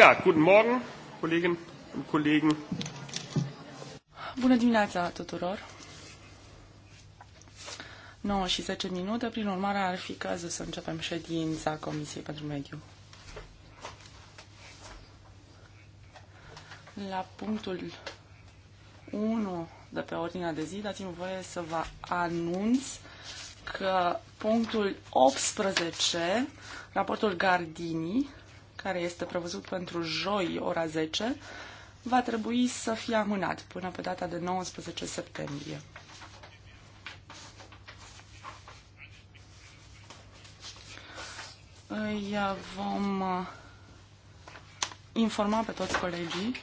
Ja, guten Morgen, Kolleginnen und Kollegen. Bună dimineața tuturor. 9 și 10 minute, prin urmare ar fi cazul să începem ședința Comisiei pentru Mediu. La punctul 1 de pe ordinea de zi, dați-mi voie să vă anunț că punctul 18, raportul Gardinii, care este prevăzut pentru joi, ora 10, va trebui să fie amânat până pe data de 19 septembrie. Îi vom uh, informa pe toți colegii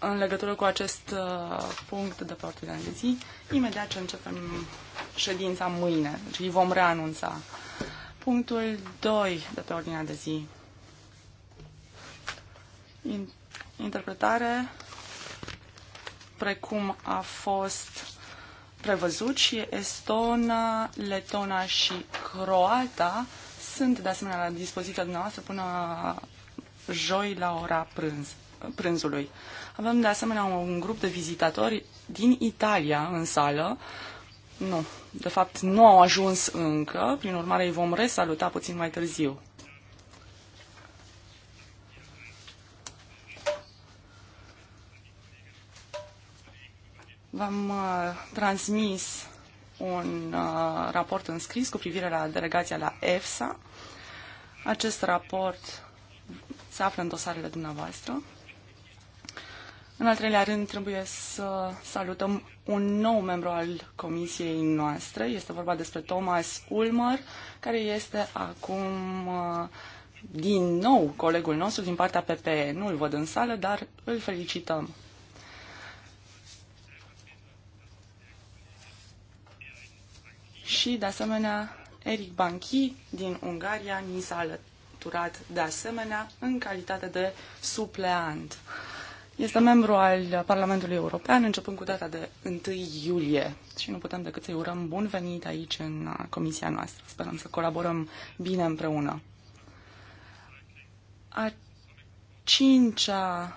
în legătură cu acest uh, punct de pe ordinea de zi, imediat ce începem ședința mâine, deci îi vom reanunța. Punctul 2 de pe ordinea de zi. Interpretare precum a fost prevăzut și estona, letona și croata sunt de asemenea la dispoziția dumneavoastră până joi la ora prânz, prânzului. Avem de asemenea un grup de vizitatori din Italia în sală. Nu, de fapt, nu au ajuns încă, prin urmare îi vom resaluta puțin mai târziu. V-am uh, transmis un uh, raport înscris cu privire la delegația la EFSA. Acest raport se află în dosarele dumneavoastră. În al treilea rând, trebuie să salutăm un nou membru al comisiei noastre. Este vorba despre Thomas Ulmer, care este acum uh, din nou colegul nostru din partea PPE. nu îl văd în sală, dar îl felicităm. Și, de asemenea, Eric Banchi din Ungaria ni s-a alăturat de asemenea în calitate de supleant. Este membru al Parlamentului European începând cu data de 1 iulie și nu putem decât să-i urăm bun venit aici în uh, comisia noastră. Sperăm să colaborăm bine împreună. A cincea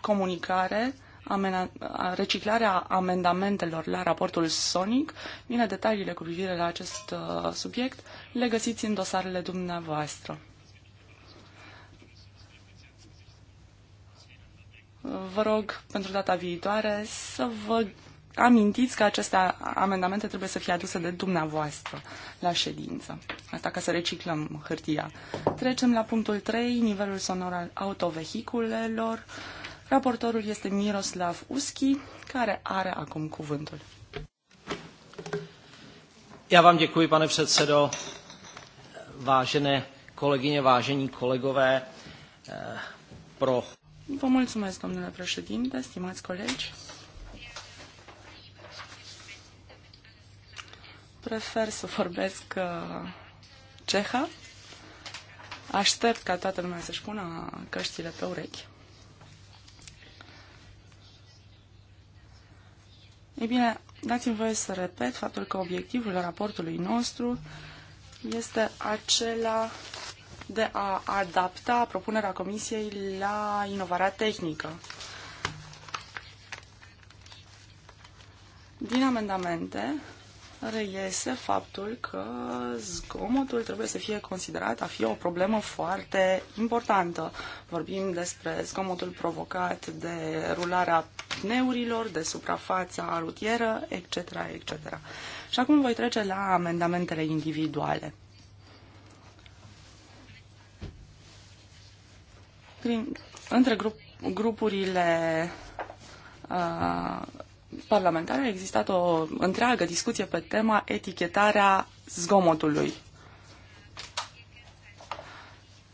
comunicare uh, reciclarea amendamentelor la raportul SONIC. Bine, detaliile cu privire la acest uh, subiect le găsiți în dosarele dumneavoastră. Vă rog pentru data viitoare să vă amintiți că aceste amendamente trebuie să fie aduse de dumneavoastră la ședință. Asta ca să reciclăm hârtia. Trecem la punctul 3, nivelul sonor al autovehiculelor. Raportorul este Miroslav Uschi, care are acum cuvântul. Já vám děkuji, pane předsedo. Vážené kolegyně, vážení kolegové, eh, pro Vă mulțumesc, domnule președinte, stimați colegi. Prefer să vorbesc uh, ceha. Aștept ca toată lumea să-și pună căștile pe urechi. Ei bine, dați-mi voie să repet faptul că obiectivul raportului nostru este acela de a adapta propunerea Comisiei la inovarea tehnică. Din amendamente reiese faptul că zgomotul trebuie să fie considerat a fi o problemă foarte importantă. Vorbim despre zgomotul provocat de rularea pneurilor, de suprafața rutieră, etc., etc. Și acum voi trece la amendamentele individuale. între grup, grupurile uh, parlamentare a existat o întreagă discuție pe tema etichetarea zgomotului.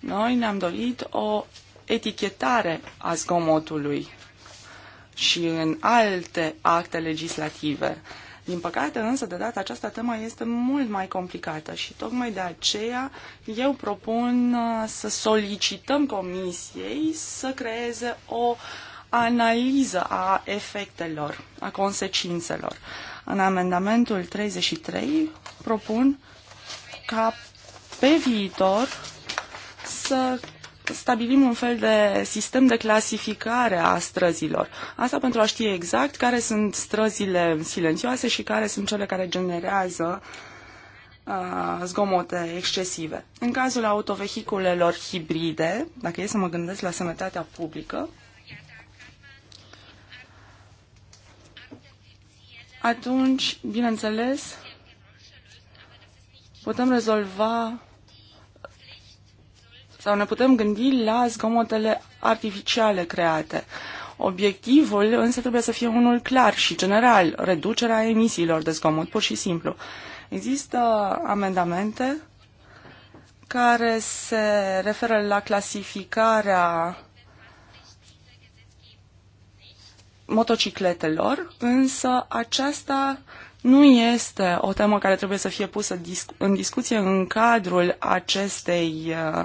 Noi ne-am dorit o etichetare a zgomotului și în alte acte legislative. Din păcate, însă, de data aceasta tema este mult mai complicată și tocmai de aceea eu propun uh, să solicităm Comisiei să creeze o analiză a efectelor, a consecințelor. În amendamentul 33 propun ca pe viitor să stabilim un fel de sistem de clasificare a străzilor. Asta pentru a ști exact care sunt străzile silențioase și care sunt cele care generează uh, zgomote excesive. În cazul autovehiculelor hibride, dacă e să mă gândesc la sănătatea publică, atunci, bineînțeles, putem rezolva sau ne putem gândi la zgomotele artificiale create. Obiectivul însă trebuie să fie unul clar și general, reducerea emisiilor de zgomot, pur și simplu. Există amendamente care se referă la clasificarea motocicletelor, însă aceasta nu este o temă care trebuie să fie pusă în discuție în cadrul acestei uh,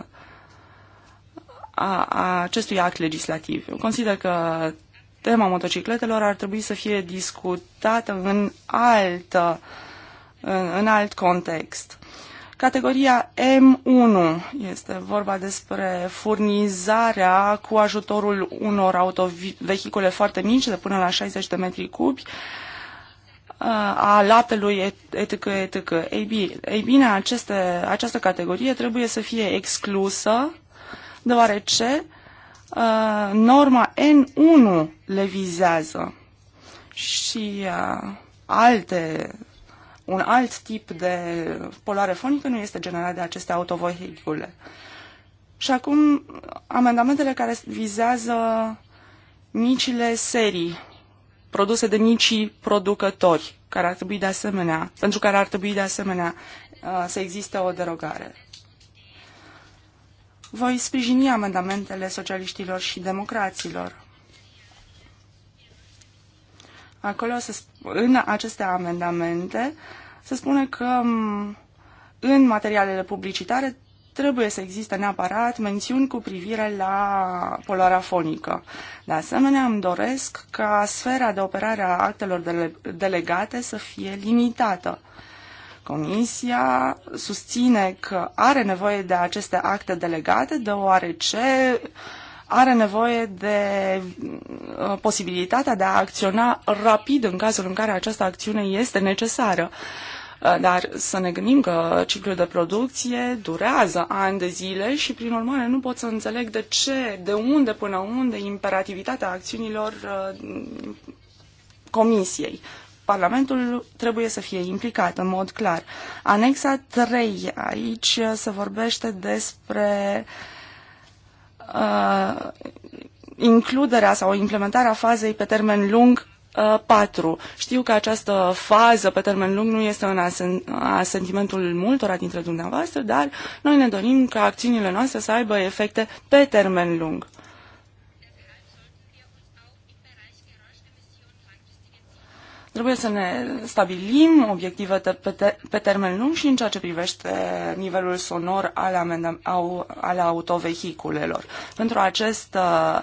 a, a acestui act legislativ. Eu consider că tema motocicletelor ar trebui să fie discutată în, altă, în, în alt context. Categoria M1 este vorba despre furnizarea cu ajutorul unor autovehicule foarte mici, de până la 60 de metri cubi, a laptelui, etc., etc. Ei bine, aceste, această categorie trebuie să fie exclusă deoarece uh, norma N1 le vizează și uh, alte, un alt tip de poluare fonică nu este generat de aceste autovehicule. Și acum amendamentele care vizează micile serii produse de micii producători, care ar trebui de asemenea, pentru care ar trebui de asemenea uh, să existe o derogare. Voi sprijini amendamentele socialiștilor și democraților. Acolo, se, în aceste amendamente, se spune că în materialele publicitare trebuie să existe neapărat mențiuni cu privire la poluarea fonică. De asemenea, îmi doresc ca sfera de operare a actelor dele- delegate să fie limitată. Comisia susține că are nevoie de aceste acte delegate, deoarece are nevoie de uh, posibilitatea de a acționa rapid în cazul în care această acțiune este necesară. Uh, dar să ne gândim că ciclul de producție durează ani de zile și, prin urmare, nu pot să înțeleg de ce, de unde până unde imperativitatea acțiunilor uh, comisiei. Parlamentul trebuie să fie implicat în mod clar. Anexa 3, aici se vorbește despre uh, includerea sau implementarea fazei pe termen lung 4. Uh, Știu că această fază pe termen lung nu este în asentimentul multora dintre dumneavoastră, dar noi ne dorim ca acțiunile noastre să aibă efecte pe termen lung. Trebuie să ne stabilim obiective pe, ter- pe termen lung și în ceea ce privește nivelul sonor al, amendam- au, al autovehiculelor. Pentru acest uh,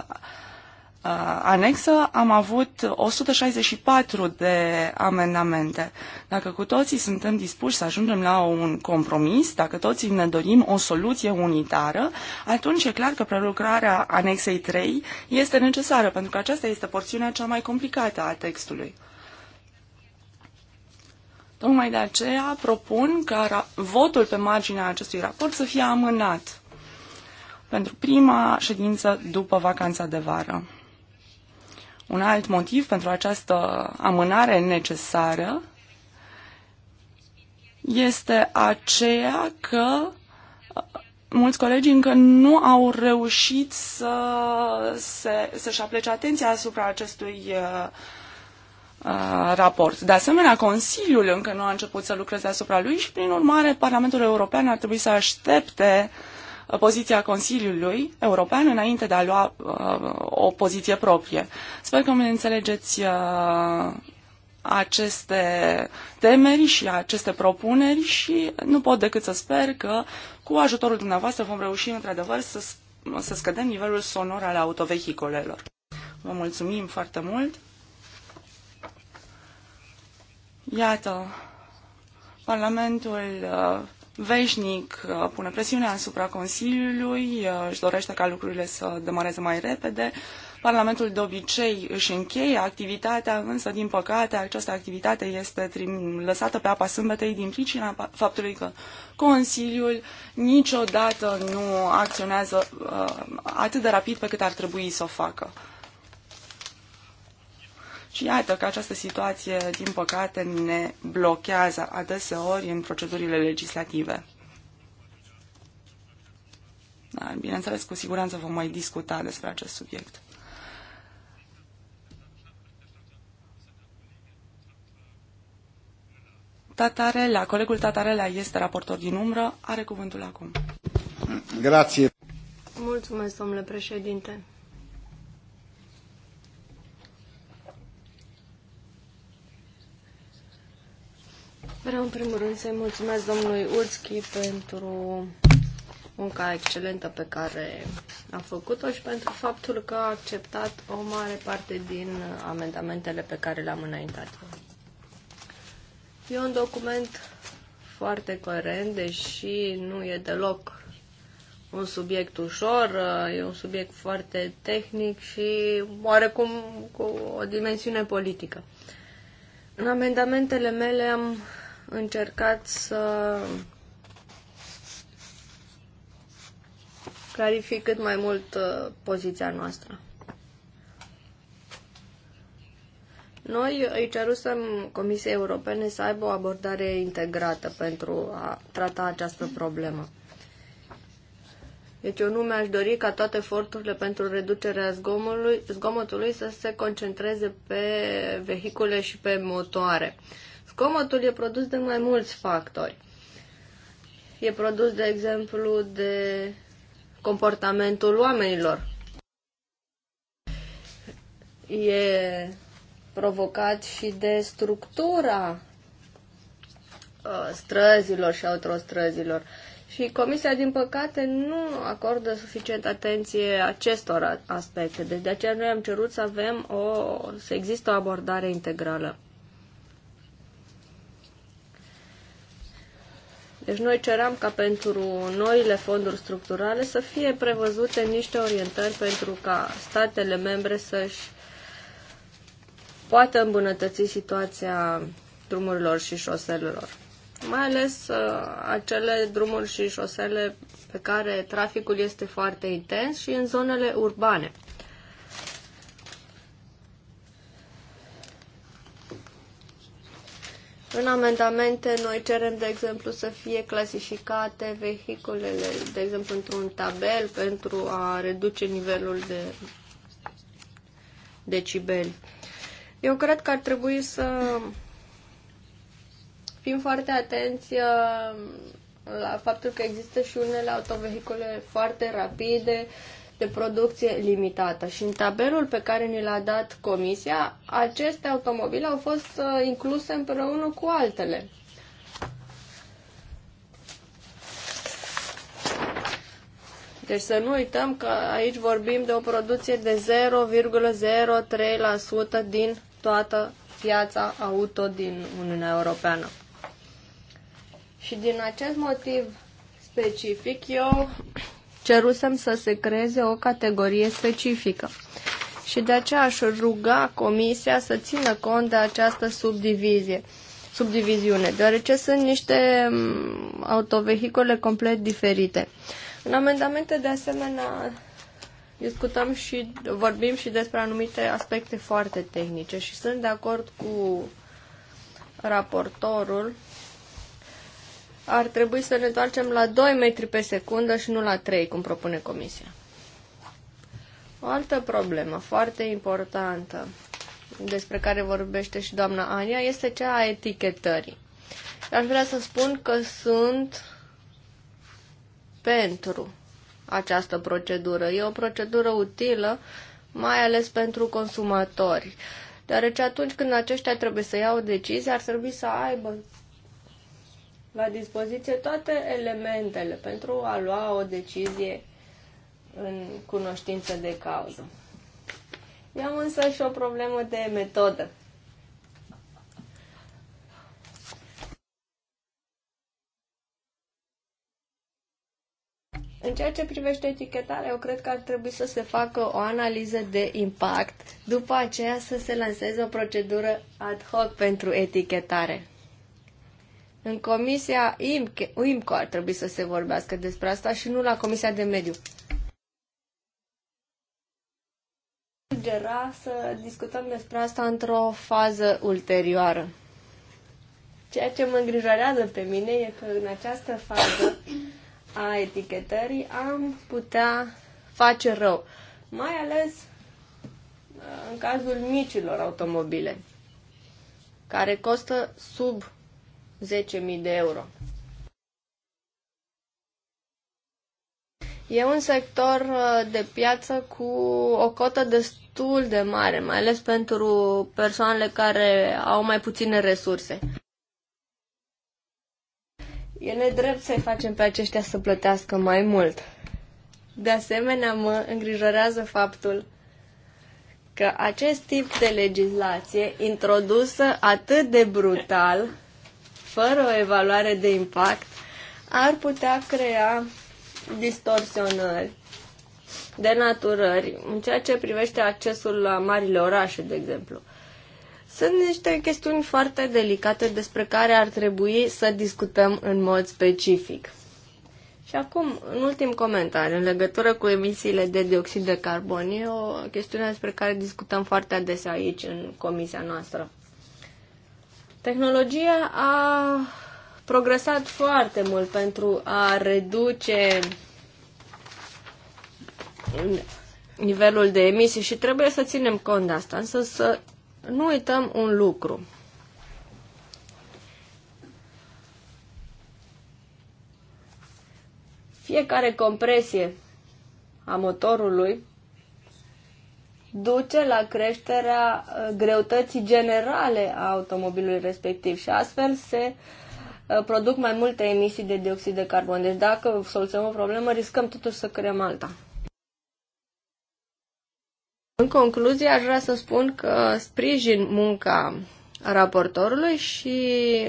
uh, anexă am avut 164 de amendamente. Dacă cu toții suntem dispuși să ajungem la un compromis, dacă toții ne dorim o soluție unitară, atunci e clar că prelucrarea anexei 3 este necesară, pentru că aceasta este porțiunea cea mai complicată a textului. Tocmai de aceea propun ca votul pe marginea acestui raport să fie amânat pentru prima ședință după vacanța de vară. Un alt motiv pentru această amânare necesară este aceea că uh, mulți colegi încă nu au reușit să, și să-și aplece atenția asupra acestui uh, Uh, raport. De asemenea, Consiliul încă nu a început să lucreze asupra lui și, prin urmare, Parlamentul European ar trebui să aștepte uh, poziția Consiliului European înainte de a lua uh, o poziție proprie. Sper că mă înțelegeți uh, aceste temeri și aceste propuneri și nu pot decât să sper că cu ajutorul dumneavoastră vom reuși într-adevăr să, să scădem nivelul sonor al autovehicolelor. Vă mulțumim foarte mult! Iată, Parlamentul uh, veșnic uh, pune presiune asupra Consiliului, uh, își dorește ca lucrurile să demareze mai repede. Parlamentul de obicei își încheie activitatea, însă, din păcate, această activitate este lăsată pe apa sâmbetei din pricina faptului că Consiliul niciodată nu acționează atât de rapid pe cât ar trebui să o facă. Și iată că această situație, din păcate, ne blochează adeseori în procedurile legislative. Da, bineînțeles, cu siguranță vom mai discuta despre acest subiect. Tatarela, colegul Tatarela este raportor din umbră, are cuvântul acum. Grație. Mulțumesc, domnule președinte. Vreau în primul rând să-i mulțumesc domnului Urski pentru munca excelentă pe care a făcut-o și pentru faptul că a acceptat o mare parte din amendamentele pe care le-am înaintat. E un document foarte coerent, deși nu e deloc un subiect ușor, e un subiect foarte tehnic și oarecum cu o dimensiune politică. În amendamentele mele am încercat să clarific cât mai mult uh, poziția noastră. Noi îi cerusem Comisiei Europene să aibă o abordare integrată pentru a trata această problemă. Deci eu nu mi-aș dori ca toate eforturile pentru reducerea zgomotului, zgomotului să se concentreze pe vehicule și pe motoare. Uh, Zgomotul e produs de mai mulți factori. E produs, de exemplu, de comportamentul oamenilor. E provocat și de structura uh, străzilor și autostrăzilor. Și Comisia, din păcate, nu acordă suficient atenție acestor aspecte. Deci de aceea noi am cerut să avem o, să există o abordare integrală. Deci noi ceram ca pentru noile fonduri structurale să fie prevăzute niște orientări pentru ca statele membre să-și poată îmbunătăți situația drumurilor și șoselelor. Mai ales uh, acele drumuri și șosele pe care traficul este foarte intens și în zonele urbane. În amendamente noi cerem, de exemplu, să fie clasificate vehiculele, de exemplu, într-un tabel pentru a reduce nivelul de decibeli. Eu cred că ar trebui să fim foarte atenți uh, la faptul că există și unele autovehicule foarte rapide, uh, de producție limitată. Și în tabelul pe care ni l-a dat comisia, aceste automobile au fost uh, incluse împreună cu altele. Deci să nu uităm că aici vorbim de o producție de 0,03% din toată piața auto din Uniunea Europeană. Și din acest motiv specific, eu cerusem să se creeze o categorie specifică. Și de aceea aș ruga Comisia să țină cont de această subdivizie, subdiviziune, deoarece sunt niște mm, autovehicole complet diferite. În amendamente, de asemenea, discutăm și vorbim și despre anumite aspecte foarte tehnice și sunt de acord cu raportorul ar trebui să ne întoarcem la 2 metri pe secundă și nu la 3, cum propune Comisia. O altă problemă foarte importantă despre care vorbește și doamna Ania este cea a etichetării. Aș vrea să spun că sunt pentru această procedură. E o procedură utilă, mai ales pentru consumatori. Deoarece atunci când aceștia trebuie să iau decizie, ar trebui să aibă la dispoziție toate elementele pentru a lua o decizie în cunoștință de cauză. Eu am însă și o problemă de metodă. În ceea ce privește etichetarea, eu cred că ar trebui să se facă o analiză de impact, după aceea să se lanseze o procedură ad hoc pentru etichetare. În comisia IMCO ar trebui să se vorbească despre asta și nu la comisia de mediu. Sugera să discutăm despre asta într-o fază ulterioară. Ceea ce mă îngrijorează pe mine e că în această fază a etichetării am putea face rău, mai ales uh, în cazul micilor automobile, care costă sub 10.000 de euro. E un sector uh, de piață cu o cotă destul de mare, mai ales pentru persoanele care au mai puține resurse. E nedrept să-i facem pe aceștia să plătească mai mult. De asemenea, mă îngrijorează faptul că acest tip de legislație, introdusă atât de brutal, fără o evaluare de impact, ar putea crea distorsionări, denaturări, în ceea ce privește accesul la marile orașe, de exemplu. Sunt niște chestiuni foarte delicate despre care ar trebui să discutăm în mod specific. Și acum, în ultim comentariu, în legătură cu emisiile de dioxid de carbon, e o chestiune despre care discutăm foarte adesea aici, în comisia noastră. Tehnologia a progresat foarte mult pentru a reduce nivelul de emisii și trebuie să ținem cont de asta, însă să nu uităm un lucru. Fiecare compresie a motorului duce la creșterea uh, greutății generale a automobilului respectiv și astfel se uh, produc mai multe emisii de dioxid de carbon. Deci dacă soluționăm o problemă, riscăm totuși să creăm alta. În concluzie, aș vrea să spun că sprijin munca raportorului și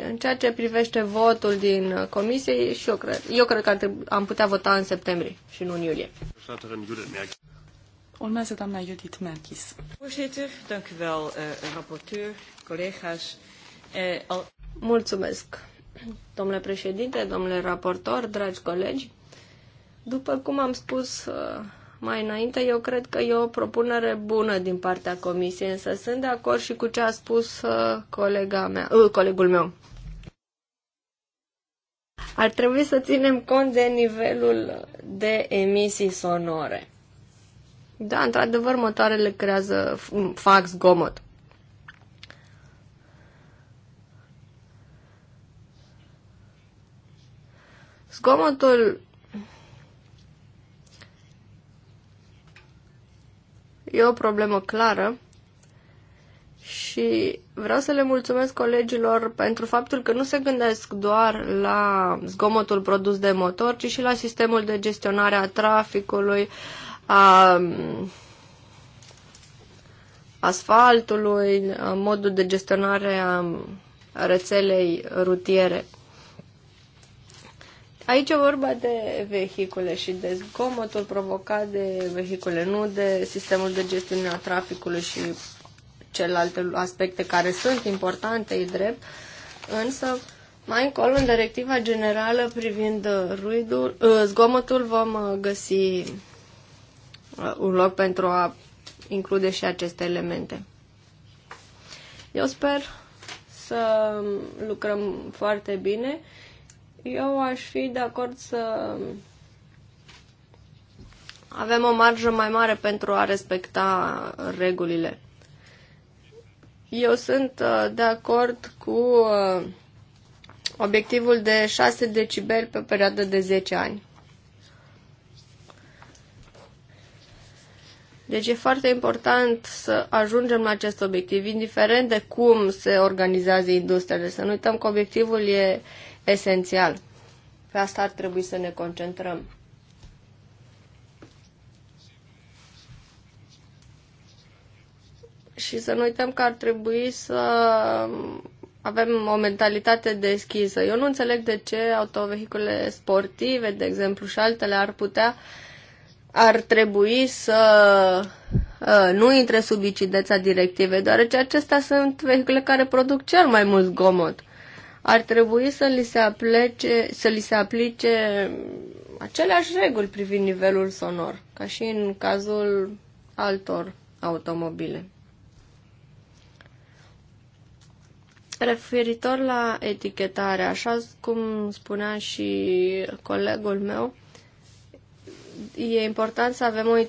în ceea ce privește votul din comisie, și eu cred, eu cred că am putea vota în septembrie și nu în iulie. Urmează doamna Judith Merkis. Voorzitter, dank u wel, eh, rapporteur, collega's. Eh, Mulțumesc, domnule președinte, domnule raportor, dragi colegi. După cum am spus eh, mai înainte, eu cred că e o propunere bună din partea comisiei, însă sunt de acord și cu ce a spus colega mea, colegul meu. Ar trebui să ținem cont de nivelul de emisii sonore. Da, într-adevăr, motoarele creează, fax gomot. Zgomotul e o problemă clară și vreau să le mulțumesc colegilor pentru faptul că nu se gândesc doar la zgomotul produs de motor, ci și la sistemul de gestionare a traficului, uh, a mm, asfaltului, modul de gestionare a mm, rețelei rutiere. Aici e vorba de vehicule și de zgomotul provocat de vehicule, nu de sistemul de gestiune a traficului și celelalte aspecte care sunt importante, e drept, însă mai încolo, în directiva generală privind ruidul, ă, zgomotul, vom ă, găsi un loc pentru a include și aceste elemente. Eu sper să lucrăm foarte bine. Eu aș fi de acord să avem o marjă mai mare pentru a respecta regulile. Eu sunt uh, de acord cu uh, obiectivul de 6 decibeli pe perioadă de 10 ani. Deci e foarte important să ajungem la acest obiectiv, indiferent de cum se organizează Deci Să nu uităm că obiectivul e esențial. Pe asta ar trebui să ne concentrăm. Și să nu uităm că ar trebui să avem o mentalitate deschisă. Eu nu înțeleg de ce autovehicule sportive, de exemplu, și altele ar putea uh, ar trebui să uh, nu intre sub incidența directivei, deoarece acestea sunt vehicule care produc cel mai mult zgomot. Ar trebui să li se, aplece, să li se aplice aceleași reguli privind nivelul sonor, ca și în cazul altor automobile. Referitor la etichetare, așa cum spunea și colegul meu, e important să avem o,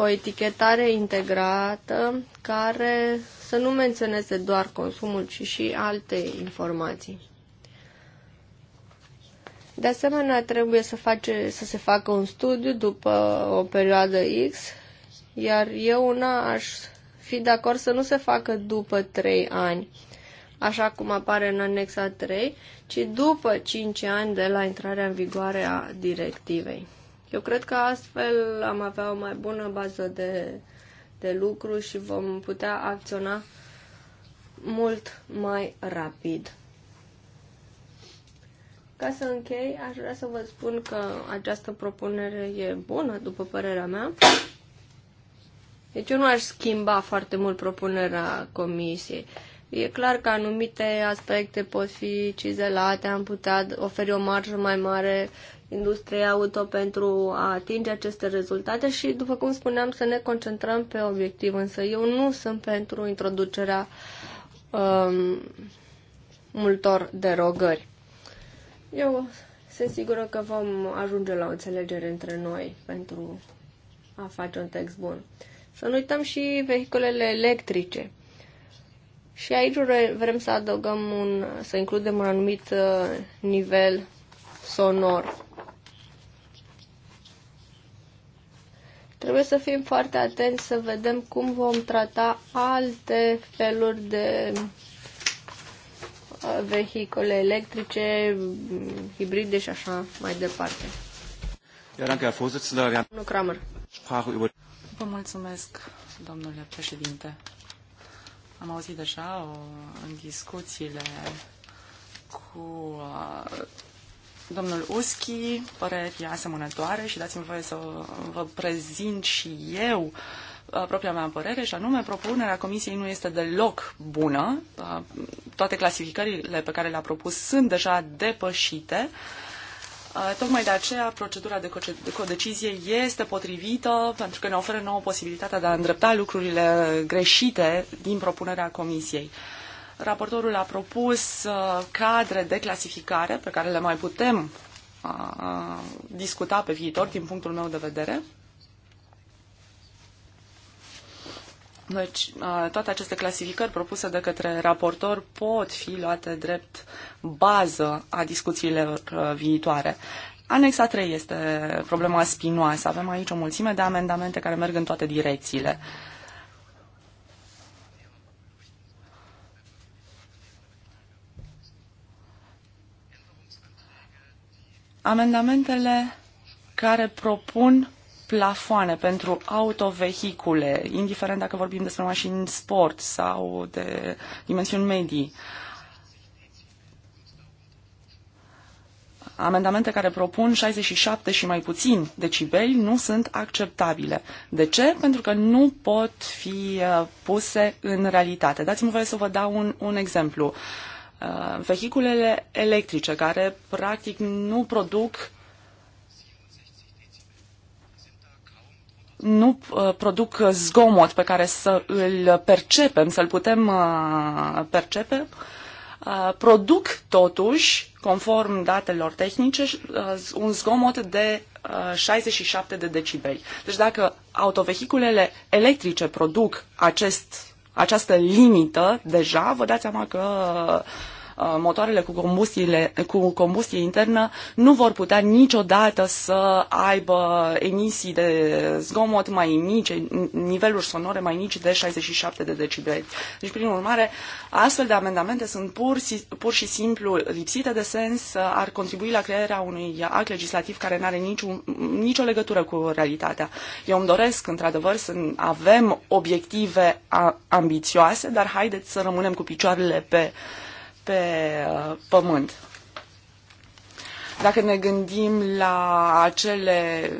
o etichetare integrată care să nu menționeze doar consumul, ci și alte informații. De asemenea, trebuie să, face, să se facă un studiu după o perioadă X, iar eu una aș fi de acord să nu se facă după 3 ani, așa cum apare în anexa 3, ci după 5 ani de la intrarea în vigoare a directivei. Eu cred că astfel am avea o mai bună bază de, de lucru și vom putea acționa mult mai rapid. Ca să închei, aș vrea să vă spun că această propunere e bună, după părerea mea. Deci eu nu aș schimba foarte mult propunerea comisiei. E clar că anumite aspecte pot fi cizelate, am putea oferi o marjă mai mare industriei auto pentru a atinge aceste rezultate și, după cum spuneam, să ne concentrăm pe obiectiv. Însă eu nu sunt pentru introducerea um, multor derogări. Eu sunt sigură că vom ajunge la o înțelegere între noi pentru a face un text bun. Să nu uităm și vehiculele electrice. Și aici vrem să adăugăm un, să includem un anumit uh, nivel sonor. Trebuie să fim foarte atenți să vedem cum vom trata alte feluri de uh, vehicole electrice, hibride și așa mai departe. Domnul Kramer. Vă mulțumesc, domnule președinte. Am auzit deja o, în discuțiile cu uh, Domnul Uschi, păreri asemănătoare și dați-mi voie să vă prezint și eu uh, propria mea părere și anume propunerea comisiei nu este deloc bună. Uh, toate clasificările pe care le-a propus sunt deja depășite. Uh, tocmai de aceea procedura de codecizie este potrivită pentru că ne oferă nouă posibilitatea de a îndrepta lucrurile greșite din propunerea comisiei. Raportorul a propus uh, cadre de clasificare pe care le mai putem uh, uh, discuta pe viitor din punctul meu de vedere. Deci, toate aceste clasificări propuse de către raportor pot fi luate drept bază a discuțiilor viitoare. Anexa 3 este problema spinoasă. Avem aici o mulțime de amendamente care merg în toate direcțiile. Uh, Amendamentele care propun plafoane pentru autovehicule, indiferent dacă vorbim despre mașini sport sau de dimensiuni medii, amendamente care propun 67 și mai puțin decibeli nu sunt acceptabile. De ce? Pentru că nu pot fi uh, puse în realitate. Dați-mi voie să vă dau un, un exemplu. Uh, Uh, vehiculele electrice, care practic nu produc nu uh, produc zgomot pe care să îl percepem, să-l putem uh, percepe, produc totuși, conform datelor tehnice, un zgomot de 67 de decibeli. Deci dacă autovehiculele electrice produc acest această limită deja, vă dați seama că Uh, motoarele cu combustie, cu combustie internă nu vor putea niciodată să aibă emisii de zgomot mai mici, niveluri sonore mai mici de 67 de decibeli. Deci, prin urmare, astfel de amendamente sunt pur, pur și simplu lipsite de sens, uh, ar contribui la crearea unui act legislativ care nu are niciun, nicio legătură cu realitatea. Eu îmi doresc, într-adevăr, să avem obiective ambițioase, dar haideți să rămânem cu picioarele pe uh, pe uh, pământ. Dacă ne gândim la acele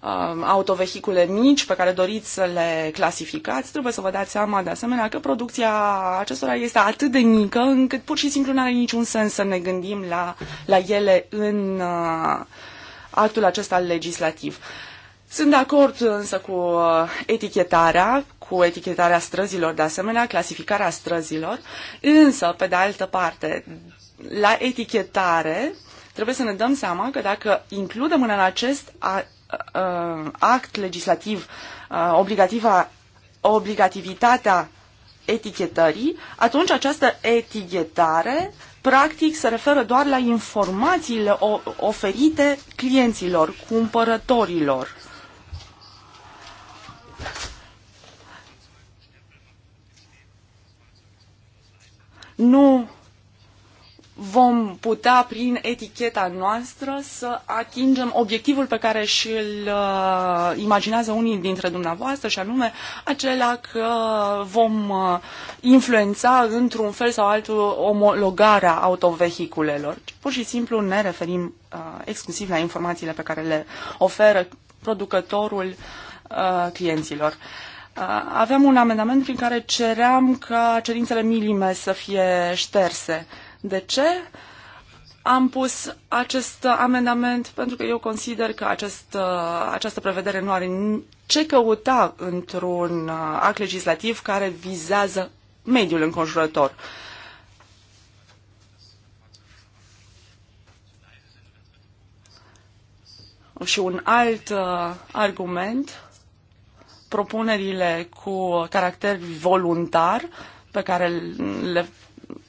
uh, autovehicule mici pe care doriți să le clasificați, trebuie să vă dați seama de asemenea că producția acestora este atât de mică încât pur și simplu nu are niciun sens să ne gândim la, la ele în uh, actul acesta legislativ. Sunt de acord însă cu etichetarea cu etichetarea străzilor, de asemenea, clasificarea străzilor, însă, pe de altă parte, la etichetare trebuie să ne dăm seama că dacă includem în acest act legislativ obligativa, obligativitatea etichetării, atunci această etichetare practic se referă doar la informațiile oferite clienților, cumpărătorilor. nu vom putea prin eticheta noastră să atingem obiectivul pe care și-l uh, imaginează unii dintre dumneavoastră și anume acela că vom uh, influența într-un fel sau altul omologarea autovehiculelor. Pur și simplu ne referim uh, exclusiv la informațiile pe care le oferă producătorul uh, clienților. Uh, aveam un amendament prin care ceream ca cerințele milime să fie șterse. De ce? Am pus acest amendament pentru că eu consider că acest, această prevedere nu are ce căuta într-un act legislativ care vizează mediul înconjurător. Și un alt argument propunerile cu caracter voluntar pe care le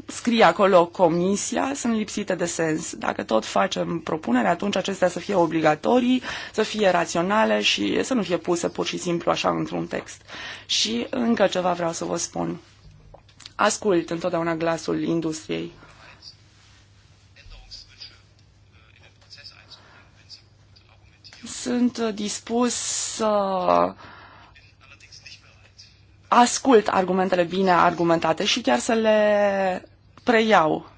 scrie acolo comisia sunt lipsite de sens. Dacă tot facem propunere, atunci acestea să fie obligatorii, să fie raționale și să nu fie puse pur și simplu așa într-un text. Și încă ceva vreau să vă spun. Ascult întotdeauna glasul industriei. Sunt dispus să uh, ascult argumentele bine argumentate și chiar să le preiau.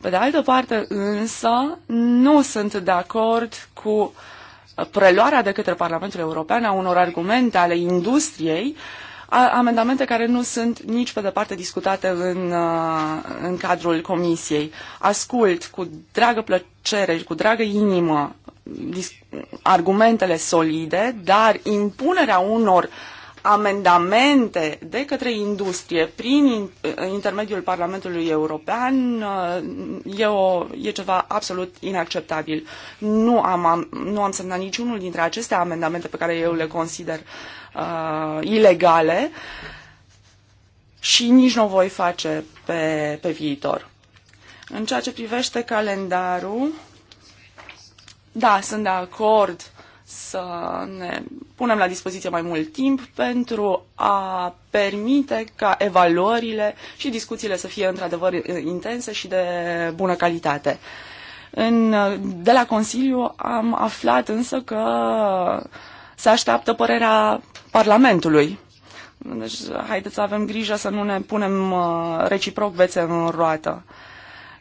Pe de altă parte, însă, nu sunt de acord cu preluarea de către Parlamentul European a unor argumente ale industriei, amendamente care nu sunt nici pe departe discutate în, uh, în cadrul Comisiei. Ascult cu dragă plăcere și cu dragă inimă argumentele solide, dar impunerea unor uh, amendamente de către industrie prin eh, intermediul Parlamentului European eh, e, o, e ceva absolut inacceptabil. Nu am, nu am semnat niciunul dintre aceste amendamente pe care eu le consider uh, ilegale și nici nu o voi face pe, pe viitor. În ceea ce privește calendarul, da, sunt de acord să ne punem la dispoziție mai mult timp pentru a permite ca evaluările și discuțiile să fie într-adevăr intense și de bună calitate. În, de la Consiliu am aflat însă că se așteaptă părerea Parlamentului. Deci haideți să avem grijă să nu ne punem uh, reciproc bețe în roată.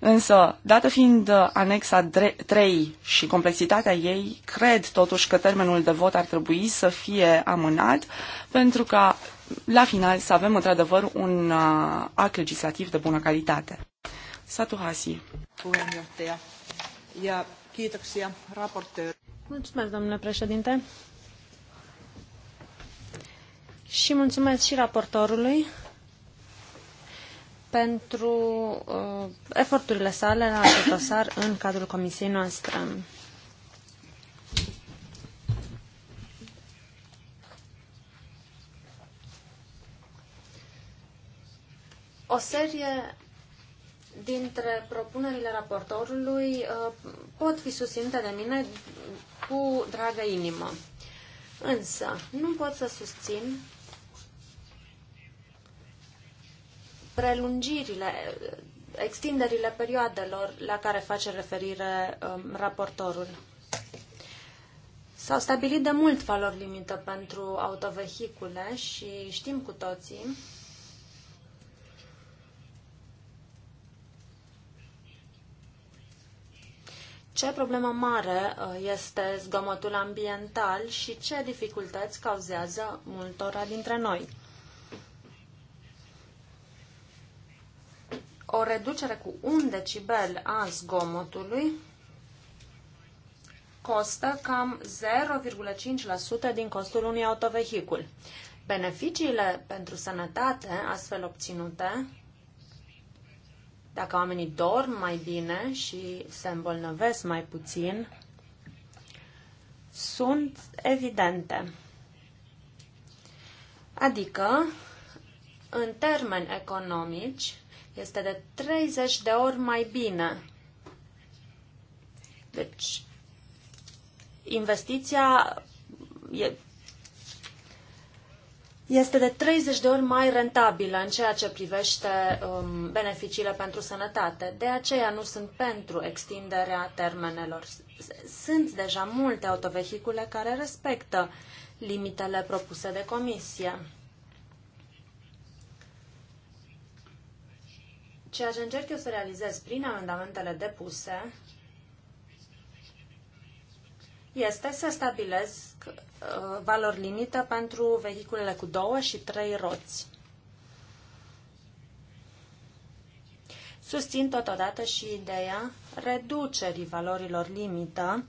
Însă, dată fiind uh, anexa 3 și complexitatea ei, cred totuși că termenul de vot ar trebui să fie amânat pentru ca la final să avem într-adevăr un uh, act legislativ de bună calitate. Satu Hasi. Mulțumesc, domnule președinte. Și mulțumesc și raportorului pentru uh, eforturile sale la acest dosar în cadrul comisiei noastre. O serie dintre propunerile raportorului uh, pot fi susținute de mine cu dragă inimă. Însă, nu pot să susțin prelungirile, extinderile perioadelor la care face referire um, raportorul. S-au stabilit de mult valori limită pentru autovehicule și știm cu toții Ce problemă mare uh, este zgomotul ambiental și ce dificultăți cauzează multora dintre noi? o reducere cu un decibel a zgomotului costă cam 0,5% din costul unui autovehicul. Beneficiile pentru sănătate astfel obținute, dacă oamenii dorm mai bine și se îmbolnăvesc mai puțin, sunt evidente. Adică, în termeni economici, este de 30 de ori mai bine. Deci, investiția e, este de 30 de ori mai rentabilă în ceea ce privește um, beneficiile pentru sănătate. De aceea nu sunt pentru extinderea termenelor. Sunt deja multe autovehicule care respectă limitele propuse de comisie. Ceea ce încerc eu să realizez prin amendamentele depuse este să stabilesc uh, valori limită pentru vehiculele cu două și trei roți. Susțin totodată și ideea reducerii valorilor limită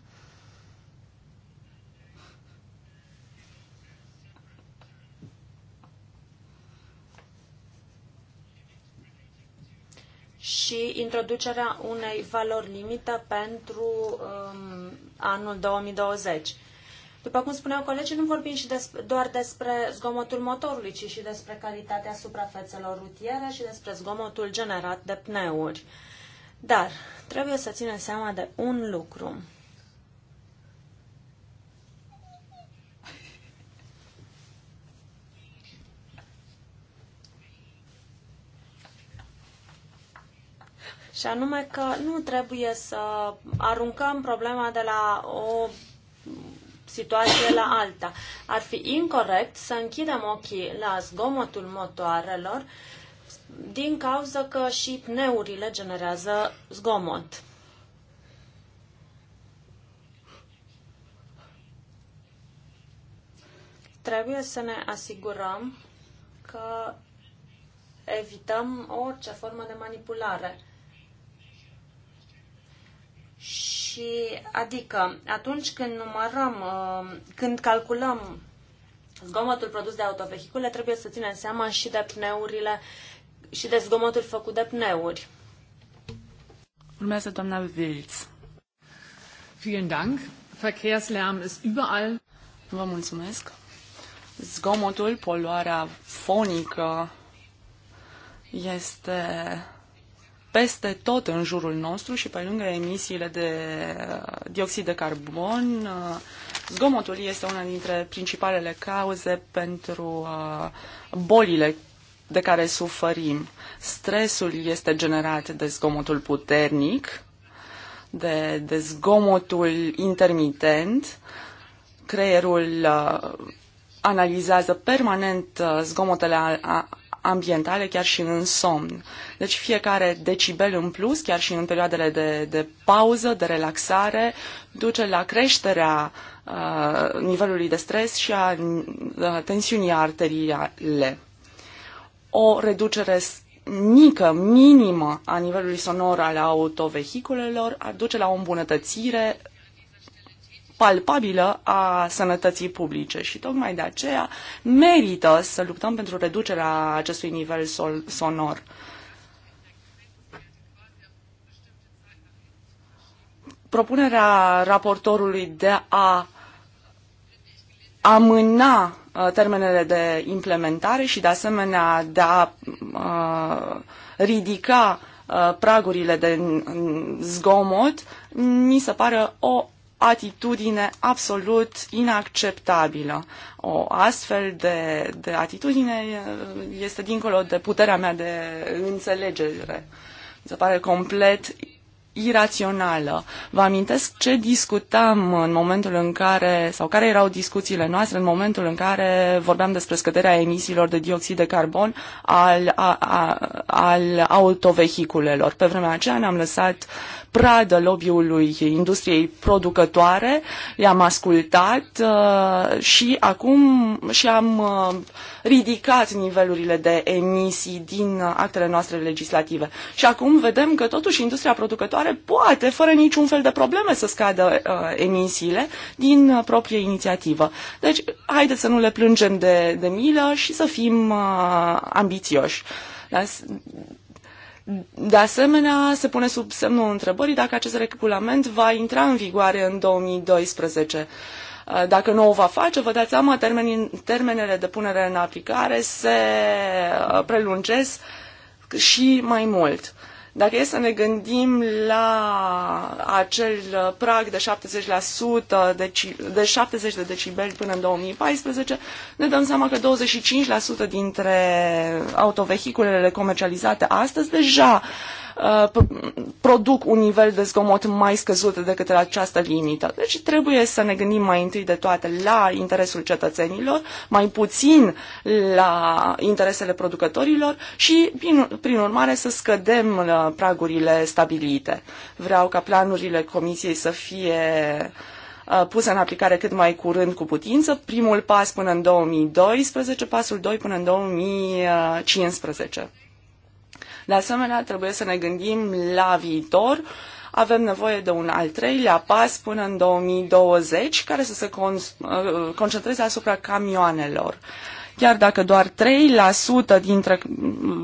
și introducerea unei valori limită pentru um, anul 2020. După cum spuneau colegii, nu vorbim și despre, doar despre zgomotul motorului, ci și despre calitatea suprafețelor rutiere și despre zgomotul generat de pneuri. Dar trebuie să ținem seama de un lucru. și anume că nu trebuie să aruncăm problema de la o situație la alta. Ar fi incorrect să închidem ochii la zgomotul motoarelor din cauza că și pneurile generează zgomot. Trebuie să ne asigurăm că evităm orice formă de manipulare. Și adică atunci când numărăm, uh, când calculăm zgomotul produs de autovehicule, trebuie să ținem seama și de pneurile și de zgomotul făcut de pneuri. Urmează doamna Wilz. Vielen Dank. Verkehrslärm ist überall. Vă mulțumesc. Zgomotul, poluarea fonică este peste tot în jurul nostru și pe lângă emisiile de uh, dioxid de carbon, uh, zgomotul este una dintre principalele cauze pentru uh, bolile de care suferim. Stresul este generat de zgomotul puternic, de, de zgomotul intermitent. Creierul analizează permanent zgomotele ambientale chiar și în somn. Deci fiecare decibel în plus, chiar și în perioadele de, de pauză, de relaxare, duce la creșterea uh, nivelului de stres și a uh, tensiunii arteriale. O reducere mică, minimă a nivelului sonor al autovehiculelor ar duce la o îmbunătățire palpabilă a sănătății publice și tocmai de aceea merită să luptăm pentru reducerea acestui nivel sol- sonor. Propunerea raportorului de a amâna uh, termenele de implementare și de asemenea de a uh, ridica uh, pragurile de zgomot, mi se pare o atitudine absolut inacceptabilă. O astfel de, de atitudine uh, este dincolo de puterea mea de înțelegere. Mi se pare complet irațională. Vă amintesc ce discutam în momentul în care, sau care erau discuțiile noastre în momentul în care vorbeam despre scăderea emisiilor de dioxid de carbon al, a, a, al autovehiculelor. Pe vremea aceea ne-am lăsat uh, pradă lobby-ului industriei producătoare, i-am ascultat uh, și acum și am uh, ridicat nivelurile de emisii din actele noastre legislative. Și acum vedem că totuși industria producătoare poate, fără niciun fel de probleme, să scadă uh, emisiile din proprie inițiativă. Deci, haideți să nu le plângem de, de milă și să fim ambițioși. De asemenea, se pune sub semnul întrebării dacă acest regulament va intra în vigoare în 2012. Uh, dacă nu o va face, vă dați seama, termenele de punere în aplicare se uh, prelungesc și mai mult. Dacă e să ne gândim la acel uh, prag de 70%, deci, de 70 de decibeli până în 2014, ne dăm seama că 25% dintre autovehiculele comercializate astăzi deja uh, Uh, produc un nivel de zgomot mai scăzut decât la această limită. Deci trebuie să ne gândim mai întâi de toate la interesul cetățenilor, mai puțin la interesele producătorilor și, prin, prin urmare, să scădem uh, pragurile stabilite. Vreau ca planurile Comisiei să fie uh, pusă în aplicare cât mai curând cu putință, primul pas până în 2012, pasul 2 până în 2015. De asemenea, trebuie să ne gândim la viitor. Avem nevoie de un al treilea pas până în 2020 care să se uh, concentreze asupra camioanelor chiar dacă doar 3% dintre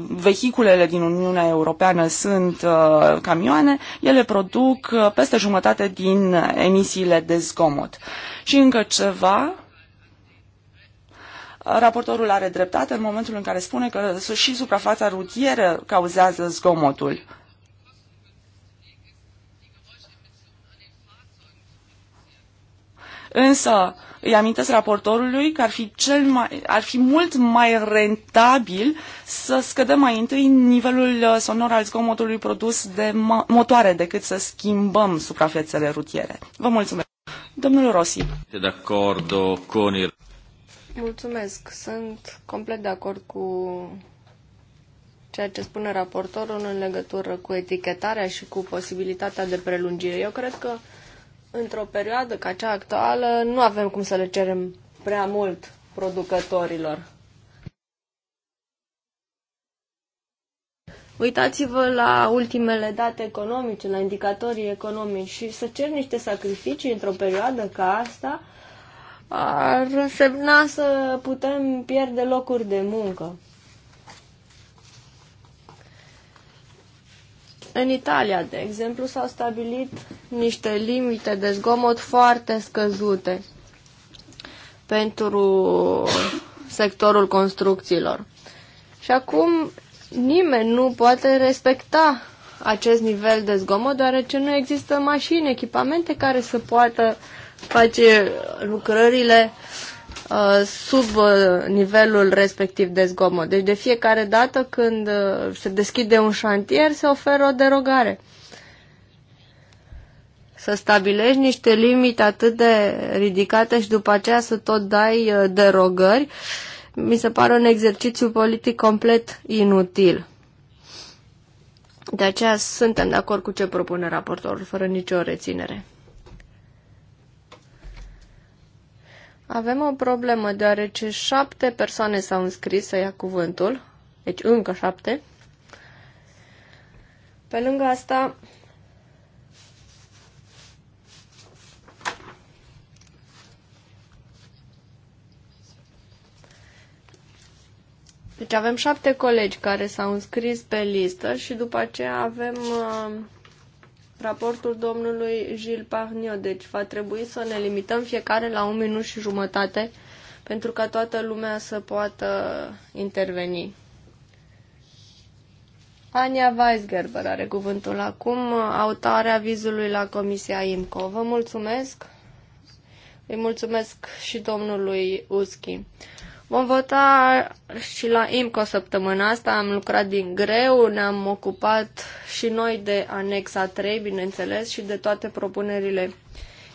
vehiculele din Uniunea Europeană sunt uh, camioane, ele produc uh, peste jumătate din emisiile de zgomot. Și încă ceva, Raportorul are dreptate în momentul în care spune că și suprafața rutieră cauzează zgomotul. Însă, îi amintesc raportorului că ar fi, cel mai, ar fi mult mai rentabil să scădem mai întâi nivelul uh, sonor al zgomotului produs de motoare decât să schimbăm suprafețele rutiere. Vă mulțumesc. Domnul Rossi. De acord con Mulțumesc. Sunt complet de acord cu ceea ce spune raportorul în legătură cu etichetarea și cu posibilitatea de prelungire. Eu cred că într-o perioadă ca cea actuală nu avem cum să le cerem prea mult producătorilor. Uitați-vă la ultimele date economice, la indicatorii economici și să cer niște sacrificii într-o perioadă ca asta – ar însemna să putem pierde locuri de muncă. În Italia, de exemplu, s-au stabilit niște limite de zgomot foarte scăzute pentru sectorul construcțiilor. Și acum nimeni nu poate respecta acest nivel de zgomot, deoarece nu există mașini, echipamente care să poată uh, face lucrările uh, sub uh, nivelul respectiv de zgomot. Deci de fiecare dată când uh, se deschide un șantier, se oferă o derogare. Să stabilești niște limite atât de ridicate și după aceea să tot dai derogări, mi se pare un exercițiu politic complet inutil. De aceea suntem de acord cu ce propune raportorul, fără nicio reținere. Avem o problemă, deoarece șapte persoane s-au înscris să ia cuvântul, deci încă șapte. Pe lângă asta, Deci avem șapte colegi care s-au înscris pe listă și după aceea avem uh, raportul domnului Gilles Parnio, deci va trebui să ne limităm fiecare la un minut și jumătate pentru ca toată lumea să poată interveni. Ania Weisgerber are cuvântul acum, autarea vizului la Comisia IMCO. Vă mulțumesc! Îi mulțumesc și domnului Uschi. Vom vota și la IMCO săptămâna asta, am lucrat din greu, ne-am ocupat și noi de anexa 3, bineînțeles, și de toate propunerile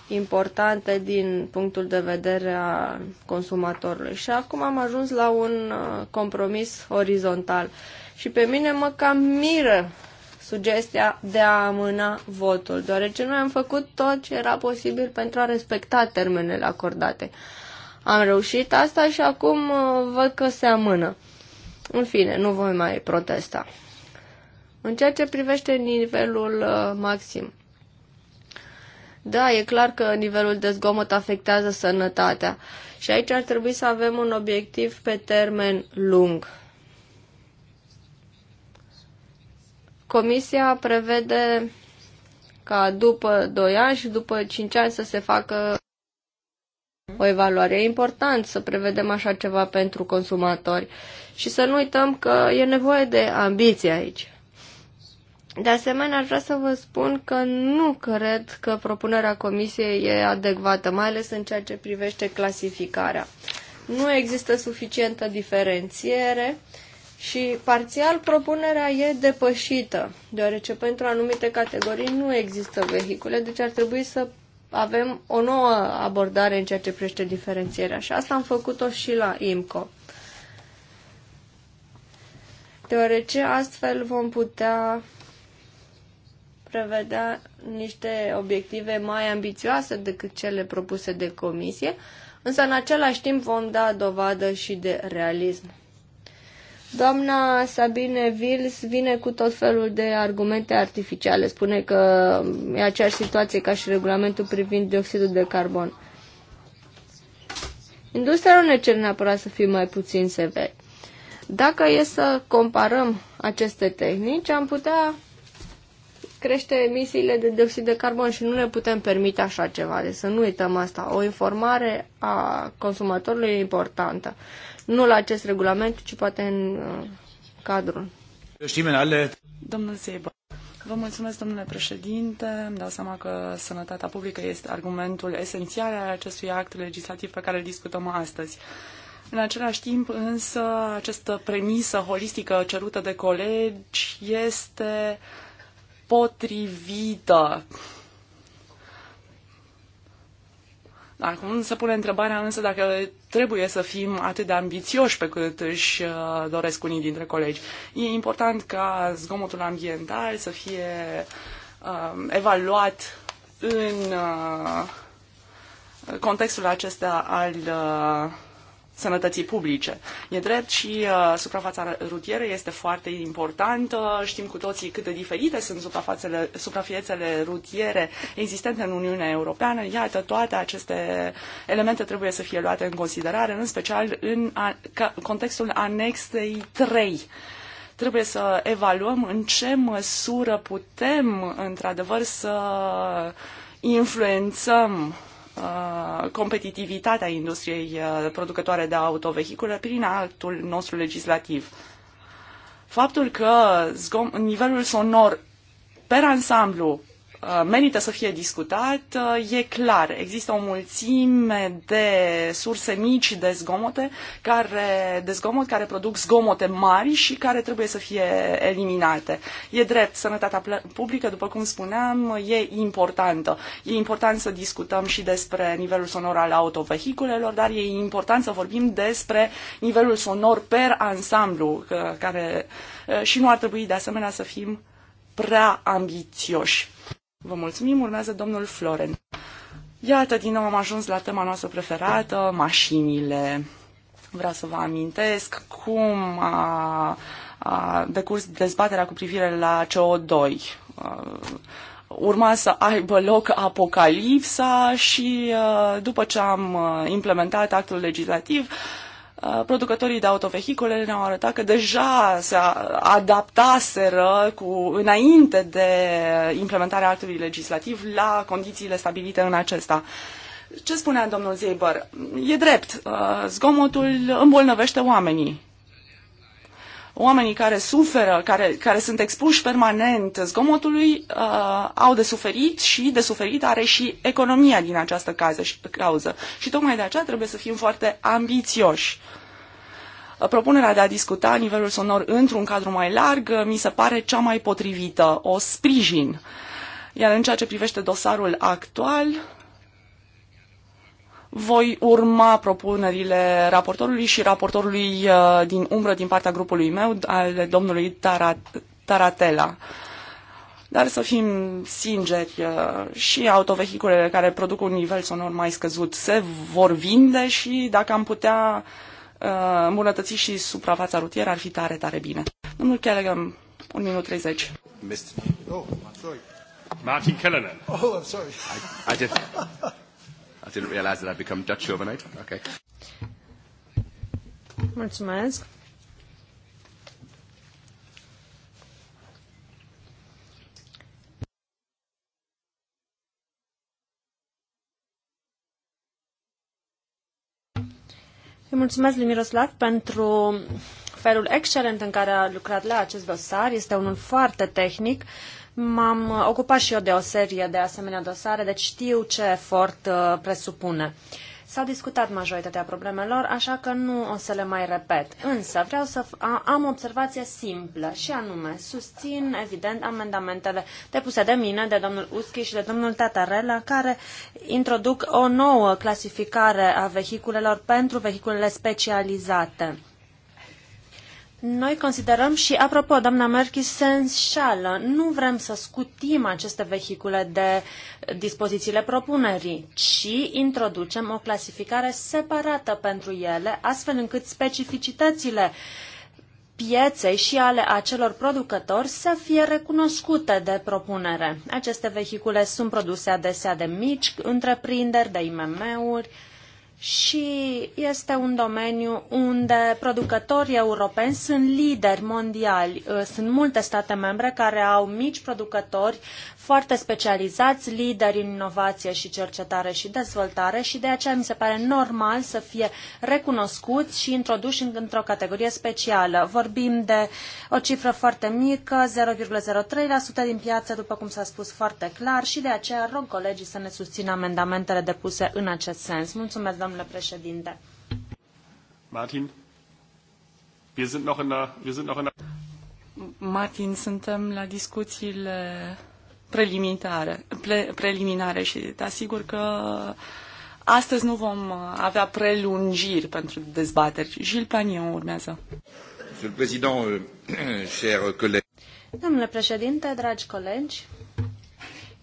importante din punctul de vedere a consumatorului. Și acum am ajuns la un uh, compromis orizontal. Și pe mine mă cam miră sugestia de a amâna votul, deoarece noi am făcut tot ce era posibil pentru a respecta termenele acordate. Am reușit asta și acum uh, văd că se amână. În fine, nu voi mai protesta. În ceea ce privește nivelul uh, maxim. Da, e clar că nivelul de zgomot afectează sănătatea și aici ar trebui să avem un obiectiv pe termen lung. Comisia prevede ca după 2 ani și după 5 ani să se facă o evaluare. E important să prevedem așa ceva pentru consumatori și să nu uităm că e nevoie de ambiție aici. De asemenea, aș vrea să vă spun că nu cred că propunerea comisiei e adecvată, mai ales în ceea ce privește clasificarea. Nu există suficientă diferențiere și parțial propunerea e depășită, deoarece pentru anumite categorii nu există vehicule, deci ar trebui să avem o nouă abordare în ceea ce privește diferențierea și asta am făcut-o și la IMCO. Deoarece astfel vom putea prevedea niște obiective mai ambițioase decât cele propuse de comisie, însă în același timp vom da dovadă și de realism. Doamna Sabine Vils vine cu tot felul de argumente artificiale. Spune că e aceeași situație ca și regulamentul privind dioxidul de carbon. Industria nu ne cere neapărat să fie mai puțin sever. Dacă e să comparăm aceste tehnici, am putea crește emisiile de dioxid de carbon și nu ne putem permite așa ceva. Deci să nu uităm asta. O informare a consumatorului e importantă nu la acest regulament, ci poate în uh, cadrul. Domnul Seibă. Vă mulțumesc, domnule președinte. Îmi dau seama că sănătatea publică este argumentul esențial al acestui act legislativ pe care îl discutăm astăzi. În același timp, însă, această premisă holistică cerută de colegi este potrivită. Acum se pune întrebarea însă dacă trebuie să fim atât de ambițioși pe cât își uh, doresc unii dintre colegi. E important ca zgomotul ambiental să fie uh, evaluat în uh, contextul acesta al uh, sănătății publice. E drept și uh, suprafața rutieră este foarte importantă. Știm cu toții cât de diferite sunt suprafațele, suprafiețele rutiere existente în Uniunea Europeană. Iată, toate aceste elemente trebuie să fie luate în considerare, în special în a, ca, contextul anexei 3 trebuie să evaluăm în ce măsură putem, într-adevăr, să influențăm Uh, competitivitatea industriei uh, producătoare de autovehicule prin actul nostru legislativ. Faptul că nivelul sonor per ansamblu Uh, merită să fie discutat uh, e clar. Există o mulțime de surse mici de zgomote, care, de zgomot care produc zgomote mari și care trebuie să fie eliminate. E drept, sănătatea publică, după cum spuneam, e importantă. E important să discutăm și despre nivelul sonor al autovehiculelor, dar e important să vorbim despre nivelul sonor per ansamblu, uh, care și nu ar trebui de asemenea să fim prea ambițioși. Vă mulțumim, urmează domnul Floren. Iată, din nou am ajuns la tema noastră preferată, mașinile. Vreau să vă amintesc cum a, a decurs dezbaterea cu privire la CO2. A, uh, urma să aibă loc apocalipsa și uh, după ce am uh, implementat actul legislativ, Uh, producătorii de autovehicule ne-au arătat că deja se adaptaseră cu, înainte de implementarea actului legislativ la condițiile stabilite în acesta. Ce spunea domnul Zeiber? E drept, uh, zgomotul îmbolnăvește oamenii. Oamenii care suferă, care, care sunt expuși permanent zgomotului, uh, au de suferit și de suferit are și economia din această cază, cauză. Și tocmai de aceea trebuie să fim foarte ambițioși. Uh, propunerea de a discuta nivelul sonor într-un cadru mai larg uh, mi se pare cea mai potrivită. O sprijin. Iar în ceea ce privește dosarul actual, voi urma propunerile raportorului și raportorului uh, din umbră din partea grupului meu, ale domnului Tarat Taratela. Dar să fim sinceri, uh, și autovehiculele care produc un nivel sonor mai scăzut se vor vinde și dacă am putea uh, îmbunătăți și suprafața rutieră ar fi tare, tare bine. Domnul Kellegam, 1 minut 30. Mr. Oh, I'm sorry. Martin Kellenen. Oh, I'm sorry. I, I did. I didn't realize that I'd become Dutch overnight. Okay. Mulțumesc. Îi mulțumesc lui Miroslav pentru felul excelent în care a lucrat la acest dosar. Este unul foarte tehnic M-am ocupat și eu de o serie de asemenea dosare, deci știu ce efort uh, presupune. S-au discutat majoritatea problemelor, așa că nu o să le mai repet. Însă vreau să am o observație simplă și anume, susțin evident amendamentele depuse de mine, de domnul Uschi și de domnul Tatarela, care introduc o nouă clasificare a vehiculelor pentru vehiculele specializate. Noi considerăm și, apropo, doamna Merkis se înșală. Nu vrem să scutim aceste vehicule de dispozițiile propunerii, ci introducem o clasificare separată pentru ele, astfel încât specificitățile pieței și ale acelor producători să fie recunoscute de propunere. Aceste vehicule sunt produse adesea de mici întreprinderi, de IMM-uri, și este un domeniu unde producătorii europeni sunt lideri mondiali. Sunt multe state membre care au mici producători foarte specializați, lideri în inovație și cercetare și dezvoltare și de aceea mi se pare normal să fie recunoscuți și introduși într-o categorie specială. Vorbim de o cifră foarte mică, 0,03% din piață, după cum s-a spus foarte clar și de aceea rog colegii să ne susțină amendamentele depuse în acest sens. Mulțumesc, domnule președinte. Martin, wir sind noch in der, wir sind noch in der... Martin, suntem la discuțiile preliminare, pre, preliminare și te asigur că astăzi nu vom avea prelungiri pentru dezbateri. Gilles Panion urmează. Euh, Domnule președinte, dragi colegi,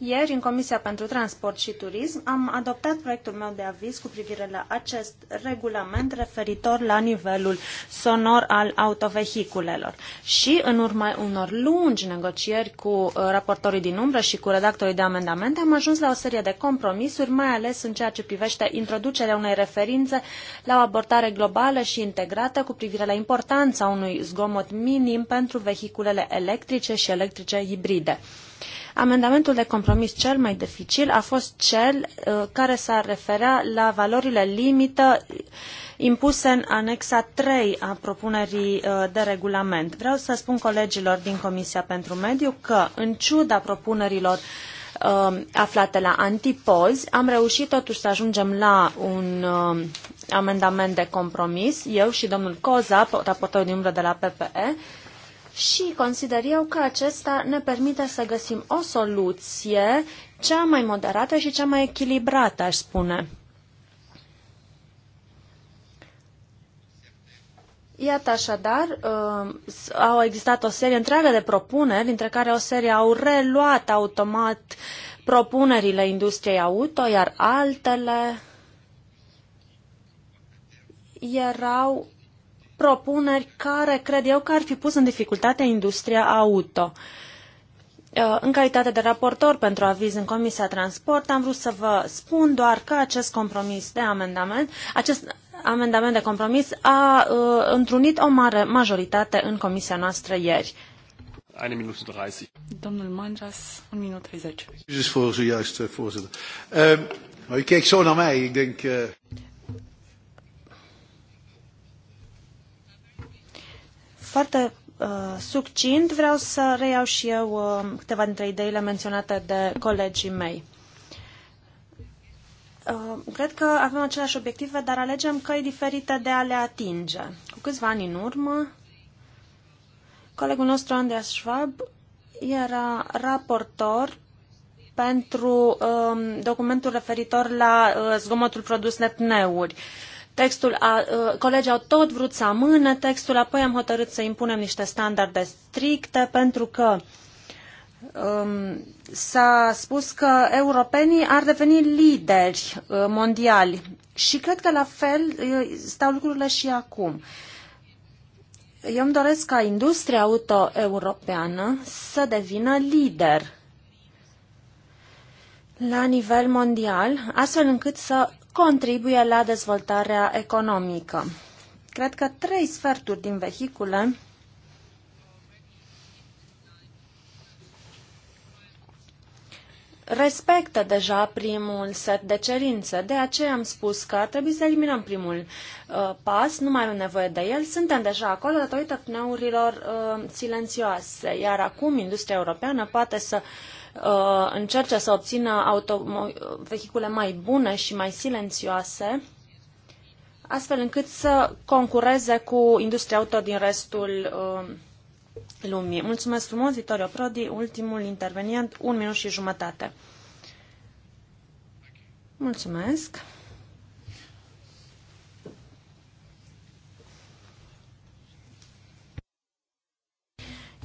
ieri, în Comisia pentru Transport și Turism, am adoptat proiectul meu de aviz cu privire la acest regulament referitor la nivelul sonor al autovehiculelor. Și, în urma unor lungi negocieri cu uh, raportorii din umbră și cu redactorii de amendamente, am ajuns la o serie de compromisuri, mai ales în ceea ce privește introducerea unei referințe la o abordare globală și integrată cu privire la importanța unui zgomot minim pentru vehiculele electrice și electrice hibride. Amendamentul de compromis cel mai dificil a fost cel uh, care s-a referea la valorile limită impuse în anexa 3 a propunerii uh, de regulament. Vreau să spun colegilor din Comisia pentru Mediu că, în ciuda propunerilor um, aflate la antipozi, am reușit totuși să ajungem la un um, amendament de compromis, eu și domnul Coza, raportorul din umbră de la PPE, și consider eu că acesta ne permite să găsim o soluție cea mai moderată și cea mai echilibrată, aș spune. Iată așadar, uh, au existat o serie întreagă de propuneri, dintre care o serie au reluat automat propunerile industriei auto, iar altele erau propuneri care cred eu că ar fi pus în dificultate industria auto. Uh, în calitate de raportor pentru aviz în Comisia Transport, am vrut să vă spun doar că acest compromis de amendament, acest amendament de compromis a uh, întrunit o mare majoritate în comisia noastră ieri. Domnul Manjas, 1 minut 30. Just voor zojuist, Uh... Foarte uh, succint vreau să reiau și eu uh, câteva dintre ideile menționate de colegii mei. Uh, cred că avem aceleași obiective, dar alegem căi diferite de a le atinge. Cu câțiva ani în urmă, colegul nostru Andreas Schwab era raportor pentru um, documentul referitor la uh, zgomotul produs de pneuri. Uh, Textul a, uh, colegii au tot vrut să amâne textul, apoi am hotărât să impunem niște standarde stricte pentru că um, s-a spus că europenii ar deveni lideri uh, mondiali și cred că la fel uh, stau lucrurile și acum. Eu îmi doresc ca industria auto europeană să devină lider la nivel mondial, astfel încât să contribuie la dezvoltarea economică. Cred că trei sferturi din vehicule respectă deja primul set de cerințe. De aceea am spus că trebuie să eliminăm primul uh, pas, nu mai avem nevoie de el. Suntem deja acolo datorită pneurilor uh, silențioase, iar acum industria europeană poate să uh, uh, încerce să obțină auto, vehicule mai bune și mai silențioase, astfel încât să concureze cu industria auto din restul uh, lumii. Mulțumesc frumos, Vittorio Prodi, ultimul intervenient, un minut și jumătate. Mulțumesc.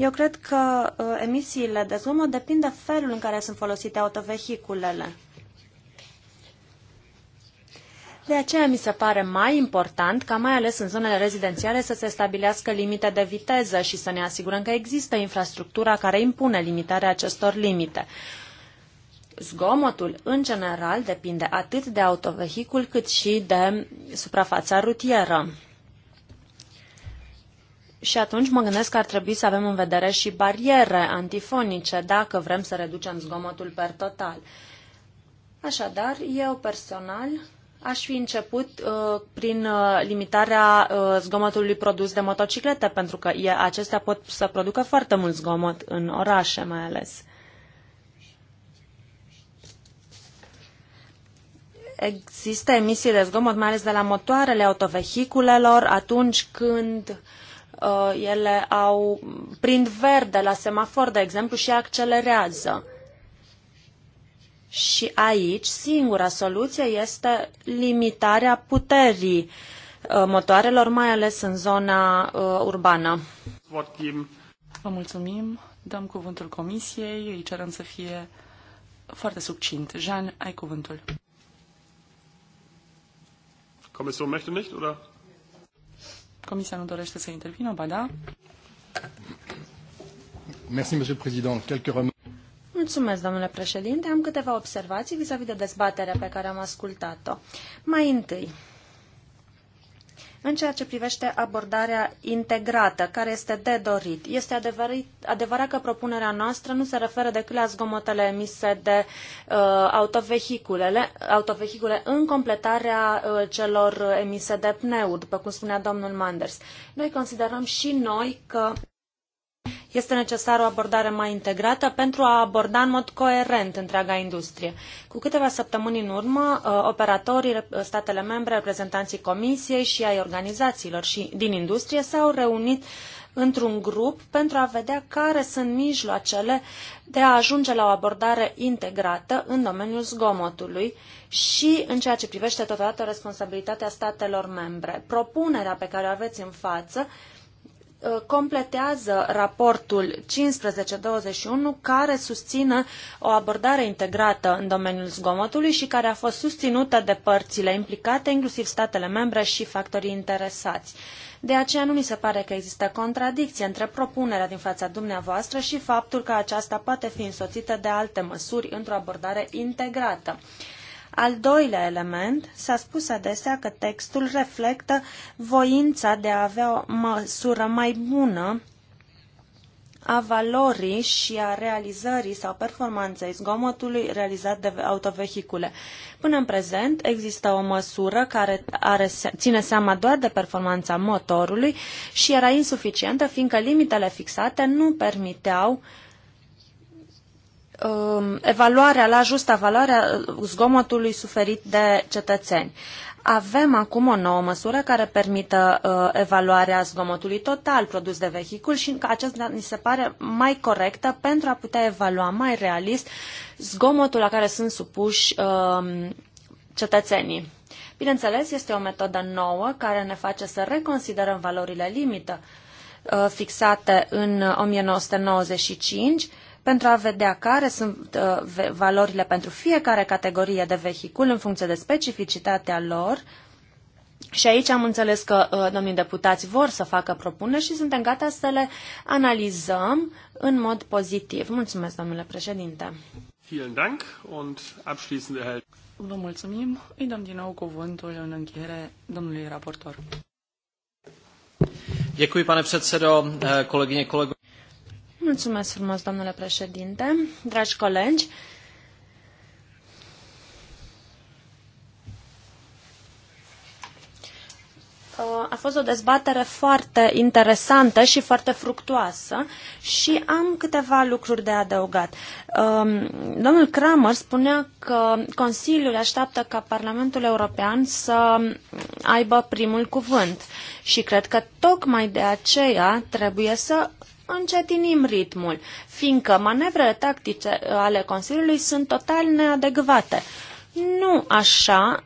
Eu cred că uh, emisiile de zgomot depind de felul în care sunt folosite autovehiculele. De aceea mi se pare mai important ca mai ales în zonele rezidențiale să se stabilească limite de viteză și să ne asigurăm că există infrastructura care impune limitarea acestor limite. Zgomotul, în general, depinde atât de autovehicul cât și de suprafața rutieră. Și atunci mă gândesc că ar trebui să avem în vedere și bariere antifonice dacă vrem să reducem zgomotul per total. Așadar, eu personal aș fi început uh, prin uh, limitarea uh, zgomotului produs de motociclete, pentru că e, acestea pot să producă foarte mult zgomot în orașe mai ales. Există emisii de zgomot, mai ales de la motoarele autovehiculelor, atunci când uh, Uh, ele au prind verde la semafor, de exemplu, și accelerează. Și aici singura soluție este limitarea puterii uh, motoarelor, mai ales în zona uh, urbană. Vă mulțumim. Dăm cuvântul comisiei. Îi cerem să fie foarte succint. Jean, ai cuvântul. Comisia nu vrea, Comisia nu dorește să intervină, ba da. Merci, Monsieur le Président. Quelques Mulțumesc, domnule președinte. Am câteva observații vis-a-vis -vis de dezbaterea pe care am ascultat-o. Mai întâi, în ceea ce privește abordarea integrată, care este de dorit, este adevărat, adevărat că propunerea noastră nu se referă decât la zgomotele emise de uh, autovehiculele, autovehicule în completarea uh, celor emise de pneu, după cum spunea domnul Manders. Noi considerăm și noi că este necesară o abordare mai integrată pentru a aborda în mod coerent întreaga industrie. Cu câteva săptămâni în urmă, uh, operatorii, statele membre, reprezentanții Comisiei și ai organizațiilor și din industrie s-au reunit într-un grup pentru a vedea care sunt mijloacele de a ajunge la o abordare integrată în domeniul zgomotului și în ceea ce privește totodată responsabilitatea statelor membre. Propunerea pe care o aveți în față Uh, completează raportul 1521 care susține o abordare integrată în domeniul zgomotului și care a fost susținută de părțile implicate, inclusiv statele membre și factorii interesați. De aceea nu mi se pare că există contradicție între propunerea din fața dumneavoastră și faptul că aceasta poate fi însoțită de alte măsuri într-o abordare integrată. Al doilea element, s-a spus adesea că textul reflectă voința de a avea o măsură mai bună a valorii și a realizării sau performanței zgomotului realizat de autovehicule. Până în prezent există o măsură care are, ține seama doar de performanța motorului și era insuficientă fiindcă limitele fixate nu permiteau uh, Um, evaluarea la justa valoarea uh, zgomotului suferit de cetățeni. Avem acum o nouă măsură care permită uh, evaluarea zgomotului total produs de vehicul și acesta ni se pare mai corectă pentru a putea evalua mai realist zgomotul la care sunt supuși uh, cetățenii. Bineînțeles, este o metodă nouă care ne face să reconsiderăm valorile limită uh, fixate în 1995 uh, pentru a vedea care sunt uh, valorile pentru fiecare categorie de vehicul în funcție de specificitatea lor. Și aici am înțeles că uh, domnii deputați vor să facă propuneri și suntem gata să le analizăm în mod pozitiv. Mulțumesc, domnule președinte. Vă mulțumim. Îi dăm din nou cuvântul în încheiere domnului raportor. Děkuji, pane předsedo, eh, kolegyně, kolegové. Mulțumesc frumos, domnule președinte, dragi colegi. A fost o dezbatere foarte interesantă și foarte fructuoasă și am câteva lucruri de adăugat. Um, domnul Kramer spunea că Consiliul așteaptă ca Parlamentul European să aibă primul cuvânt și cred că tocmai de aceea trebuie să încetinim ritmul, fiindcă manevrele tactice uh, ale Consiliului sunt total neadecvate. Nu așa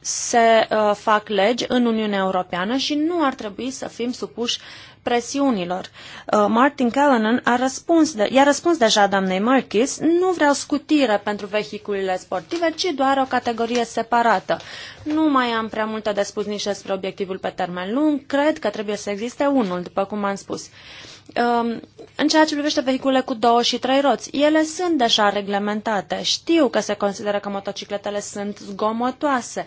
se uh, fac legi în Uniunea Europeană și nu ar trebui să fim supuși presiunilor. Uh, Martin Callanan a răspuns, de, i-a răspuns deja doamnei Marquis, nu vreau scutire pentru vehiculele sportive, ci doar o categorie separată. Nu mai am prea multe de spus nici despre obiectivul pe termen lung, cred că trebuie să existe unul, după cum am spus. Uh, um, în ceea ce privește vehiculele cu două și trei roți, ele sunt deja reglementate. Știu că se consideră că motocicletele sunt zgomotoase,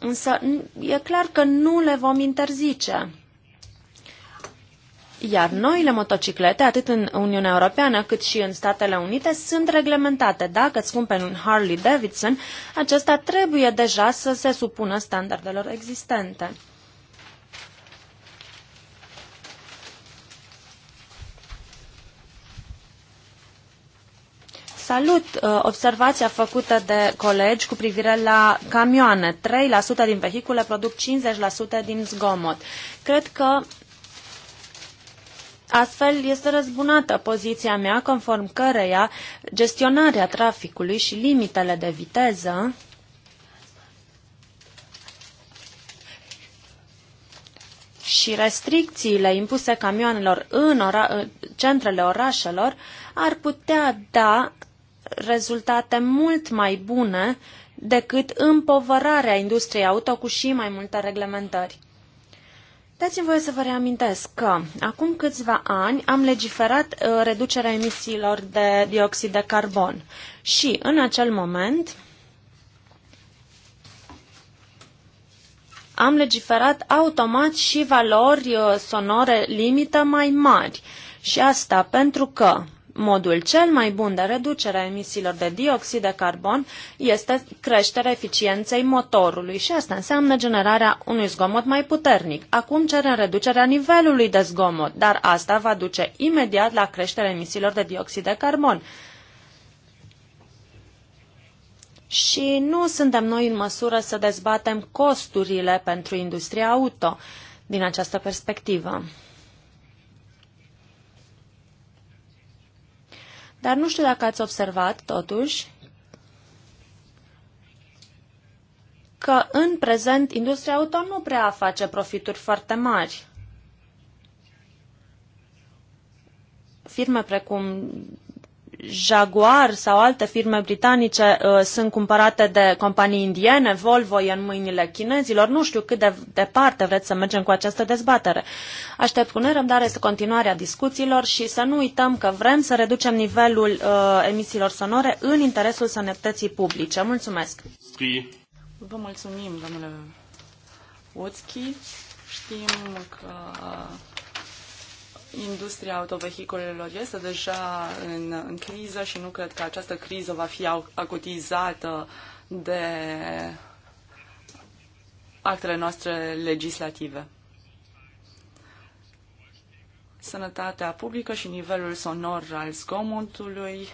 însă e clar că nu le vom interzice. Iar noile motociclete, atât în Uniunea Europeană cât și în Statele Unite, sunt reglementate. Dacă îți pe un Harley Davidson, acesta trebuie deja să se supună standardelor existente. salut uh, observația făcută de colegi cu privire la camioane. 3% din vehicule produc 50% din zgomot. Cred că astfel este răzbunată poziția mea conform căreia gestionarea traficului și limitele de viteză și restricțiile impuse camioanelor în ora, în centrele orașelor ar putea da rezultate mult mai bune decât împovărarea industriei auto cu și mai multe reglementări. Dați-mi voie să vă reamintesc că acum câțiva ani am legiferat uh, reducerea emisiilor de dioxid de carbon și în acel moment am legiferat automat și valori uh, sonore limită mai mari. Și asta pentru că modul cel mai bun de reducere a emisiilor de dioxid de carbon este creșterea eficienței motorului și asta înseamnă generarea unui zgomot mai puternic. Acum cerem reducerea nivelului de zgomot, dar asta va duce imediat la creșterea emisiilor de dioxid de carbon. Și nu suntem noi în măsură să dezbatem costurile pentru industria auto din această perspectivă. Dar nu știu dacă ați observat, totuși, că în prezent industria auto nu prea face profituri foarte mari. Firme precum Jaguar sau alte firme britanice uh, sunt cumpărate de companii indiene, Volvo e în mâinile chinezilor, nu știu cât de departe vreți să mergem cu această dezbatere. Aștept cu nerăbdare să continuarea discuțiilor și să nu uităm că vrem să reducem nivelul uh, emisiilor sonore în interesul sănătății publice. Mulțumesc! Vă mulțumim, domnule Oțchi. Știm că industria autovehiculelor este deja în, în criză și nu cred că această criză va fi acutizată de actele noastre legislative. Sănătatea publică și nivelul sonor al zgomotului,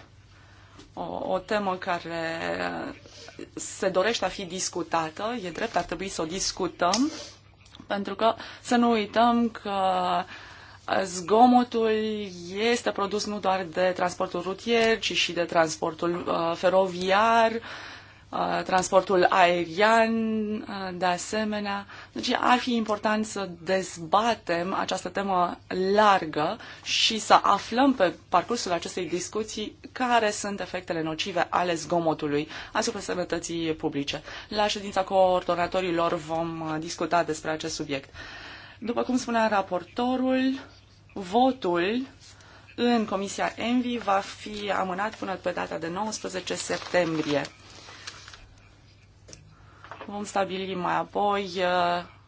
o, o temă care se dorește a fi discutată, e drept, ar trebui să o discutăm, pentru că să nu uităm că uh, Zgomotul este produs nu doar de transportul rutier, ci și de transportul uh, feroviar, uh, transportul aerian, uh, de asemenea. Deci ar fi important să dezbatem această temă largă și să aflăm pe parcursul acestei discuții care sunt efectele nocive ale zgomotului asupra sănătății publice. La ședința coordonatorilor vom discuta despre acest subiect. După cum spunea raportorul, Votul în Comisia Envi va fi amânat până pe data de 19 septembrie. Vom stabili mai apoi uh,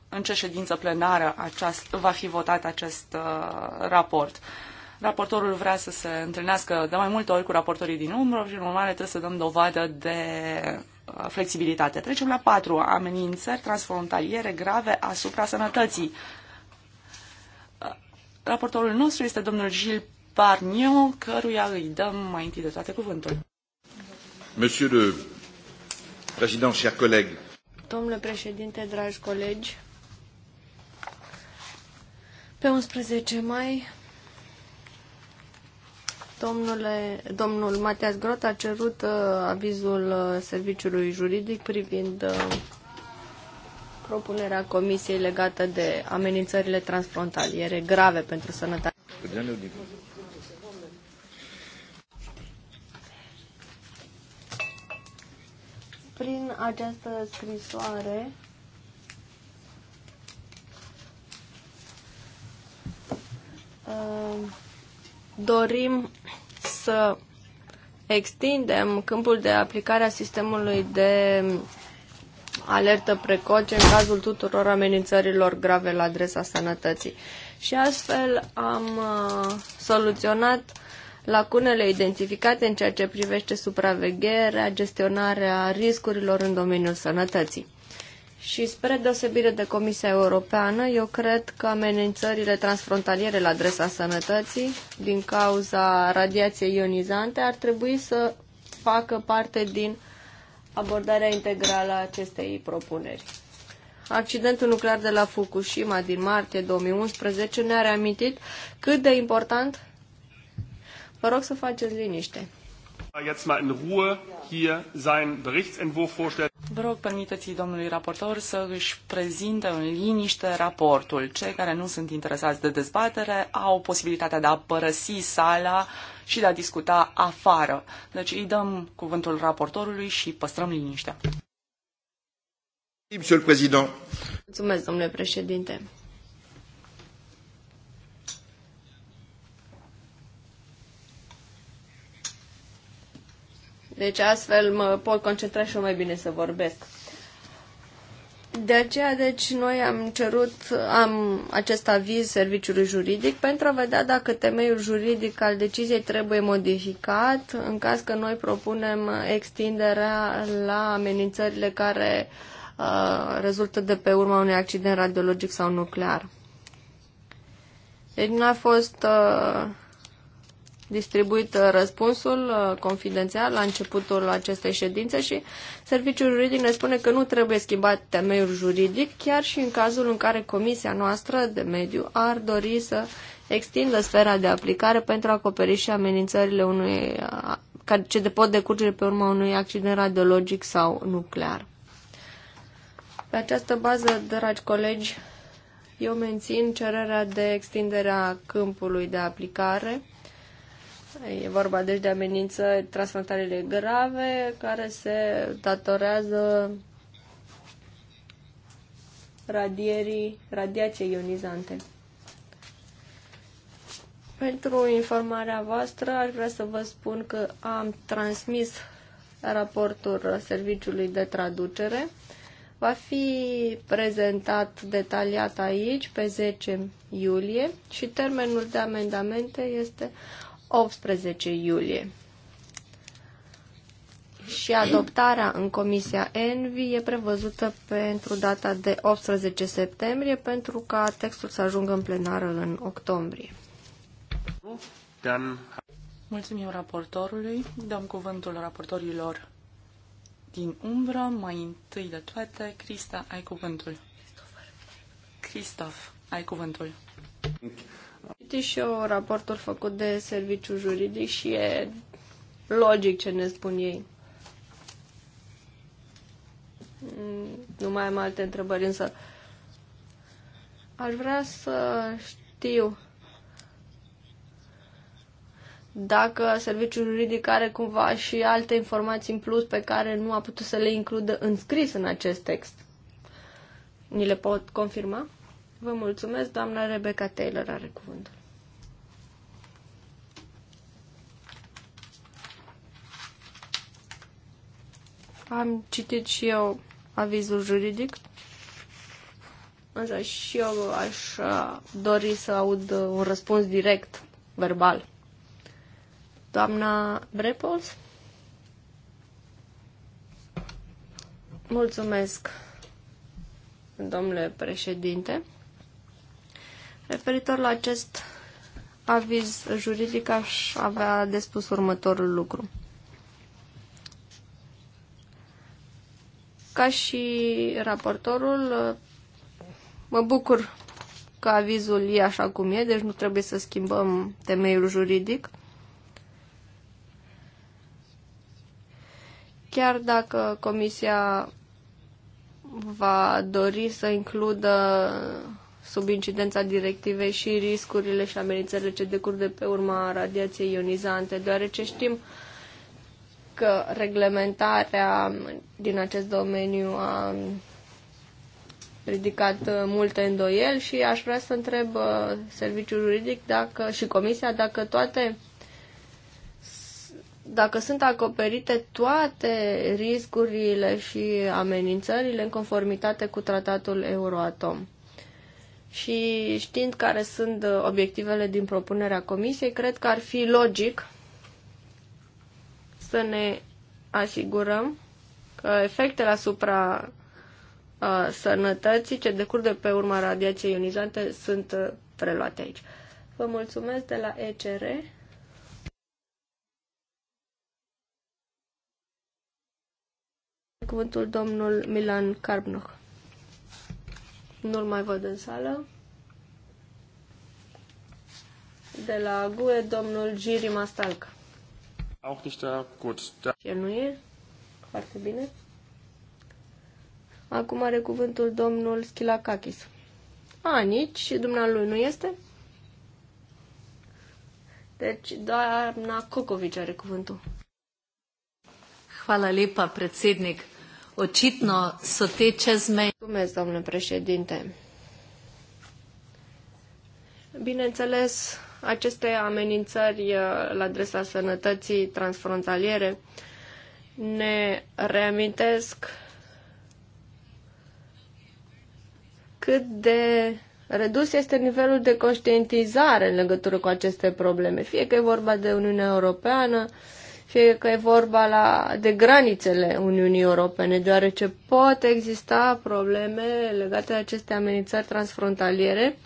în ce ședință plenară aceast, va fi votat acest uh, raport. Raportorul vrea să se întâlnească de mai multe ori cu raportorii din umbră și, în urmare, trebuie să dăm dovadă de uh, flexibilitate. Trecem la patru amenințări transfrontaliere grave asupra sănătății Raportorul nostru este domnul Gilles Parniu, căruia îi dăm mai întâi de toate cuvântul. Monsieur le Président, chers collègues. Domnule președinte, dragi colegi, pe 11 mai, domnule, domnul Matias Grot a cerut uh, avizul uh, serviciului juridic privind uh, propunerea Comisiei legată de amenințările transfrontaliere grave pentru sănătate. Prin această scrisoare uh, dorim să extindem câmpul de aplicare a sistemului de alertă precoce în cazul tuturor amenințărilor grave la adresa sănătății. Și astfel am uh, soluționat lacunele identificate în ceea ce privește supravegherea, gestionarea riscurilor în domeniul sănătății. Și spre deosebire de Comisia Europeană, eu cred că amenințările transfrontaliere la adresa sănătății din cauza radiației ionizante ar trebui să facă parte din abordarea integrală a acestei propuneri. Accidentul nuclear de la Fukushima din martie 2011 ne-a reamintit cât de important... Vă rog să faceți liniște. Jetzt mal in Ruhe hier seinen Berichtsentwurf vorstellen. Vă rog, permiteți domnului raportor să își prezinte în liniște raportul. Cei care nu sunt interesați de dezbatere au posibilitatea de a părăsi sala și de a discuta afară. Deci îi dăm cuvântul raportorului și păstrăm liniștea. Mulțumesc, domnule președinte. Deci astfel mă pot concentra și eu mai bine să vorbesc. De aceea, deci, noi am cerut am acest aviz serviciului juridic pentru a vedea dacă temeiul juridic al deciziei trebuie modificat în caz că noi propunem extinderea la amenințările care uh, rezultă de pe urma unui accident radiologic sau nuclear. Deci nu a fost uh, distribuit uh, răspunsul uh, confidențial la începutul acestei ședințe și serviciul juridic ne spune că nu trebuie schimbat temeiul juridic, chiar și în cazul în care comisia noastră de mediu ar dori să extindă sfera de aplicare pentru a acoperi și amenințările unui, uh, ce de pot decurge pe urma unui accident radiologic sau nuclear. Pe această bază, dragi colegi, eu mențin cererea de extindere a câmpului de aplicare E vorba deci de amenințări transfrontalele grave care se datorează radierii, radiației ionizante. Pentru informarea voastră, aș vrea să vă spun că am transmis raportul serviciului de traducere. Va fi prezentat detaliat aici pe 10 iulie și termenul de amendamente este 18 iulie. Și adoptarea în Comisia ENVI e prevăzută pentru data de 18 septembrie, pentru ca textul să ajungă în plenară în octombrie. Mulțumim raportorului. Dăm cuvântul raportorilor din umbră. Mai întâi de toate, Crista, ai cuvântul. Cristof, ai cuvântul. Și eu raportul făcut de serviciul juridic și e logic ce ne spun ei. Nu mai am alte întrebări, însă aș vrea să știu dacă serviciul juridic are cumva și alte informații în plus pe care nu a putut să le includă înscris în acest text. Ni le pot confirma? Vă mulțumesc, doamna Rebecca Taylor are cuvântul. Am citit și eu avizul juridic, însă și eu aș dori să aud un răspuns direct, verbal. Doamna Brepols? Mulțumesc, domnule președinte. Referitor la acest aviz juridic, aș avea de spus următorul lucru. Ca și raportorul, mă bucur că avizul e așa cum e, deci nu trebuie să schimbăm temeiul juridic. Chiar dacă comisia va dori să includă sub incidența directivei și riscurile și amenințările ce decurg de pe urma radiației ionizante, deoarece știm că reglementarea din acest domeniu a ridicat multe îndoieli și aș vrea să întreb uh, serviciul juridic dacă, și comisia dacă toate dacă sunt acoperite toate riscurile și amenințările în conformitate cu tratatul Euroatom și știind care sunt uh, obiectivele din propunerea comisiei, cred că ar fi logic să ne asigurăm că efectele asupra uh, sănătății ce decur de pe urma radiației ionizante sunt uh, preluate aici. Vă mulțumesc de la ECR. Cuvântul domnul Milan Carbnoch. Nu-l mai văd în sală. De la GUE, domnul Giri Mastalca. Auch nicht da, gut. Da. El nu e? Foarte bine. Acum are cuvântul domnul Schilakakis. A, nici și dumnealui nu este? Deci, doamna Cocovici are cuvântul. Hvala lepa, predsednik. Ocitno so te čezmejne. Mulțumesc, domnule președinte. Bineînțeles, aceste amenințări uh, la adresa sănătății transfrontaliere ne reamintesc cât de redus este nivelul de conștientizare în legătură cu aceste probleme, fie că e vorba de Uniunea Europeană, fie că e vorba la, de granițele Uniunii Europene, deoarece pot exista probleme legate de aceste amenințări transfrontaliere,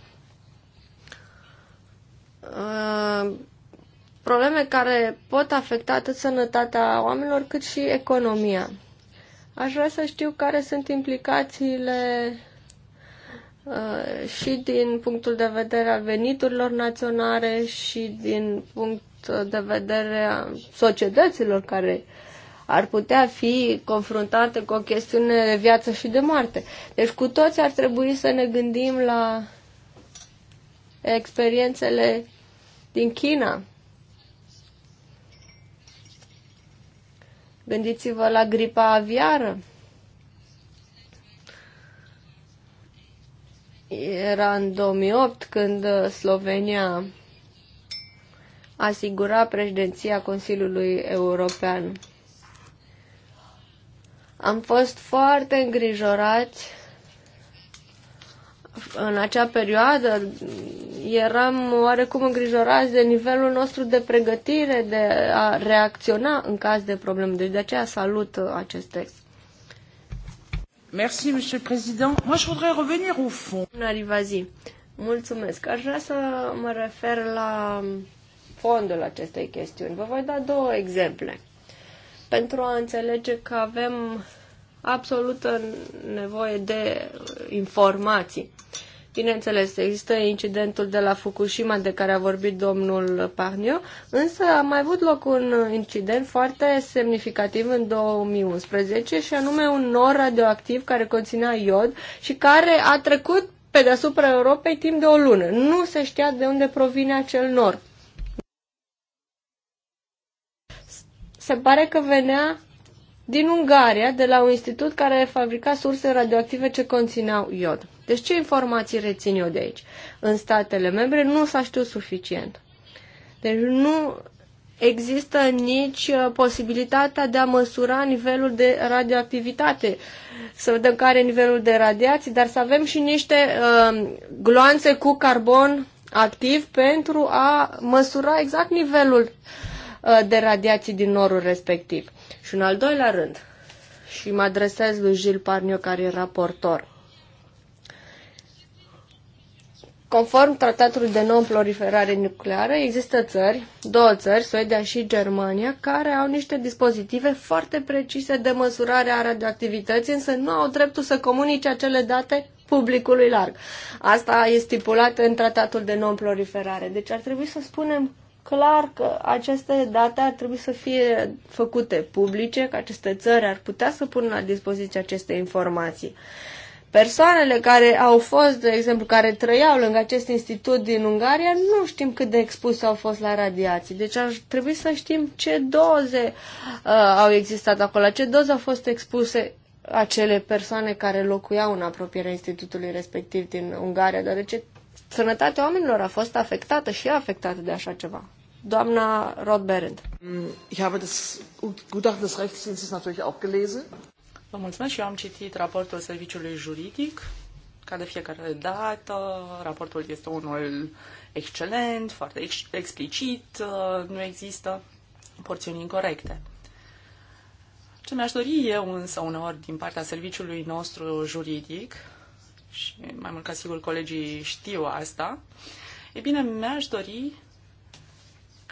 uh, probleme care pot afecta atât sănătatea oamenilor cât și economia. Aș vrea să știu care sunt implicațiile uh, și din punctul de vedere al veniturilor naționale și din punct de vedere a societăților care ar putea fi confruntate cu o chestiune de viață și de moarte. Deci cu toți ar trebui să ne gândim la experiențele din China. Gândiți-vă la gripa aviară. Era în 2008 când Slovenia asigura președinția Consiliului European. Am fost foarte îngrijorați în acea perioadă eram oarecum îngrijorați de nivelul nostru de pregătire, de a reacționa în caz de probleme. Deci de aceea salut acest text. Merci, Monsieur le Président. Moi, je voudrais revenir au fond. mulțumesc. Aș vrea să mă refer la fondul acestei chestiuni. Vă voi da două exemple pentru a înțelege că avem absolută nevoie de informații. Bineînțeles, există incidentul de la Fukushima de care a vorbit domnul Pahnio, însă a mai avut loc un incident foarte semnificativ în 2011 și anume un nor radioactiv care conținea iod și care a trecut pe deasupra Europei timp de o lună. Nu se știa de unde provine acel nor. se pare că venea din Ungaria, de la un institut care fabrica surse radioactive ce conțineau iod. Deci ce informații rețin eu de aici? În statele membre nu s-a știut suficient. Deci nu există nici uh, posibilitatea de a măsura nivelul de radioactivitate, să vedem care e nivelul de radiații, dar să avem și niște uh, gloanțe cu carbon activ pentru a măsura exact nivelul uh, Uh, de radiații din norul respectiv. Și în al doilea rând, și mă adresez lui Gil Parniu, care e raportor, Conform tratatului de non-proliferare nucleară, există țări, două țări, Suedia și Germania, care au niște dispozitive foarte precise de măsurare a radioactivității, însă nu au dreptul să comunice acele date publicului larg. Asta e stipulat în tratatul de non-proliferare. Deci ar trebui să spunem clar că aceste date ar trebui să fie făcute publice, că aceste țări ar putea să pună la dispoziție aceste informații. Persoanele care au fost, de exemplu, care trăiau lângă acest institut din Ungaria, nu știm cât de expuse au fost la radiații. Deci ar trebui să știm ce doze uh, au existat acolo, ce doze au fost expuse acele persoane care locuiau în apropierea institutului respectiv din Ungaria, deoarece sănătatea oamenilor a fost afectată și e afectată de așa ceva. Doamna Rodberend. Mm, ich habe das Gutachten des Rechtsdienstes natürlich auch gelesen. Vă mulțumesc și eu am citit raportul serviciului juridic. Ca de fiecare dată, raportul este unul excelent, foarte ex- explicit, uh, nu există porțiuni incorrecte. Ce mi-aș dori eu însă uneori din partea serviciului nostru juridic, și mai mult ca sigur colegii știu asta, e bine, mi-aș dori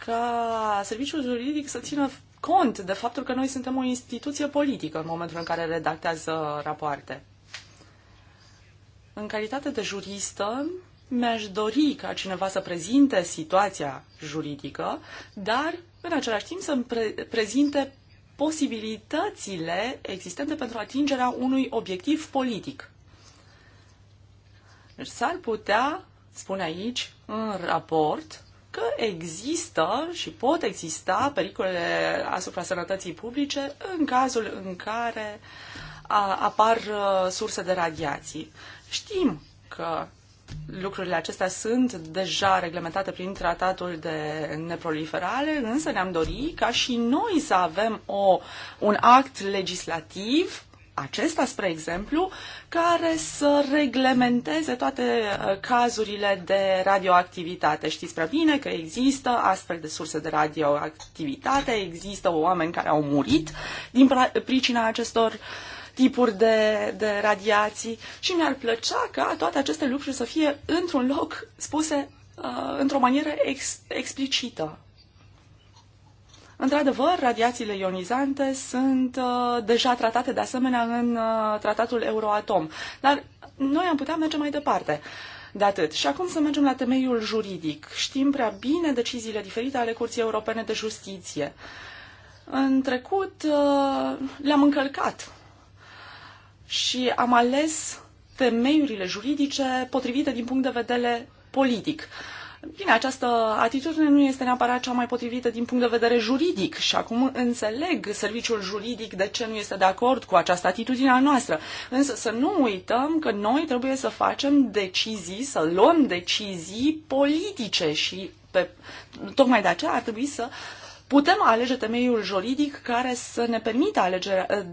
ca serviciul juridic să țină cont de faptul că noi suntem o instituție politică în momentul în care redactează rapoarte. În calitate de juristă, mi-aș dori ca cineva să prezinte situația juridică, dar în același timp să pre- prezinte posibilitățile existente pentru atingerea unui obiectiv politic. Deci s-ar putea, spune aici, în raport, că există și pot exista pericole asupra sănătății publice în cazul în care apar uh, surse de radiații. Știm că lucrurile acestea sunt deja reglementate prin tratatul de neproliferare, însă ne-am dorit ca și noi să avem o, un act legislativ acesta, spre exemplu, care să reglementeze toate uh, cazurile de radioactivitate. Știți prea bine că există astfel de surse de radioactivitate, există oameni care au murit din pricina acestor tipuri de, de radiații și mi-ar plăcea ca toate aceste lucruri să fie într-un loc spuse uh, într-o manieră ex, explicită Într-adevăr, radiațiile ionizante sunt uh, deja tratate de asemenea în uh, tratatul Euroatom, dar noi am putea merge mai departe. De atât. Și acum să mergem la temeiul juridic. Știm prea bine deciziile diferite ale Curții Europene de Justiție. În trecut uh, le-am încălcat și am ales temeiurile juridice potrivite din punct de vedere politic. Uh, Bine, această atitudine nu este neapărat cea mai potrivită din punct de vedere juridic și acum înțeleg serviciul juridic de ce nu este de acord cu această atitudine a noastră. Însă să nu uităm că noi trebuie să facem decizii, să luăm decizii politice și pe, tocmai de aceea ar trebui să putem alege temeiul juridic care să ne permită alegerea,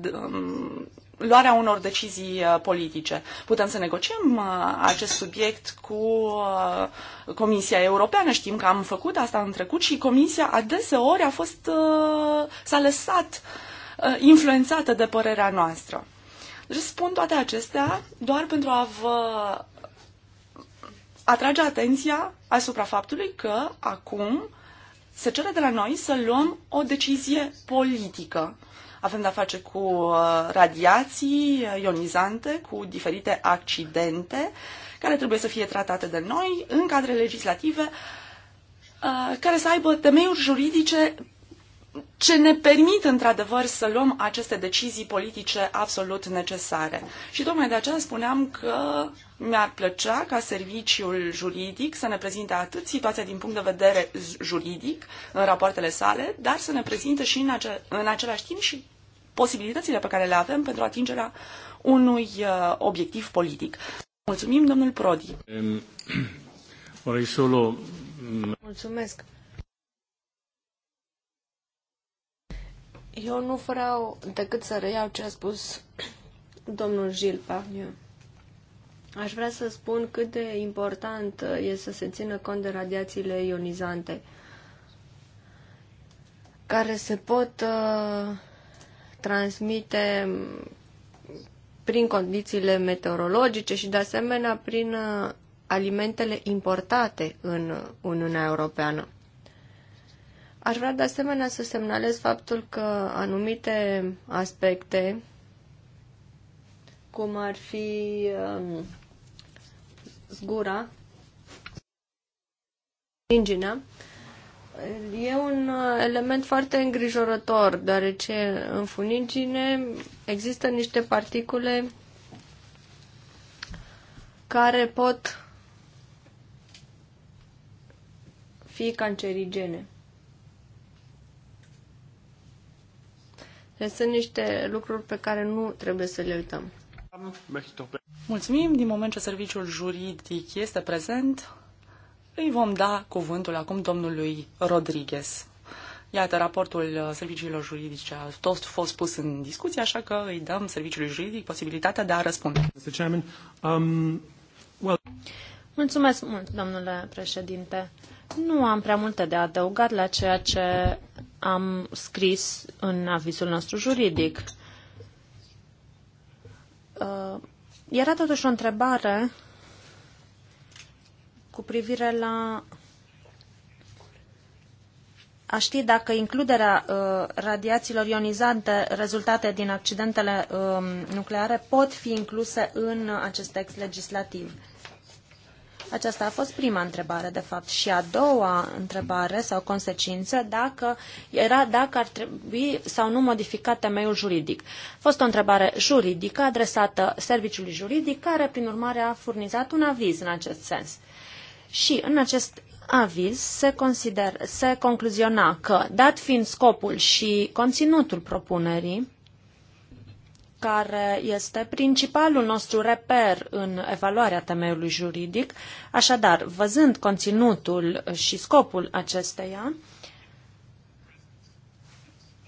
luarea unor decizii uh, politice. Putem să negociem uh, acest subiect cu uh, Comisia Europeană. Știm că am făcut asta în trecut și Comisia adeseori a fost, s-a lăsat influențată de părerea noastră. Deci spun toate acestea doar pentru a vă atrage atenția asupra faptului că acum se cere de la noi să luăm o decizie politică avem de-a face cu uh, radiații uh, ionizante, cu diferite accidente care trebuie să fie tratate de noi în cadre legislative uh, care să aibă temeiuri juridice ce ne permit într-adevăr să luăm aceste decizii politice absolut necesare. Și tocmai de aceea spuneam că mi-ar plăcea ca serviciul juridic să ne prezinte atât situația din punct de vedere juridic în rapoartele sale, dar să ne prezinte și în, ace- în același timp și posibilitățile pe care le avem pentru atingerea unui uh, obiectiv politic. Mulțumim, domnul Prodi. Mm, Mulțumesc. Eu nu vreau decât să reiau ce a spus domnul Gilles Parniu. Aș vrea să spun cât de important uh, e să se țină cont de radiațiile ionizante, care se pot uh, transmite mm, prin condițiile meteorologice și, de asemenea, prin uh, alimentele importate în Uniunea Europeană. Aș vrea, de asemenea, să semnalez faptul că anumite aspecte, cum ar fi. Uh, Zgura, Inginea, E un uh, element foarte îngrijorător, deoarece în funingine există niște particule care pot fi cancerigene. Deci sunt niște lucruri pe care nu trebuie să le uităm. Mulțumim. Din moment ce serviciul juridic este prezent, îi vom da cuvântul acum domnului Rodriguez. Iată, raportul serviciilor juridice a tot fost pus în discuție, așa că îi dăm serviciului juridic posibilitatea de a răspunde. Um, Mulțumesc mult, domnule președinte. Nu am prea multe de adăugat la ceea ce am scris în avizul nostru juridic. Uh, era totuși o întrebare cu privire la a ști dacă includerea uh, radiațiilor ionizante rezultate din accidentele uh, nucleare pot fi incluse în acest text legislativ. Aceasta a fost prima întrebare, de fapt. Și a doua întrebare sau consecință dacă, era dacă ar trebui sau nu modificat temeiul juridic. A fost o întrebare juridică adresată serviciului juridic, care, prin urmare, a furnizat un aviz în acest sens. Și în acest aviz se, consider, se concluziona că, dat fiind scopul și conținutul propunerii, care este principalul nostru reper în evaluarea temeiului juridic. Așadar, văzând conținutul și scopul acesteia,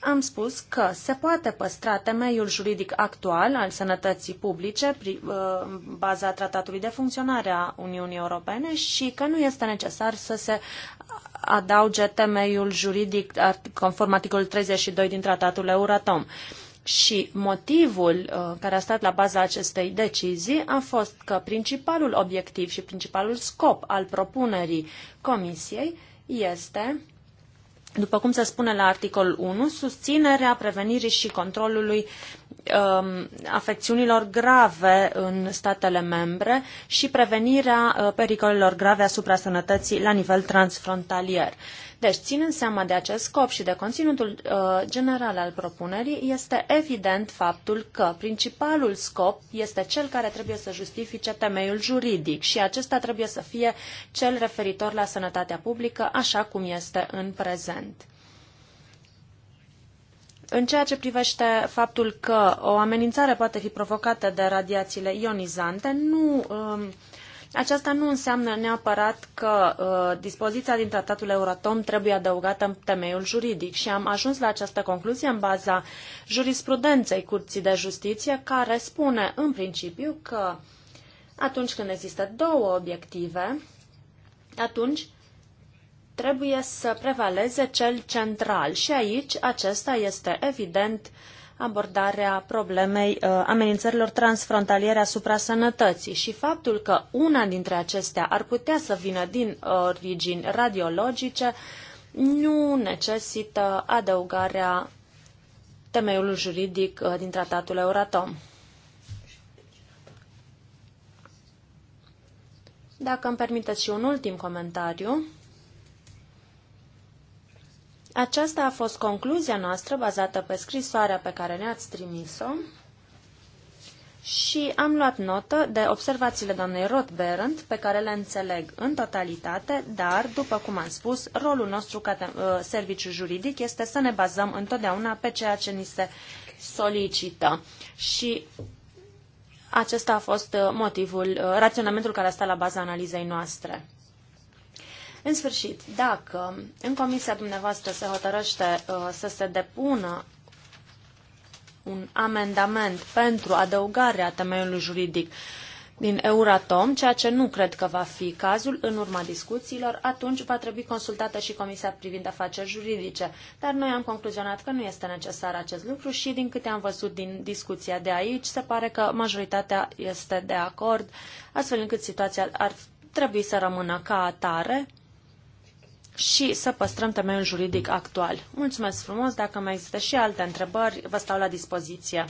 am spus că se poate păstra temeiul juridic actual al sănătății publice uh, în baza tratatului de funcționare a Uniunii Europene și că nu este necesar să se adauge temeiul juridic conform articolul 32 din tratatul Euratom. Și motivul uh, care a stat la baza acestei decizii a fost că principalul obiectiv și principalul scop al propunerii Comisiei este, după cum se spune la articolul 1, susținerea prevenirii și controlului uh, afecțiunilor grave în statele membre și prevenirea uh, pericolelor grave asupra sănătății la nivel transfrontalier. Uh, deci, ținând seama de acest scop și de conținutul uh, general al propunerii, este evident faptul că principalul scop este cel care trebuie să justifice temeiul juridic și acesta trebuie să fie cel referitor la sănătatea publică, așa cum este în prezent în ceea ce privește faptul că o amenințare poate fi provocată de radiațiile ionizante, nu Uh, aceasta nu înseamnă neapărat că uh, dispoziția din tratatul Euratom trebuie adăugată în temeiul juridic și am ajuns la această concluzie în baza jurisprudenței Curții de Justiție, care spune în principiu că atunci când există două obiective, atunci trebuie să prevaleze cel central și aici acesta este evident uh, abordarea problemei uh, amenințărilor transfrontaliere asupra sănătății și faptul că una dintre acestea ar putea să vină din uh, origini radiologice nu necesită adăugarea temeiului juridic uh, din tratatul Euratom. Dacă îmi permiteți și un ultim comentariu, aceasta a fost concluzia noastră bazată pe scrisoarea pe care ne-ați trimis-o și am luat notă de observațiile doamnei Rothberend, pe care le înțeleg în totalitate, dar, după cum am spus, rolul nostru ca ă, serviciu juridic este să ne bazăm întotdeauna pe ceea ce ni se solicită. Și acesta a fost ă, motivul, ă, raționamentul care a stat la baza analizei noastre. În sfârșit, dacă în comisia dumneavoastră se hotărăște uh, să se depună un amendament pentru adăugarea temeiului juridic din Euratom, ceea ce nu cred că va fi cazul în urma discuțiilor, atunci va trebui consultată și Comisia privind afaceri juridice. Dar noi am concluzionat că nu este necesar acest lucru și, din câte am văzut din discuția de aici, se pare că majoritatea este de acord, astfel încât situația ar trebui să rămână ca atare și să păstrăm temeiul juridic actual. Mulțumesc frumos, dacă mai există și alte întrebări, vă stau la dispoziție.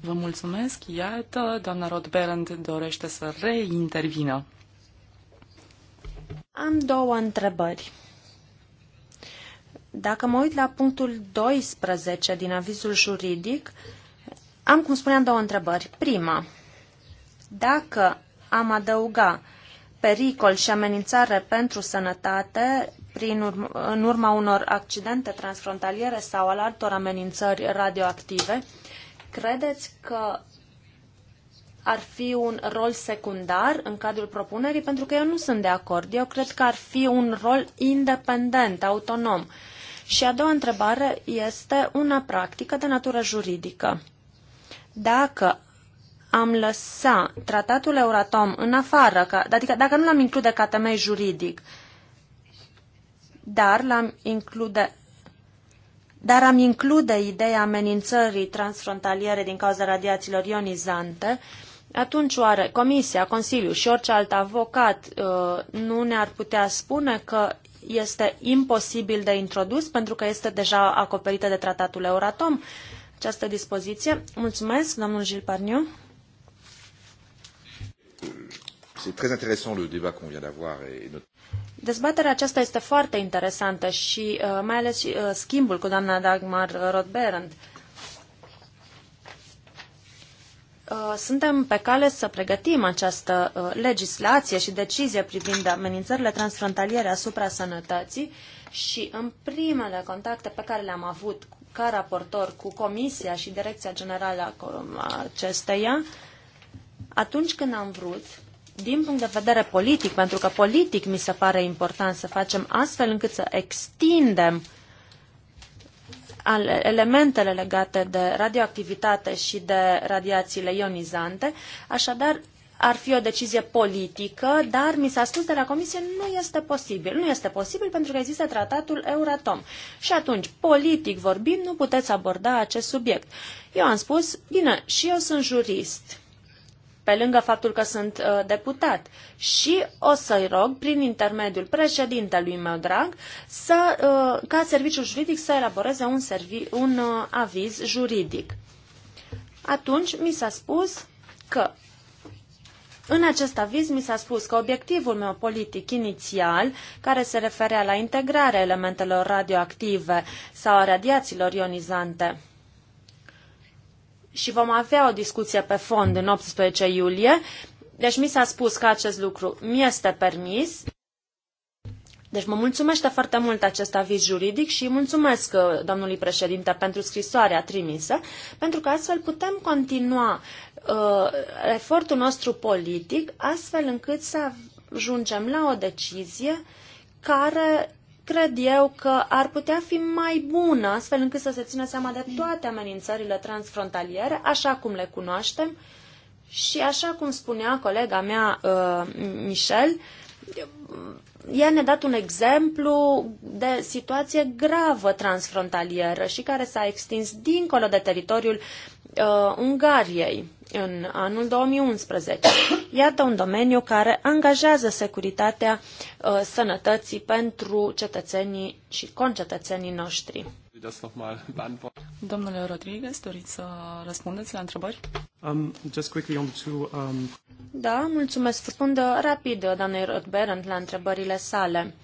Vă mulțumesc, iată, doamna Rodberend dorește să reintervină. Am două întrebări. Dacă mă uit la punctul 12 din avizul juridic, am, cum spuneam, două întrebări. Prima, dacă am adăuga pericol și amenințare pentru sănătate prin urma, în urma unor accidente transfrontaliere sau al altor amenințări radioactive, credeți că ar fi un rol secundar în cadrul propunerii? Pentru că eu nu sunt de acord. Eu cred că ar fi un rol independent, autonom. Și a doua întrebare este una practică de natură juridică. Dacă am lăsa tratatul Euratom în afară, că, adică dacă nu l-am include ca temei juridic, dar l-am include dar am include ideea amenințării transfrontaliere din cauza radiațiilor ionizante, atunci oare Comisia, Consiliul și orice alt avocat uh, nu ne-ar putea spune că este imposibil de introdus pentru că este deja acoperită de tratatul Euratom? Această dispoziție. Mulțumesc, domnul Gilles Parniu. C'est très intéressant le débat qu'on vient d'avoir et notre... Dezbaterea aceasta este foarte interesantă și uh, mai ales uh, schimbul cu doamna Dagmar Rodberend. Uh, suntem pe cale să pregătim această uh, legislație și decizie privind amenințările transfrontaliere asupra sănătății și în primele contacte pe care le-am avut ca raportor cu Comisia și Direcția Generală a acesteia, atunci când am vrut, din punct de vedere politic, pentru că politic mi se pare important să facem astfel încât să extindem elementele legate de radioactivitate și de radiațiile ionizante. Așadar, ar fi o decizie politică, dar mi s-a spus de la Comisie nu este posibil. Nu este posibil pentru că există tratatul Euratom. Și atunci, politic vorbim, nu puteți aborda acest subiect. Eu am spus, bine, și eu sunt jurist pe lângă faptul că sunt uh, deputat. Și o să-i rog, prin intermediul președintelui meu drag, să, uh, ca serviciul juridic să elaboreze un, servi, un uh, aviz juridic. Atunci mi s-a spus că în acest aviz mi s-a spus că obiectivul meu politic inițial, care se referea la integrarea elementelor radioactive sau a radiațiilor ionizante și vom avea o discuție pe fond în 18 iulie. Deci mi s-a spus că acest lucru mi este permis. Deci mă mulțumește foarte mult acest aviz juridic și mulțumesc uh, domnului președinte pentru scrisoarea trimisă, pentru că astfel putem continua uh, efortul nostru politic, astfel încât să ajungem la o decizie care cred eu că ar putea fi mai bună, astfel încât să se țină seama de toate amenințările transfrontaliere, așa cum le cunoaștem și așa cum spunea colega mea, uh, Michel, ea ne-a dat un exemplu de situație gravă transfrontalieră și care s-a extins dincolo de teritoriul uh, Ungariei în anul 2011. Iată un domeniu care angajează securitatea uh, sănătății pentru cetățenii și concetățenii noștri nochmal beantworten. Domnule Rodriguez, doriți să răspundeți la întrebări? Um, just quickly on the two, um... Da, mulțumesc. Răspund rapid, doamnei Rodberent, la întrebările sale.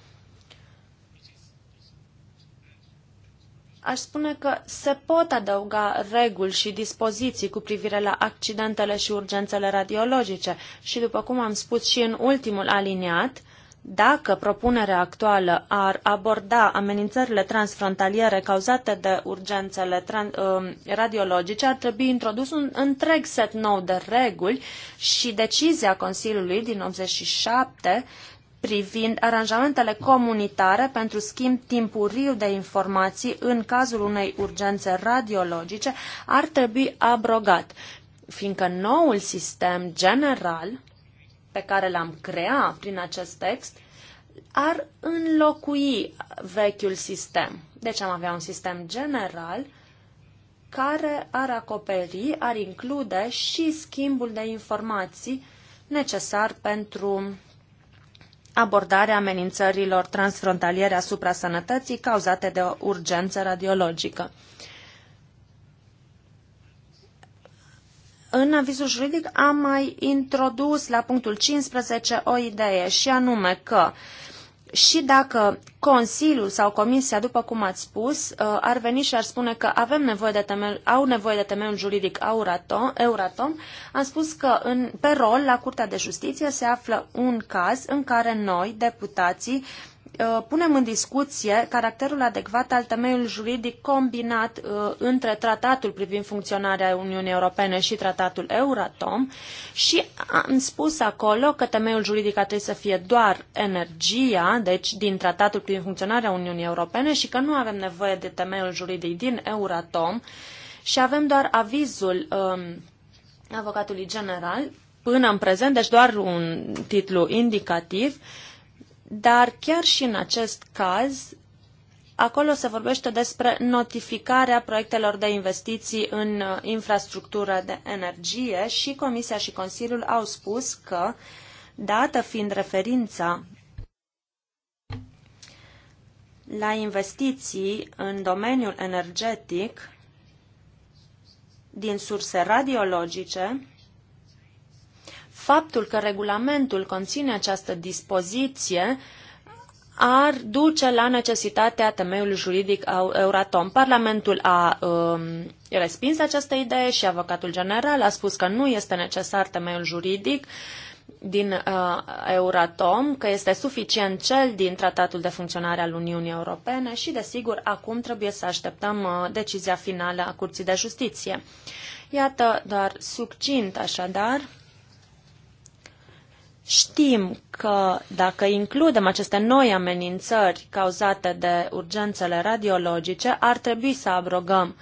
Aș spune că se pot adăuga reguli și dispoziții cu privire la accidentele și urgențele radiologice și, după cum am spus și în ultimul aliniat, dacă propunerea actuală ar aborda amenințările transfrontaliere cauzate de urgențele um, radiologice, ar trebui introdus un întreg set nou de reguli și decizia Consiliului din 87 privind aranjamentele comunitare pentru schimb timpuriu de informații în cazul unei urgențe radiologice ar trebui abrogat, fiindcă noul sistem general pe care l-am creat prin acest text ar înlocui vechiul sistem. Deci am avea un sistem general care ar acoperi, ar include și schimbul de informații necesar pentru abordarea amenințărilor transfrontaliere asupra sănătății cauzate de o urgență radiologică. în avizul juridic am mai introdus la punctul 15 o idee și anume că și dacă Consiliul sau Comisia, după cum ați spus, uh, ar veni și ar spune că avem nevoie de temel, au nevoie de temeiul juridic Euratom, Euratom, am spus că în, pe rol la Curtea de Justiție se află un caz în care noi, deputații, Uh, punem în discuție caracterul adecvat al temeiului juridic combinat uh, între tratatul privind funcționarea Uniunii Europene și tratatul Euratom și am spus acolo că temeiul juridic ar trebui să fie doar energia, deci din tratatul privind funcționarea Uniunii Europene și că nu avem nevoie de temeiul juridic din Euratom și avem doar avizul um, avocatului general până în prezent, deci doar un titlu indicativ dar chiar și în acest caz, acolo se vorbește despre notificarea proiectelor de investiții în uh, infrastructură de energie și Comisia și Consiliul au spus că, dată fiind referința la investiții în domeniul energetic din surse radiologice, faptul că regulamentul conține această dispoziție ar duce la necesitatea temeiului juridic al Euratom. Parlamentul a um, respins această idee și avocatul general a spus că nu este necesar temeiul juridic din uh, Euratom, că este suficient cel din Tratatul de Funcționare al Uniunii Europene și, desigur, acum trebuie să așteptăm uh, decizia finală a Curții de Justiție. Iată doar succint, așadar, Știm că dacă includem aceste noi amenințări cauzate de urgențele radiologice, ar trebui să abrogăm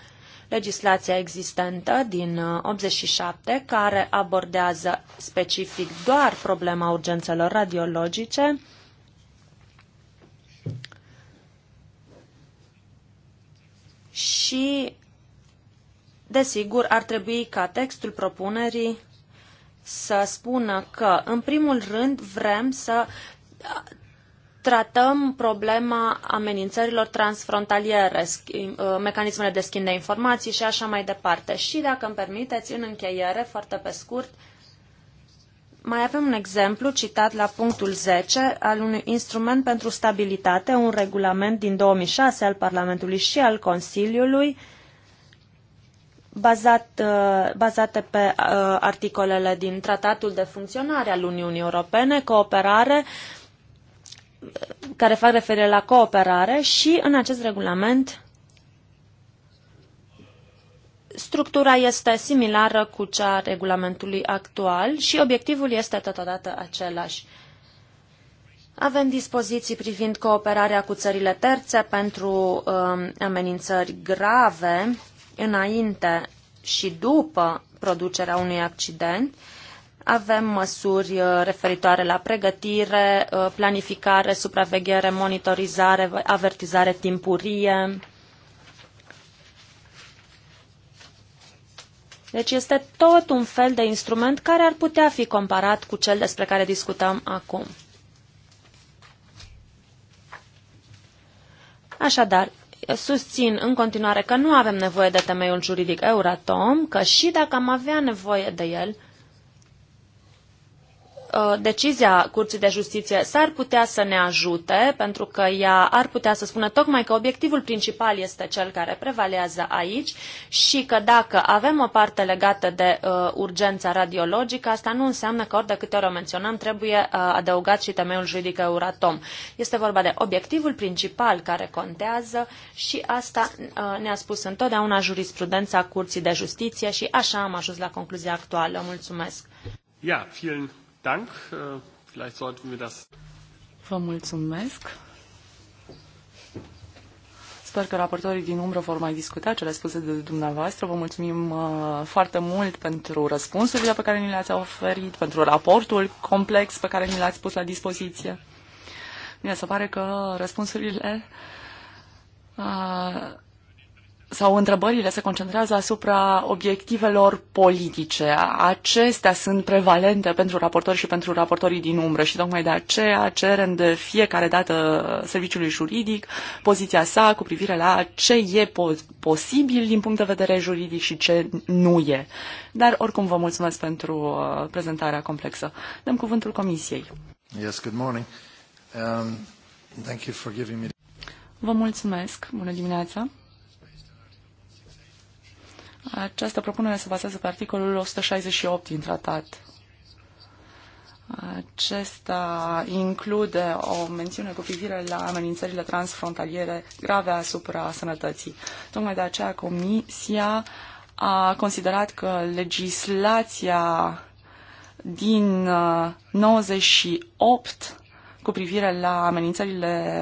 legislația existentă din 87, uh, care abordează specific doar problema urgențelor radiologice, și, desigur, ar trebui ca textul propunerii să spună că, în primul rând, vrem să tratăm problema amenințărilor transfrontaliere, uh, mecanismele de schimb de informații și așa mai departe. Și, dacă îmi permiteți, în încheiere, foarte pe scurt, mai avem un exemplu citat la punctul 10 al unui instrument pentru stabilitate, un regulament din 2006 al Parlamentului și al Consiliului, bazat, uh, bazate pe uh, articolele din Tratatul de Funcționare al Uniunii Europene, cooperare, care fac referire la cooperare și în acest regulament structura este similară cu cea a regulamentului actual și obiectivul este totodată același. Avem dispoziții privind cooperarea cu țările terțe pentru um, amenințări grave înainte și după producerea unui accident. Avem măsuri uh, referitoare la pregătire, uh, planificare, supraveghere, monitorizare, avertizare timpurie. Deci este tot un fel de instrument care ar putea fi comparat cu cel despre care discutăm acum. Așadar, susțin în continuare că nu avem nevoie de temeiul juridic Euratom, că și dacă am avea nevoie de el, Uh, decizia Curții de Justiție s-ar putea să ne ajute, pentru că ea ar putea să spună tocmai că obiectivul principal este cel care prevalează aici și că dacă avem o parte legată de uh, urgența radiologică, asta nu înseamnă că ori de câte ori o menționăm trebuie uh, adăugat și temeiul juridic Euratom. Este vorba de obiectivul principal care contează și asta uh, ne-a spus întotdeauna jurisprudența Curții de Justiție și așa am ajuns la concluzia actuală. Mulțumesc! Ja, vielen Dank. Äh, vielleicht sollten wir das. Vă mulțumesc. Sper că raportorii din umbră vor mai discuta cele spuse de dumneavoastră. Vă mulțumim uh, foarte mult pentru răspunsurile pe care ni le-ați oferit, pentru raportul complex pe care ni l-ați pus la dispoziție. Mie se pare că răspunsurile uh, sau întrebările se concentrează asupra obiectivelor politice. Acestea sunt prevalente pentru raportori și pentru raportorii din umbră și tocmai de aceea cerem de fiecare dată serviciului juridic poziția sa cu privire la ce e po- posibil din punct de vedere juridic și ce nu e. Dar oricum vă mulțumesc pentru uh, prezentarea complexă. Dăm cuvântul comisiei. Yes, good morning. Um, thank you for giving me... Vă mulțumesc. Bună dimineața. Această propunere se bazează pe articolul 168 din tratat. Acesta include o mențiune cu privire la amenințările transfrontaliere grave asupra sănătății. Tocmai de aceea Comisia a considerat că legislația din 98 uh, cu privire la amenințările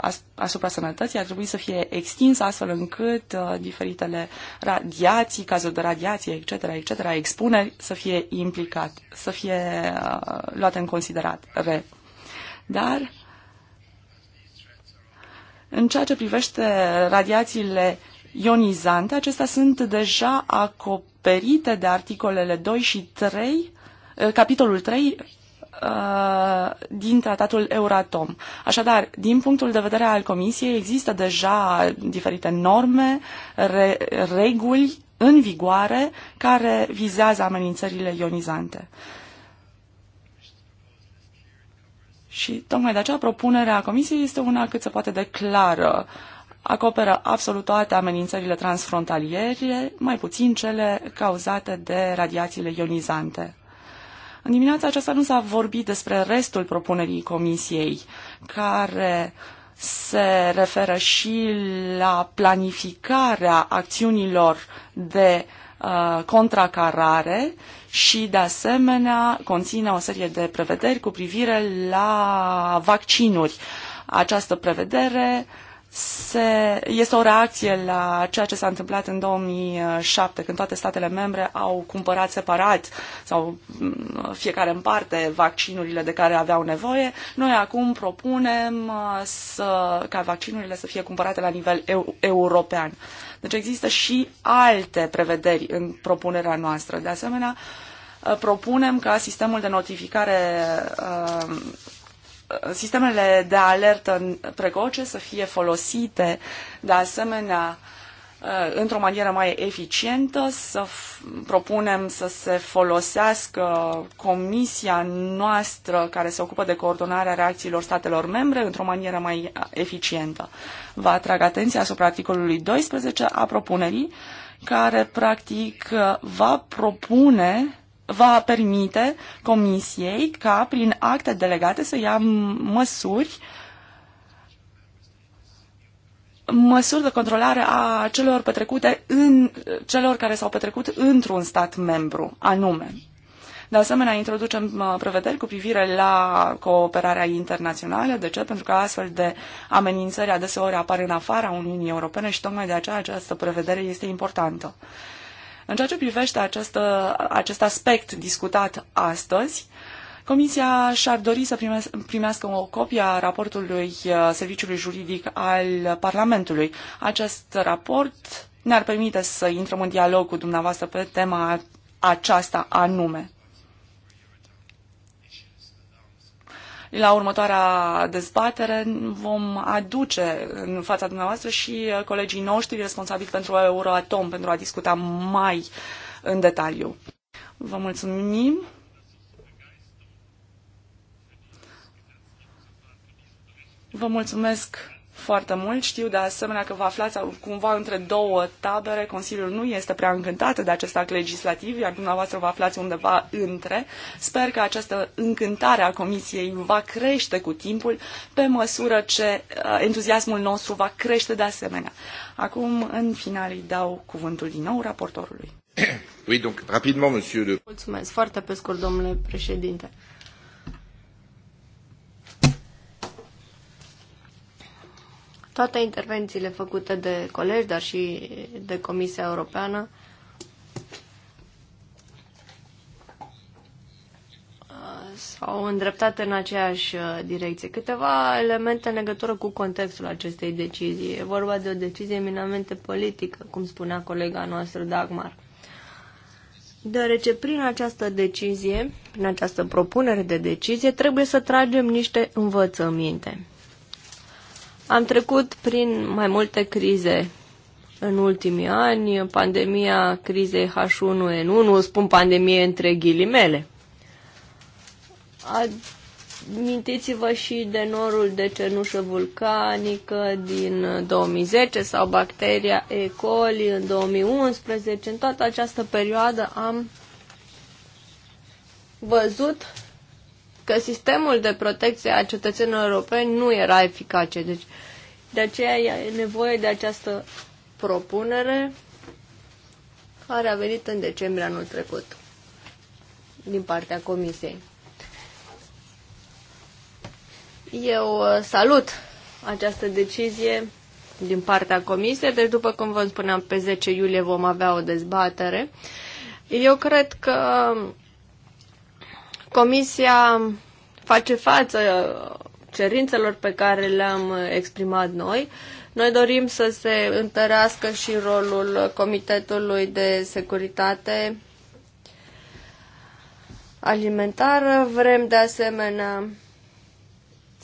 uh, asupra sănătății ar trebui să fie extinsă astfel încât uh, diferitele radiații, cazuri de radiație, etc., etc., expuneri să fie implicat, să fie uh, luate în considerare. Dar în ceea ce privește radiațiile ionizante, acestea sunt deja acoperite de articolele 2 și 3, capitolul 3 Uh, din tratatul Euratom. Așadar, din punctul de vedere al Comisiei, există deja diferite norme, re, reguli în vigoare care vizează amenințările ionizante. Și tocmai de aceea propunerea Comisiei este una cât se poate de clară. Acoperă absolut toate amenințările transfrontaliere, mai puțin cele cauzate de radiațiile ionizante. În dimineața aceasta nu s-a vorbit despre restul propunerii comisiei, care se referă și la planificarea acțiunilor de uh, contracarare și, de asemenea, conține o serie de prevederi cu privire la vaccinuri. Această prevedere se, este o reacție la ceea ce s-a întâmplat în 2007, când toate statele membre au cumpărat separat sau mm, fiecare în parte vaccinurile de care aveau nevoie. Noi acum propunem uh, să, ca vaccinurile să fie cumpărate la nivel eu, european. Deci există și alte prevederi în propunerea noastră. De asemenea, uh, propunem ca sistemul de notificare uh, sistemele de alertă precoce să fie folosite de asemenea uh, într-o manieră mai eficientă, să propunem să se folosească comisia noastră care se ocupă de coordonarea reacțiilor statelor membre într-o manieră mai uh, eficientă. Vă atrag atenția asupra articolului 12 a propunerii, care practic uh, va propune va permite Comisiei ca prin acte delegate să ia măsuri măsuri de controlare a celor petrecute în celor care s-au petrecut într-un stat membru anume. De asemenea, introducem uh, prevederi cu privire la cooperarea internațională. De ce? Pentru că astfel de amenințări adeseori apar în afara Uniunii Europene și tocmai de aceea această prevedere este importantă. În ceea ce privește acest, acest aspect discutat astăzi, Comisia și-ar dori să primească o copie a raportului uh, Serviciului Juridic al Parlamentului. Acest raport ne-ar permite să intrăm în dialog cu dumneavoastră pe tema aceasta anume. la următoarea dezbatere vom aduce în fața dumneavoastră și uh, colegii noștri responsabili pentru Euroatom pentru a discuta mai în detaliu. Vă mulțumim! Vă mulțumesc foarte mult. Știu de asemenea că vă aflați cumva între două tabere. Consiliul nu este prea încântat de acest act legislativ, iar dumneavoastră vă aflați undeva între. Sper că această încântare a Comisiei va crește cu timpul, pe măsură ce uh, entuziasmul nostru va crește de asemenea. Acum, în final, îi dau cuvântul din nou raportorului. Oui, donc, rapidement, monsieur le... Mulțumesc. Foarte pe scurt, domnule președinte. Toate intervențiile făcute de colegi, dar și de Comisia Europeană, uh, s-au îndreptat în aceeași uh, direcție. Câteva elemente în legătură cu contextul acestei decizii. E vorba de o decizie eminamente politică, cum spunea colega noastră Dagmar. Deoarece prin această decizie, prin această propunere de decizie, trebuie să tragem niște învățăminte. Am trecut prin mai multe crize în ultimii ani, pandemia crizei H1N1, spun pandemie între ghilimele. Amintiți-vă și de norul de cenușă vulcanică din 2010 sau bacteria E. coli în 2011. În toată această perioadă am văzut că sistemul de protecție a cetățenilor europeni nu era eficace. Deci, de aceea e nevoie de această propunere care a venit în decembrie anul trecut din partea Comisiei. Eu uh, salut această decizie din partea Comisiei, deci după cum vă spuneam, pe 10 iulie vom avea o dezbatere. Eu cred că Comisia face față cerințelor pe care le-am exprimat noi. Noi dorim să se întărească și rolul Comitetului de Securitate Alimentară. Vrem de asemenea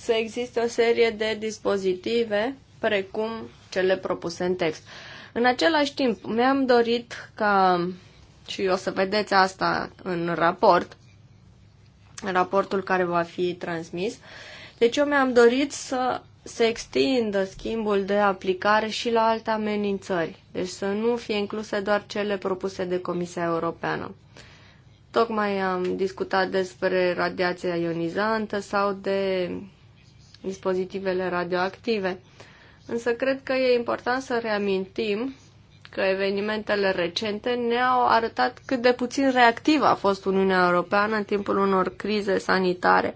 să existe o serie de dispozitive precum cele propuse în text. În același timp, mi-am dorit ca, și o să vedeți asta în raport, raportul care va fi transmis. Deci eu mi-am dorit să se extindă schimbul de aplicare și la alte amenințări, deci să nu fie incluse doar cele propuse de Comisia Europeană. Tocmai am discutat despre radiația ionizantă sau de dispozitivele radioactive, însă cred că e important să reamintim că evenimentele recente ne-au arătat cât de puțin reactivă a fost Uniunea Europeană în timpul unor crize sanitare.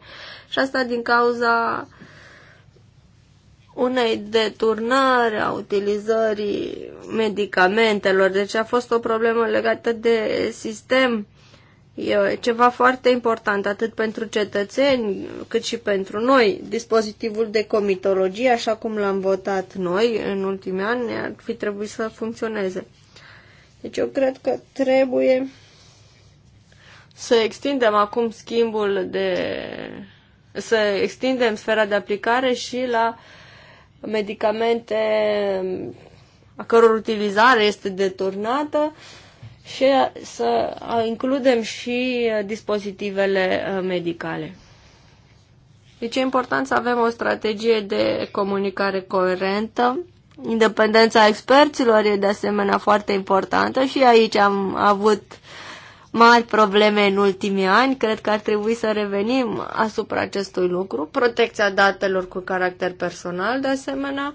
Și asta din cauza unei deturnări a utilizării medicamentelor. Deci a fost o problemă legată de sistem E ceva foarte important, atât pentru cetățeni, cât și pentru noi. Dispozitivul de comitologie, așa cum l-am votat noi în ultimii ani, ar fi trebuit să funcționeze. Deci eu cred că trebuie să extindem acum schimbul de... să extindem sfera de aplicare și la medicamente a căror utilizare este deturnată, și să includem și dispozitivele medicale. Deci e important să avem o strategie de comunicare coerentă. Independența experților e de asemenea foarte importantă și aici am avut mari probleme în ultimii ani. Cred că ar trebui să revenim asupra acestui lucru. Protecția datelor cu caracter personal, de asemenea,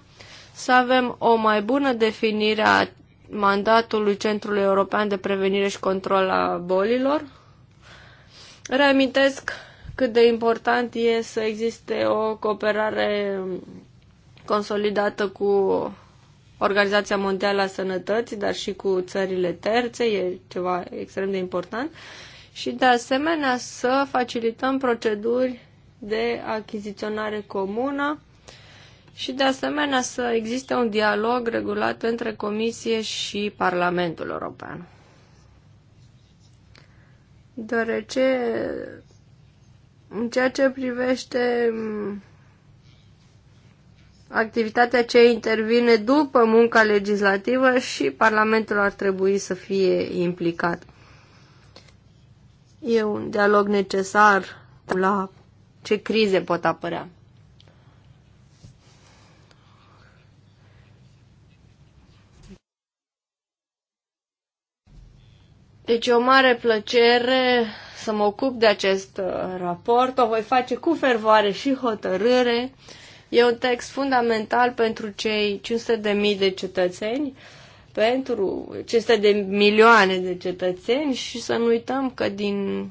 să avem o mai bună definire a mandatului Centrului European de Prevenire și Control a Bolilor. Reamintesc cât de important e să existe o cooperare consolidată cu Organizația Mondială a Sănătății, dar și cu țările terțe, e ceva extrem de important. Și de asemenea să facilităm proceduri de achiziționare comună și de asemenea să existe un dialog regulat între Comisie și Parlamentul European. Deoarece în ceea ce privește activitatea ce intervine după munca legislativă și Parlamentul ar trebui să fie implicat. E un dialog necesar la ce crize pot apărea. Deci e o mare plăcere să mă ocup de acest uh, raport. O voi face cu fervoare și hotărâre. E un text fundamental pentru cei 500.000 de, mii de cetățeni, pentru 500 de milioane de cetățeni și să nu uităm că din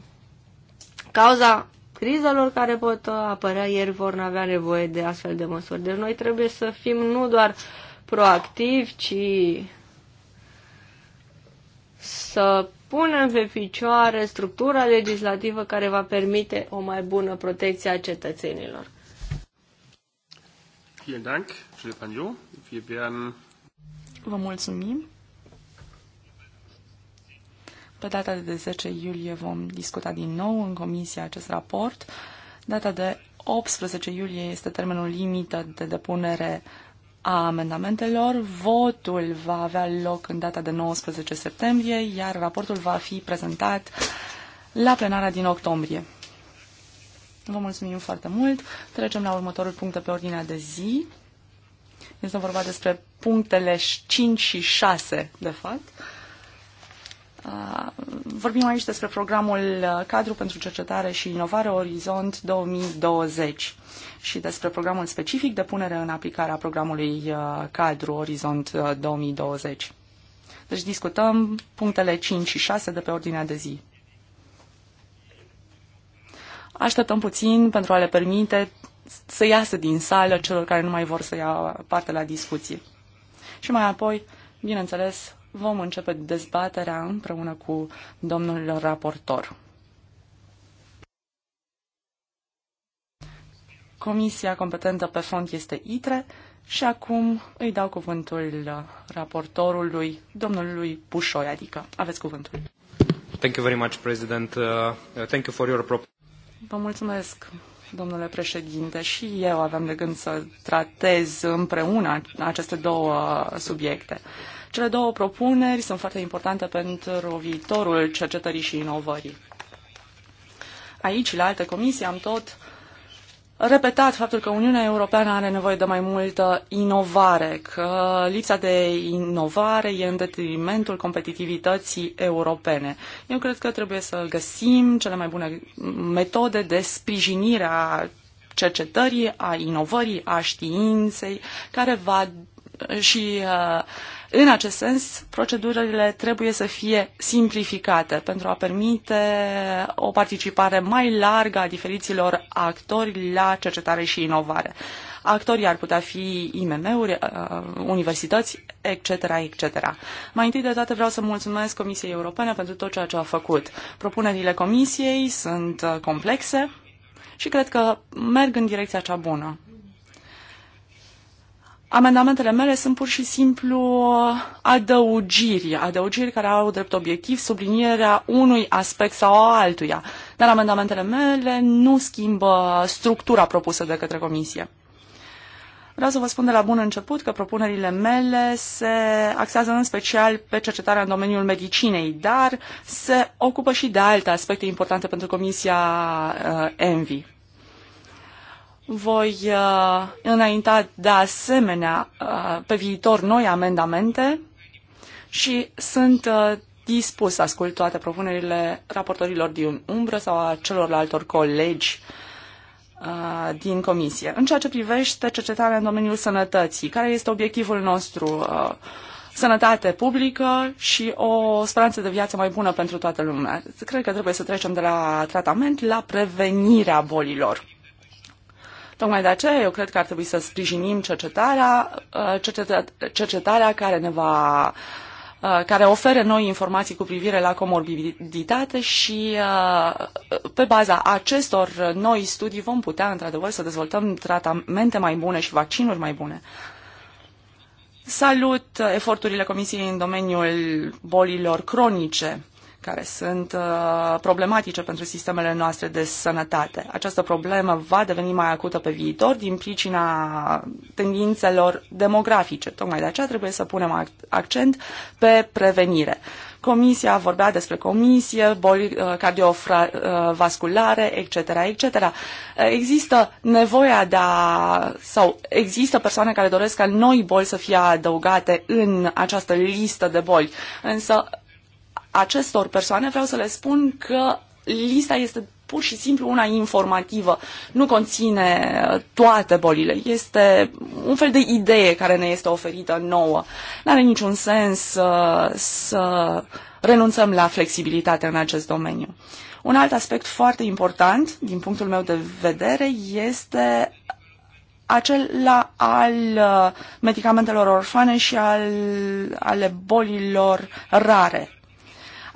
cauza crizelor care pot uh, apărea, ieri vor avea nevoie de astfel de măsuri. Deci noi trebuie să fim nu doar proactivi, ci să punem pe picioare structura legislativă care va permite o mai bună protecție a cetățenilor. Vă mulțumim. Pe data de 10 iulie vom discuta din nou în comisie acest raport. Data de 18 iulie este termenul limită de depunere a amendamentelor. Votul va avea loc în data de 19 septembrie, iar raportul va fi prezentat la plenara din octombrie. Vă mulțumim foarte mult. Trecem la următorul punct pe ordinea de zi. Este vorba despre punctele 5 și 6, de fapt. Vorbim aici despre programul uh, cadru pentru cercetare și inovare Orizont 2020 și despre programul specific de punere în aplicare a programului uh, cadru Orizont 2020. Uh, deci discutăm punctele 5 și 6 de pe ordinea de zi. Așteptăm puțin pentru a le permite să iasă din sală celor care nu mai vor să ia parte la discuții. Și mai apoi, bineînțeles, vom începe dezbaterea împreună cu domnul raportor. Comisia competentă pe fond este ITRE și acum îi dau cuvântul raportorului, domnului Bușoi, adică aveți cuvântul. Thank you very much, President. Uh, thank you for your prop- Vă mulțumesc, domnule președinte. Și eu aveam de gând să tratez împreună aceste două subiecte. Cele două propuneri sunt foarte importante pentru viitorul cercetării și inovării. Aici, la alte comisii, am tot uh, repetat faptul că Uniunea Europeană are nevoie de mai multă inovare, că lipsa de inovare e în detrimentul competitivității europene. Eu cred că trebuie să găsim cele mai bune metode de sprijinire a cercetării, a inovării, a științei, care va și uh, în acest sens, procedurile trebuie să fie simplificate pentru a permite o participare mai largă a diferiților actori la cercetare și inovare. Actorii ar putea fi IMM-uri, uh, universități, etc., etc. Mai întâi de toate vreau să mulțumesc Comisiei Europene pentru tot ceea ce a făcut. Propunerile Comisiei sunt uh, complexe și cred că merg în direcția cea bună. Amendamentele mele sunt pur și simplu adăugiri, adăugiri care au drept obiectiv sublinierea unui aspect sau altuia, dar amendamentele mele nu schimbă structura propusă de către Comisie. Vreau să vă spun de la bun început că propunerile mele se axează în special pe cercetarea în domeniul medicinei, dar se ocupă și de alte aspecte importante pentru Comisia uh, ENVI. Voi uh, înainta de asemenea uh, pe viitor noi amendamente și sunt uh, dispus să ascult toate propunerile raportorilor din umbră sau a celorlaltor colegi uh, din comisie. În ceea ce privește cercetarea în domeniul sănătății, care este obiectivul nostru? Uh, sănătate publică și o speranță de viață mai bună pentru toată lumea. Cred că trebuie să trecem de la tratament la prevenirea bolilor. Tocmai de aceea eu cred că ar trebui să sprijinim cercetarea, uh, cercetarea, cercetarea care ne va uh, care oferă noi informații cu privire la comorbiditate și uh, pe baza acestor noi studii vom putea într-adevăr să dezvoltăm tratamente mai bune și vaccinuri mai bune. Salut eforturile Comisiei în domeniul bolilor cronice care sunt uh, problematice pentru sistemele noastre de sănătate. Această problemă va deveni mai acută pe viitor din pricina tendințelor demografice. Tocmai de aceea trebuie să punem accent pe prevenire. Comisia vorbea despre comisie, boli uh, cardiovasculare, etc., etc. Există nevoia de a, sau există persoane care doresc ca noi boli să fie adăugate în această listă de boli, însă acestor persoane, vreau să le spun că lista este pur și simplu una informativă. Nu conține uh, toate bolile. Este un fel de idee care ne este oferită nouă. Nu are niciun sens să, uh, să renunțăm la flexibilitate în acest domeniu. Un alt aspect foarte important, din punctul meu de vedere, este acela al uh, medicamentelor orfane și al, ale bolilor rare.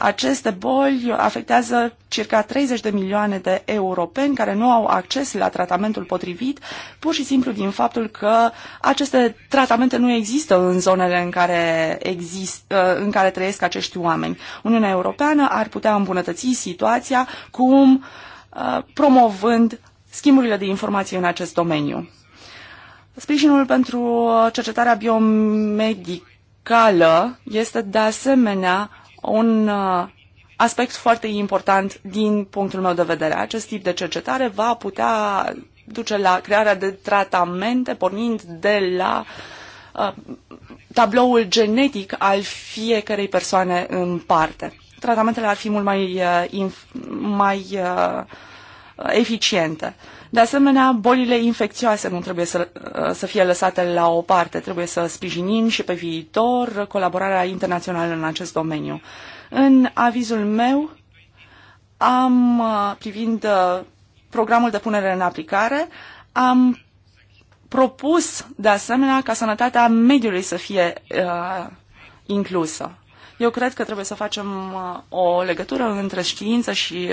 Aceste boli afectează circa 30 de milioane de europeni care nu au acces la tratamentul potrivit, pur și simplu din faptul că aceste tratamente nu există în zonele în care, exist, uh, în care trăiesc acești oameni. Uniunea Europeană ar putea îmbunătăți situația cum uh, promovând schimburile de informații în acest domeniu. Sprijinul pentru cercetarea biomedicală este de asemenea un uh, aspect foarte important din punctul meu de vedere. Acest tip de cercetare va putea duce la crearea de tratamente pornind de la uh, tabloul genetic al fiecarei persoane în parte. Tratamentele ar fi mult mai, uh, mai eficiente. Uh, de asemenea, bolile infecțioase nu trebuie să, uh, să fie lăsate la o parte, trebuie să sprijinim și pe viitor colaborarea internațională în acest domeniu. În avizul meu am, uh, privind uh, programul de punere în aplicare, am propus de asemenea ca sănătatea mediului să fie uh, inclusă. Eu cred că trebuie să facem o legătură între știință și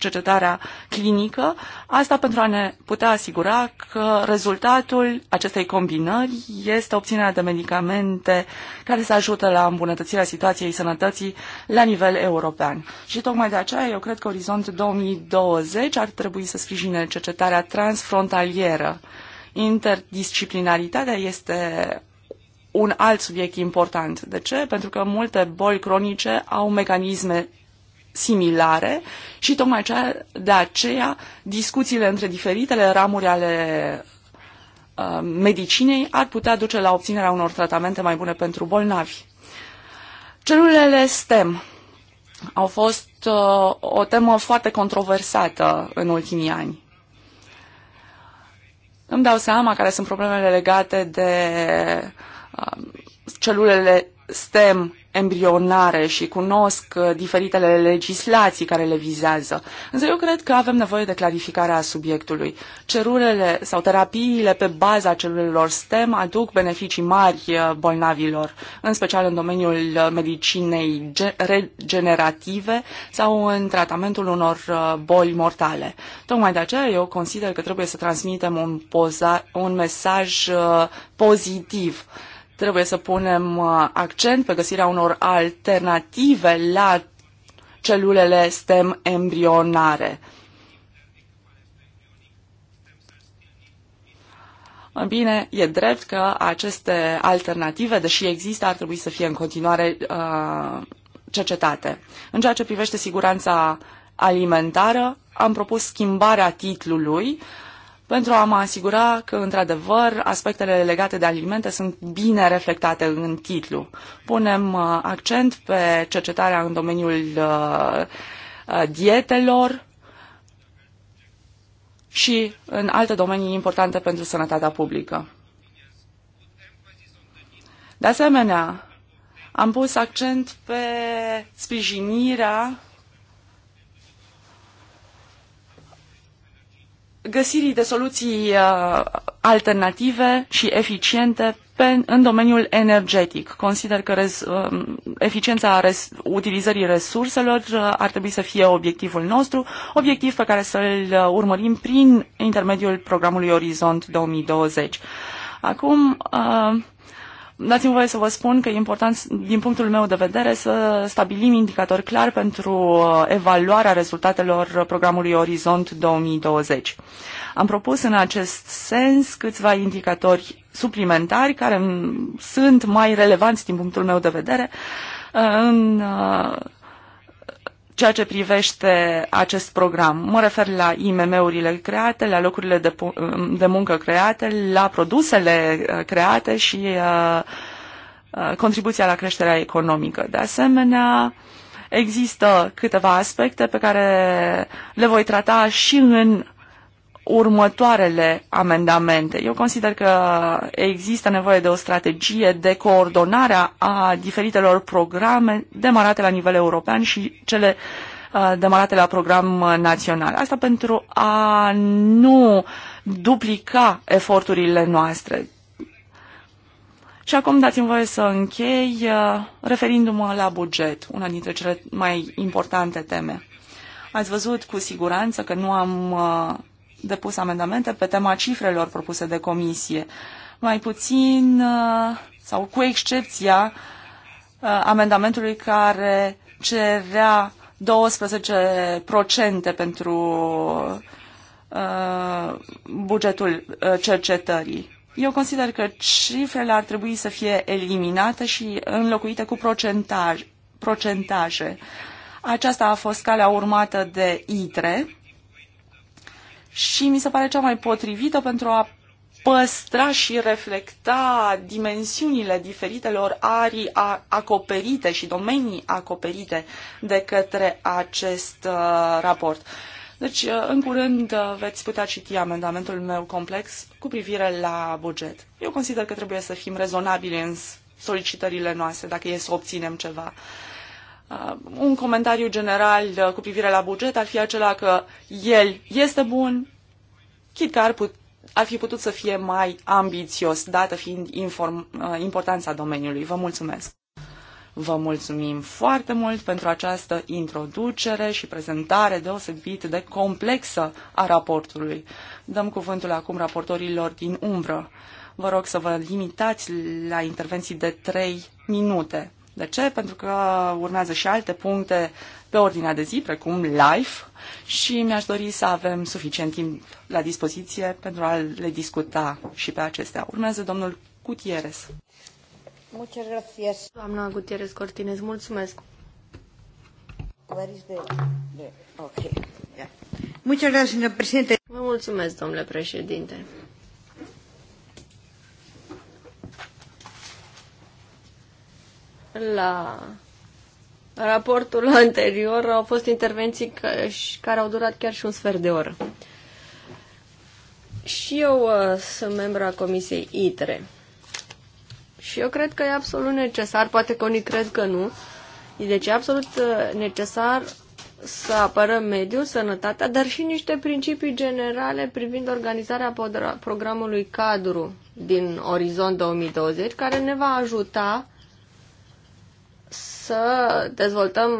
cercetarea clinică, asta pentru a ne putea asigura că rezultatul acestei combinări este obținerea de medicamente care să ajute la îmbunătățirea situației sănătății la nivel european. Și tocmai de aceea eu cred că Orizont 2020 ar trebui să sprijine cercetarea transfrontalieră. Interdisciplinaritatea este un alt subiect important. De ce? Pentru că multe boli cronice au mecanisme similare și tocmai de aceea discuțiile între diferitele ramuri ale uh, medicinei ar putea duce la obținerea unor tratamente mai bune pentru bolnavi. Celulele STEM au fost uh, o temă foarte controversată în ultimii ani. Îmi dau seama care sunt problemele legate de uh, celulele STEM embrionare și cunosc uh, diferitele legislații care le vizează. Însă eu cred că avem nevoie de clarificarea subiectului. Cerurile sau terapiile pe baza celulelor STEM aduc beneficii mari uh, bolnavilor, în special în domeniul uh, medicinei regenerative sau în tratamentul unor boli mortale. Tocmai de aceea eu consider că trebuie să transmitem un, poza, un mesaj pozitiv Trebuie să punem uh, accent pe găsirea unor alternative la celulele stem embrionare. Bine, e drept că aceste alternative, deși există, ar trebui să fie în continuare uh, cercetate. În ceea ce privește siguranța alimentară, am propus schimbarea titlului uh, pentru a mă asigura că, într-adevăr, aspectele legate de alimente sunt bine reflectate în titlu. Punem uh, accent pe cercetarea în domeniul uh, uh, dietelor și în alte domenii importante pentru sănătatea publică. De asemenea, am pus accent pe sprijinirea găsirii de soluții uh, alternative și eficiente pe, în domeniul energetic. Consider că uh, eficiența res, utilizării resurselor uh, ar trebui să fie obiectivul nostru, obiectiv pe care să-l uh, urmărim prin intermediul programului Orizont 2020. Acum, uh, dați-mi voie să vă spun că e important, din punctul meu de vedere, să stabilim indicatori clar pentru uh, evaluarea rezultatelor programului Orizont 2020. Am propus în acest sens câțiva indicatori suplimentari care mm, sunt mai relevanți din punctul meu de vedere uh, în uh, ceea ce privește acest program. Mă refer la IMM-urile create, la locurile de, de muncă create, la produsele uh, create și uh, uh, contribuția la creșterea economică. De asemenea, există câteva aspecte pe care le voi trata și în următoarele amendamente. Eu consider că există nevoie de o strategie de coordonare a diferitelor programe demarate la nivel european și cele uh, demarate la program național. Asta pentru a nu duplica eforturile noastre. Și acum dați-mi voie să închei uh, referindu-mă la buget, una dintre cele mai importante teme. Ați văzut cu siguranță că nu am uh, depus amendamente pe tema cifrelor propuse de comisie. Mai puțin uh, sau cu excepția uh, amendamentului care cerea 12% pentru uh, bugetul cercetării. Eu consider că cifrele ar trebui să fie eliminate și înlocuite cu procentaj, procentaje. Aceasta a fost calea urmată de ITRE și mi se pare cea mai potrivită pentru a păstra și reflecta dimensiunile diferitelor arii acoperite și domenii acoperite de către acest uh, raport. Deci, uh, în curând uh, veți putea citi amendamentul meu complex cu privire la buget. Eu consider că trebuie să fim rezonabili în solicitările noastre dacă e să obținem ceva. Uh, Uh, un comentariu general uh, cu privire la buget ar fi acela că el este bun, chit că ar, put, ar fi putut să fie mai ambițios, dată fiind inform, uh, importanța domeniului. Vă mulțumesc! Vă mulțumim foarte mult pentru această introducere și prezentare deosebit de complexă a raportului. Dăm cuvântul acum raportorilor din umbră. Vă rog să vă limitați la intervenții de 3 minute. De ce? Pentru că urmează și alte puncte pe ordinea de zi, precum live, și mi-aș dori să avem suficient timp la dispoziție pentru a le discuta și pe acestea. Urmează domnul Gutierrez. mulțumesc. Doamna Gutierrez Cortinez, mulțumesc. Vă mulțumesc, domnule președinte. la raportul anterior au fost intervenții care au durat chiar și un sfert de oră. Și eu uh, sunt membru a Comisiei ITRE. Și eu cred că e absolut necesar, poate că unii cred că nu, deci e absolut uh, necesar să apărăm mediul, sănătatea, dar și niște principii generale privind organizarea programului cadru din Orizont 2020, care ne va ajuta uh, să dezvoltăm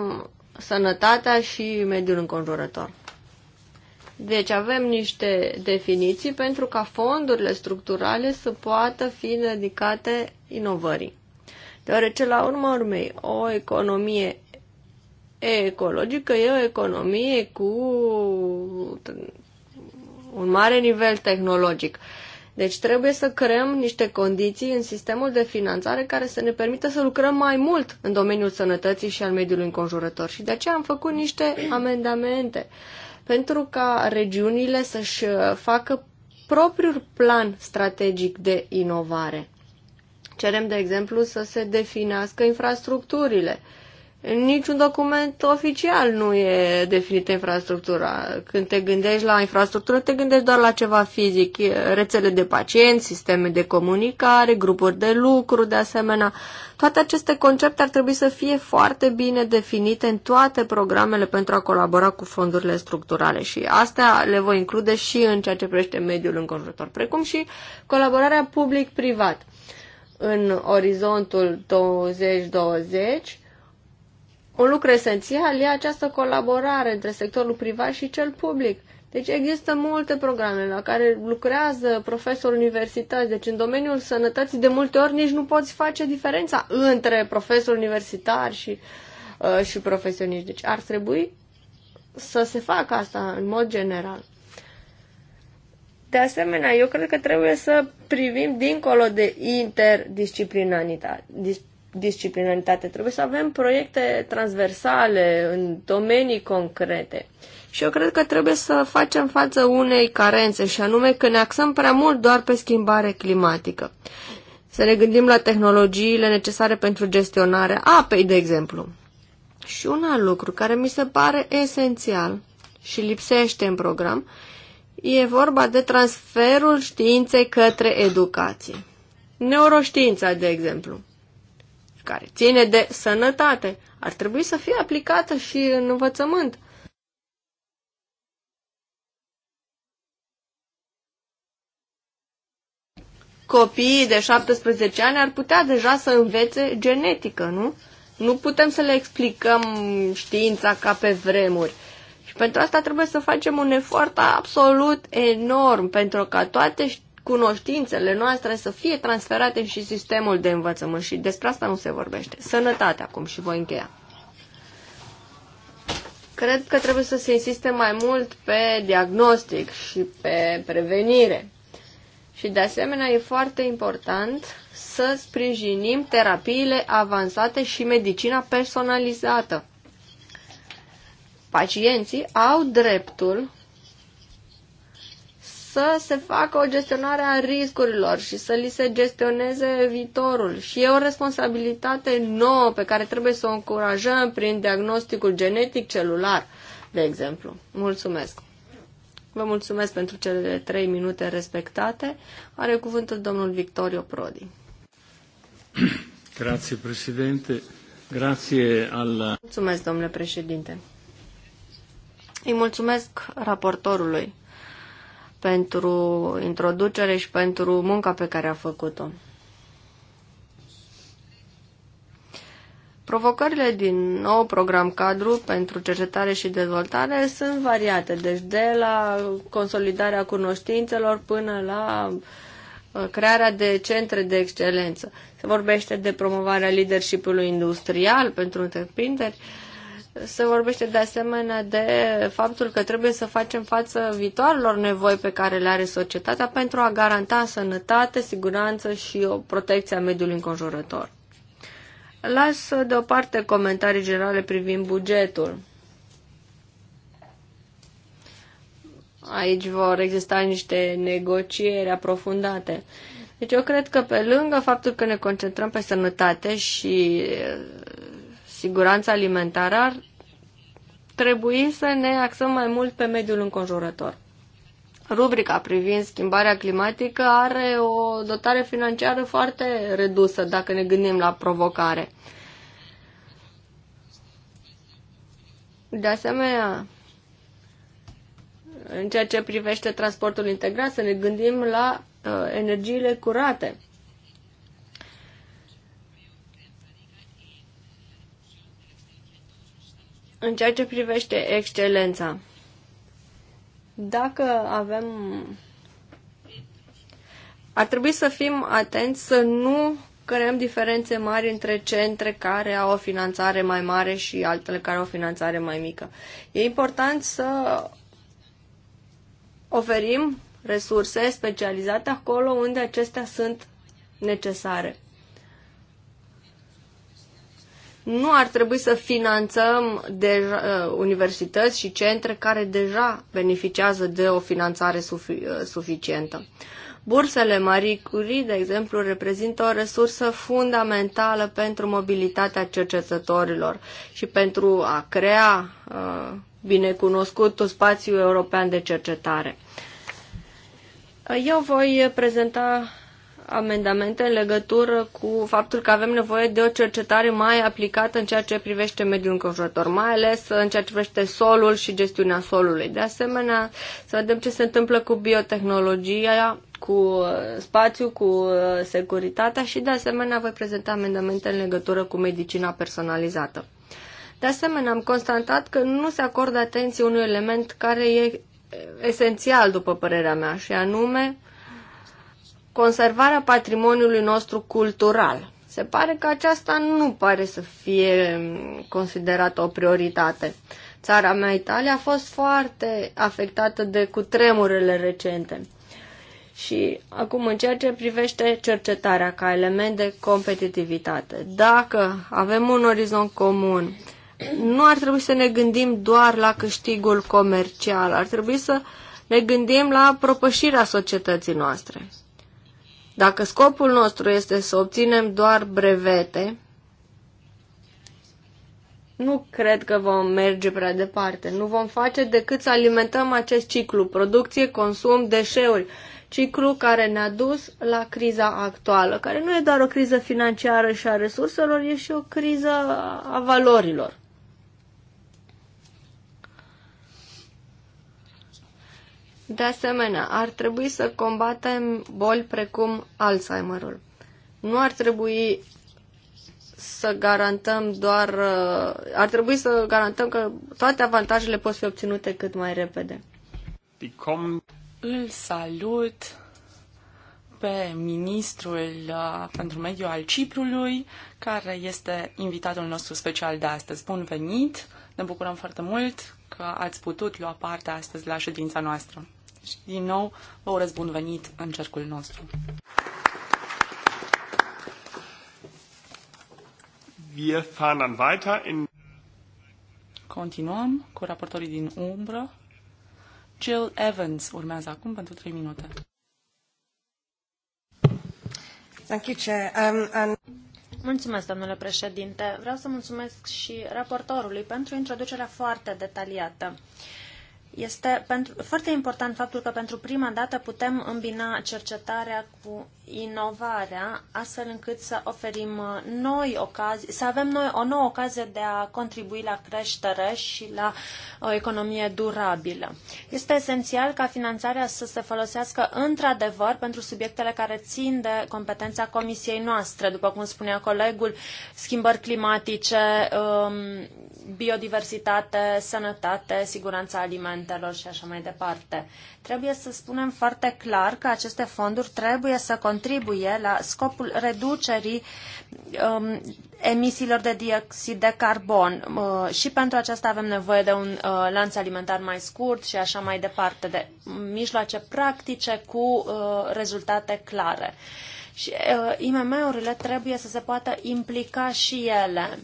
sănătatea și mediul înconjurător. Deci avem niște definiții pentru ca fondurile structurale să poată fi dedicate inovării. Deoarece, la urma urmei, o economie ecologică e o economie cu un mare nivel tehnologic. Deci trebuie să creăm niște condiții în sistemul de finanțare care să ne permită să lucrăm mai mult în domeniul sănătății și al mediului înconjurător. Și de aceea am făcut niște amendamente pentru ca regiunile să-și uh, facă propriul plan strategic de inovare. Cerem, de exemplu, să se definească infrastructurile, niciun document oficial nu e definită infrastructura. Când te gândești la infrastructură, te gândești doar la ceva fizic, rețele de pacienți, sisteme de comunicare, grupuri de lucru, de asemenea. Toate aceste concepte ar trebui să fie foarte bine definite în toate programele pentru a colabora cu fondurile structurale și astea le voi include și în ceea ce privește mediul înconjurător, precum și colaborarea public-privat. În orizontul 2020, un lucru esențial e această colaborare între sectorul privat și cel public. Deci există multe programe la care lucrează profesori universitari. Deci în domeniul sănătății de multe ori nici nu poți face diferența între profesori universitari și, uh, și profesioniști. Deci ar trebui să se facă asta în mod general. De asemenea, eu cred că trebuie să privim dincolo de interdisciplinaritate disciplinaritate. Trebuie să avem proiecte transversale în domenii concrete. Și eu cred că trebuie să facem față unei carențe și anume că ne axăm prea mult doar pe schimbare climatică. Să ne gândim la tehnologiile necesare pentru gestionarea apei, de exemplu. Și un alt lucru care mi se pare esențial și lipsește în program e vorba de transferul științei către educație. Neuroștiința, de exemplu care ține de sănătate, ar trebui să fie aplicată și în învățământ. Copiii de 17 ani ar putea deja să învețe genetică, nu? Nu putem să le explicăm știința ca pe vremuri. Și pentru asta trebuie să facem un efort absolut enorm, pentru ca toate știința cunoștințele noastre să fie transferate și sistemul de învățământ și despre asta nu se vorbește. Sănătatea acum și voi încheia. Cred că trebuie să se insiste mai mult pe diagnostic și pe prevenire. Și de asemenea e foarte important să sprijinim terapiile avansate și medicina personalizată. Pacienții au dreptul să se facă o gestionare a riscurilor și să li se gestioneze viitorul. Și e o responsabilitate nouă pe care trebuie să o încurajăm prin diagnosticul genetic celular, de exemplu. Mulțumesc! Vă mulțumesc pentru cele trei minute respectate. Are cuvântul domnul Victorio Prodi. Grazie, președinte. Grazie al... Mulțumesc, domnule președinte. Îi mulțumesc raportorului pentru introducere și pentru munca pe care a făcut-o. Provocările din nou program cadru pentru cercetare și dezvoltare sunt variate, deci de la consolidarea cunoștințelor până la uh, crearea de centre de excelență. Se vorbește de promovarea leadership-ului industrial pentru întreprinderi, se vorbește de asemenea de faptul că trebuie să facem față viitoarelor nevoi pe care le are societatea pentru a garanta sănătate, siguranță și o protecție a mediului înconjurător. Las deoparte comentarii generale privind bugetul. Aici vor exista niște negocieri aprofundate. Deci eu cred că pe lângă faptul că ne concentrăm pe sănătate și siguranța alimentară, ar trebui să ne axăm mai mult pe mediul înconjurător. Rubrica privind schimbarea climatică are o dotare financiară foarte redusă dacă ne gândim la provocare. De asemenea, în ceea ce privește transportul integrat, să ne gândim la uh, energiile curate. În ceea ce privește excelența, dacă avem ar trebui să fim atenți să nu creăm diferențe mari între centre care au o finanțare mai mare și altele care au o finanțare mai mică. E important să oferim resurse specializate acolo unde acestea sunt necesare nu ar trebui să finanțăm deja, uh, universități și centre care deja beneficiază de o finanțare sufi- uh, suficientă. Bursele Marie Curie, de exemplu, reprezintă o resursă fundamentală pentru mobilitatea cercetătorilor și pentru a crea uh, binecunoscutul spațiu european de cercetare. Eu voi prezenta amendamente în legătură cu faptul că avem nevoie de o cercetare mai aplicată în ceea ce privește mediul înconjurător, mai ales în ceea ce privește solul și gestiunea solului. De asemenea, să vedem ce se întâmplă cu biotehnologia, cu uh, spațiu, cu uh, securitatea și, de asemenea, voi prezenta amendamente în legătură cu medicina personalizată. De asemenea, am constatat că nu se acordă atenție unui element care e uh, esențial, după părerea mea, și anume conservarea patrimoniului nostru cultural. Se pare că aceasta nu pare să fie considerată o prioritate. Țara mea, Italia, a fost foarte afectată de cutremurele recente. Și acum, în ceea ce privește cercetarea ca element de competitivitate, dacă avem un orizont comun, nu ar trebui să ne gândim doar la câștigul comercial, ar trebui să ne gândim la propășirea societății noastre. Dacă scopul nostru este să obținem doar brevete, nu cred că vom merge prea departe. Nu vom face decât să alimentăm acest ciclu, producție, consum, deșeuri, ciclu care ne-a dus la criza actuală, care nu e doar o criză financiară și a resurselor, e și o criză a valorilor. De asemenea, ar trebui să combatem boli precum Alzheimerul. Nu ar trebui să garantăm doar. Uh, ar trebui să garantăm că toate avantajele pot fi obținute cât mai repede. Îl salut pe ministrul uh, pentru mediu al Ciprului, care este invitatul nostru special de astăzi. Bun venit! Ne bucurăm foarte mult că ați putut lua parte astăzi la ședința noastră. Și din nou vă urez bun venit în cercul nostru. Wir fahren dann weiter in Continuăm cu raportorii din umbră. Jill Evans urmează acum pentru 3 minute. Thank you, Chair. Um, and... Mulțumesc, domnule președinte. Vreau să mulțumesc și raportorului pentru introducerea foarte detaliată. Uh, este pentru, foarte important faptul că pentru prima dată putem îmbina cercetarea cu inovarea, astfel încât să oferim uh, noi ocazii, să avem noi o nouă ocazie de a contribui la creștere și la uh, o economie durabilă. Este esențial ca finanțarea să se folosească într-adevăr pentru subiectele care țin de competența comisiei noastre, după cum spunea colegul, schimbări climatice, um, biodiversitate, sănătate, siguranța alimentelor și așa mai departe. Trebuie să spunem foarte clar că aceste fonduri trebuie să contribuie la scopul reducerii um, emisiilor de dioxid de carbon uh, și pentru aceasta avem nevoie de un uh, lanț alimentar mai scurt și așa mai departe, de mijloace practice cu uh, rezultate clare. Și uh, IMM-urile trebuie să se poată implica și ele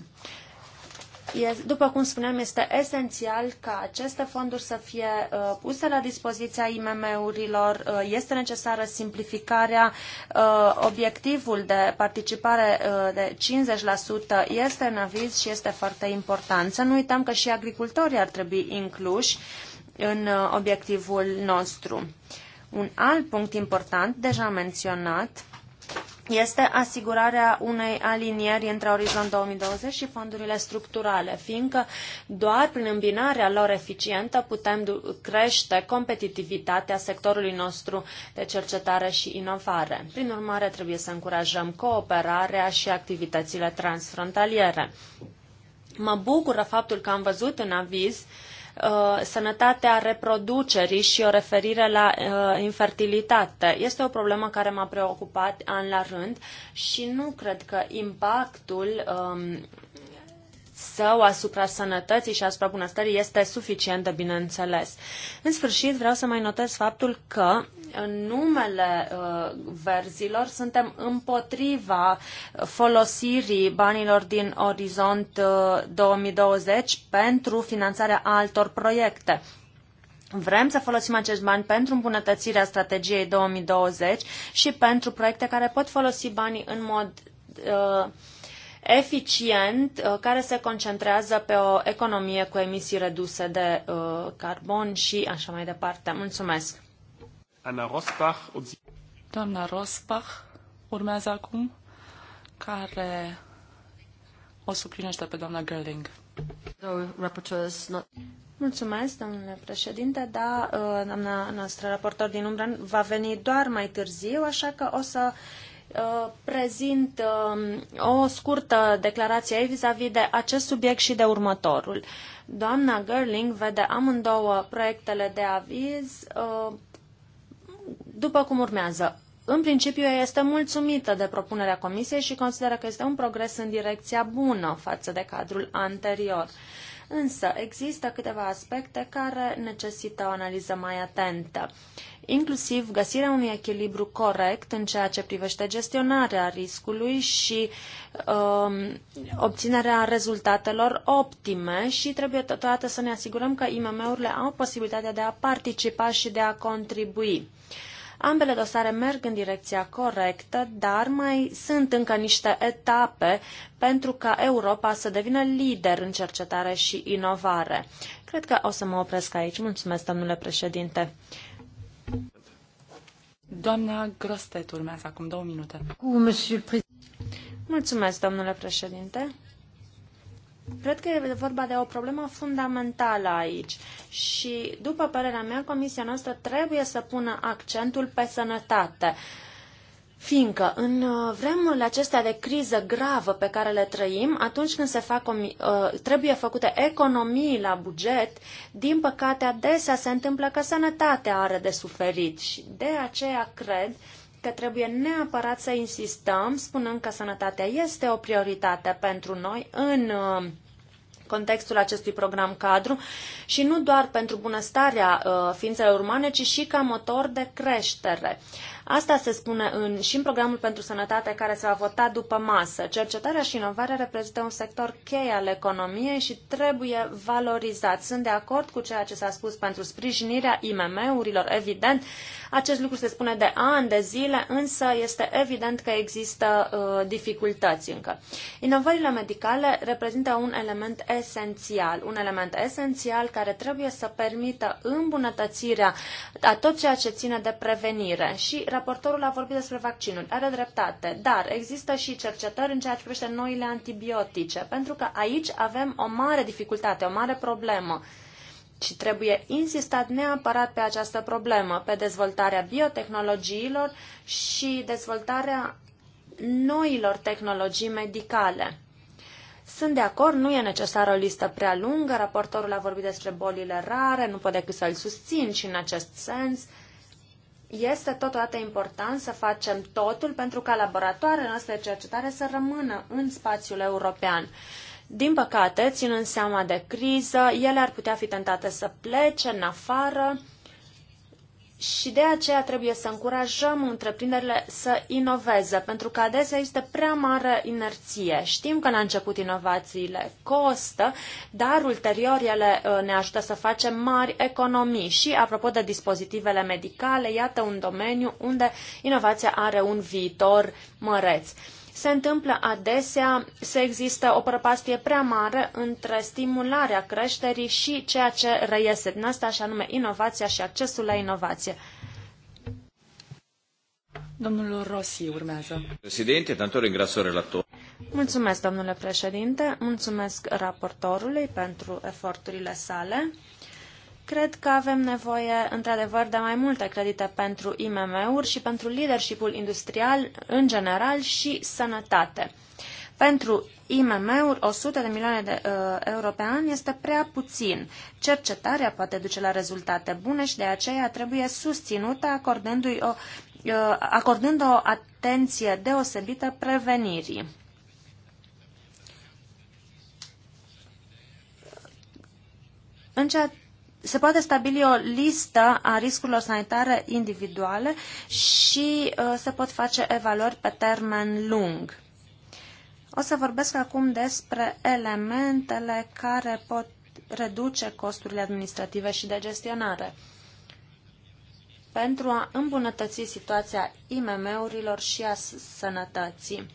după cum spuneam, este esențial ca aceste fonduri să fie uh, puse la dispoziția IMM-urilor. Uh, este necesară simplificarea. Uh, obiectivul de participare de 50% este în aviz și este foarte important. Să nu uităm că și agricultorii ar trebui incluși în obiectivul nostru. Un alt punct important, deja menționat, este asigurarea unei alinieri între Orizont 2020 și fondurile structurale, fiindcă doar prin îmbinarea lor eficientă putem crește competitivitatea sectorului nostru de cercetare și inovare. Prin urmare, trebuie să încurajăm cooperarea și activitățile transfrontaliere. Mă bucură faptul că am văzut în aviz Uh, sănătatea reproducerii și o referire la uh, infertilitate. Este o problemă care m-a preocupat an la rând și nu cred că impactul um, său asupra sănătății și asupra bunăstării este suficient de bineînțeles. În sfârșit, vreau să mai notez faptul că în numele uh, verzilor suntem împotriva folosirii banilor din Orizont 2020 uh, pentru finanțarea altor proiecte. Vrem să folosim acești bani pentru îmbunătățirea strategiei 2020 și pentru proiecte care pot folosi banii în mod uh, eficient, uh, care se concentrează pe o economie cu emisii reduse de uh, carbon și așa mai departe. Mulțumesc! Anna Rosbach. Doamna Rosbach urmează acum, care o suplinește pe doamna Gerling. Mulțumesc, domnule președinte, da, uh, doamna noastră raportor din umbră va veni doar mai târziu, așa că o să uh, prezint um, o scurtă declarație ei vis-a-vis de acest subiect și de următorul. Doamna Gerling vede amândouă proiectele de aviz uh, după cum urmează. În principiu, este mulțumită de propunerea Comisiei și consideră că este un progres în direcția bună față de cadrul anterior. Însă, există câteva aspecte care necesită o analiză mai atentă, inclusiv găsirea unui echilibru corect în ceea ce privește gestionarea riscului și um, obținerea rezultatelor optime și trebuie totodată să ne asigurăm că IMM-urile au posibilitatea de a participa și de a contribui. Ambele dosare merg în direcția corectă, dar mai sunt încă niște etape pentru ca Europa să devină lider în cercetare și inovare. Cred că o să mă opresc aici. Mulțumesc, domnule președinte. Doamna Grostet urmează acum două minute. Cu Mulțumesc, domnule președinte. Cred că e vorba de o problemă fundamentală aici și, după părerea mea, comisia noastră trebuie să pună accentul pe sănătate. Fiindcă în uh, vremurile acestea de criză gravă pe care le trăim, atunci când se fac, uh, trebuie făcute economii la buget, din păcate adesea se întâmplă că sănătatea are de suferit și de aceea cred că trebuie neapărat să insistăm, spunând că sănătatea este o prioritate pentru noi în uh, contextul acestui program cadru și nu doar pentru bunăstarea uh, ființelor umane, ci și ca motor de creștere. Asta se spune în, și în programul pentru sănătate care se va vota după masă. Cercetarea și inovarea reprezintă un sector cheie al economiei și trebuie valorizat. Sunt de acord cu ceea ce s-a spus pentru sprijinirea IMM-urilor, evident. Acest lucru se spune de ani, de zile, însă este evident că există uh, dificultăți încă. Inovările medicale reprezintă un element esențial, un element esențial care trebuie să permită îmbunătățirea a tot ceea ce ține de prevenire și raportorul a vorbit despre vaccinuri. Are dreptate, dar există și cercetări în ceea ce privește noile antibiotice, pentru că aici avem o mare dificultate, o mare problemă. Și trebuie insistat neapărat pe această problemă, pe dezvoltarea biotehnologiilor și dezvoltarea noilor tehnologii medicale. Sunt de acord, nu e necesară o listă prea lungă, raportorul a vorbit despre bolile rare, nu pot decât să-l susțin și în acest sens este totodată important să facem totul pentru ca laboratoarele noastre de cercetare să rămână în spațiul european. Din păcate, ținând seama de criză, ele ar putea fi tentate să plece în afară, și de aceea trebuie să încurajăm întreprinderile să inoveze, pentru că adesea este prea mare inerție. Știm că la început inovațiile costă, dar ulterior ele uh, ne ajută să facem mari economii. Și apropo de dispozitivele medicale, iată un domeniu unde inovația are un viitor măreț se întâmplă adesea să există o prăpastie prea mare între stimularea creșterii și ceea ce reiese din asta, și anume inovația și accesul la inovație. Domnul Rossi urmează. Președinte, tanto ringrazio relator. Mulțumesc, domnule președinte, mulțumesc raportorului pentru eforturile sale. Cred că avem nevoie, într-adevăr, de mai multe credite pentru IMM-uri și pentru leadership-ul industrial în general și sănătate. Pentru IMM-uri, 100 de milioane de uh, euro pe an este prea puțin. Cercetarea poate duce la rezultate bune și de aceea trebuie susținută acordându-i o, uh, acordând o atenție deosebită prevenirii. În ceea se poate stabili o listă a riscurilor sanitare individuale și uh, se pot face evaluări pe termen lung. O să vorbesc acum despre elementele care pot reduce costurile administrative și de gestionare pentru a îmbunătăți situația IMM-urilor și a sănătății.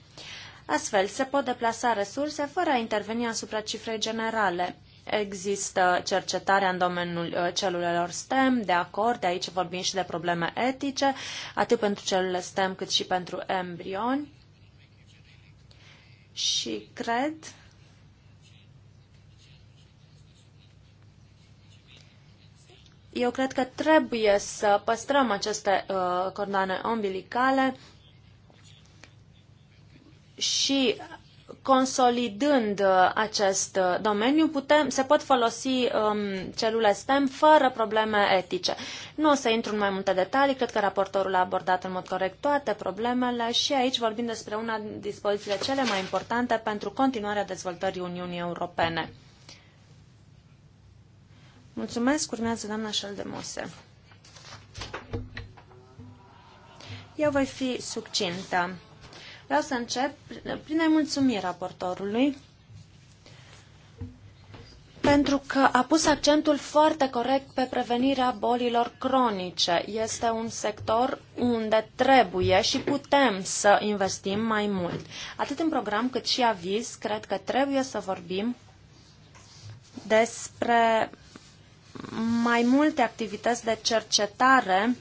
Astfel, se pot deplasa resurse fără a interveni asupra cifrei generale. Există cercetarea în domeniul uh, celulelor STEM, de acord, de aici vorbim și de probleme etice, atât pentru celulele STEM cât și pentru embrioni. Și cred eu cred că trebuie să păstrăm aceste uh, cordoane ombilicale și consolidând uh, acest uh, domeniu, putem, se pot folosi um, celule STEM fără probleme etice. Nu o să intru în mai multe detalii, cred că raportorul a abordat în mod corect toate problemele și aici vorbim despre una din dispozițiile cele mai importante pentru continuarea dezvoltării Uniunii Europene. Mulțumesc, urmează doamna Șeldemose. Eu voi fi succintă. Vreau să încep prin a-i mulțumi raportorului pentru că a pus accentul foarte corect pe prevenirea bolilor cronice. Este un sector unde trebuie și putem să investim mai mult. Atât în program cât și aviz, cred că trebuie să vorbim despre mai multe activități de cercetare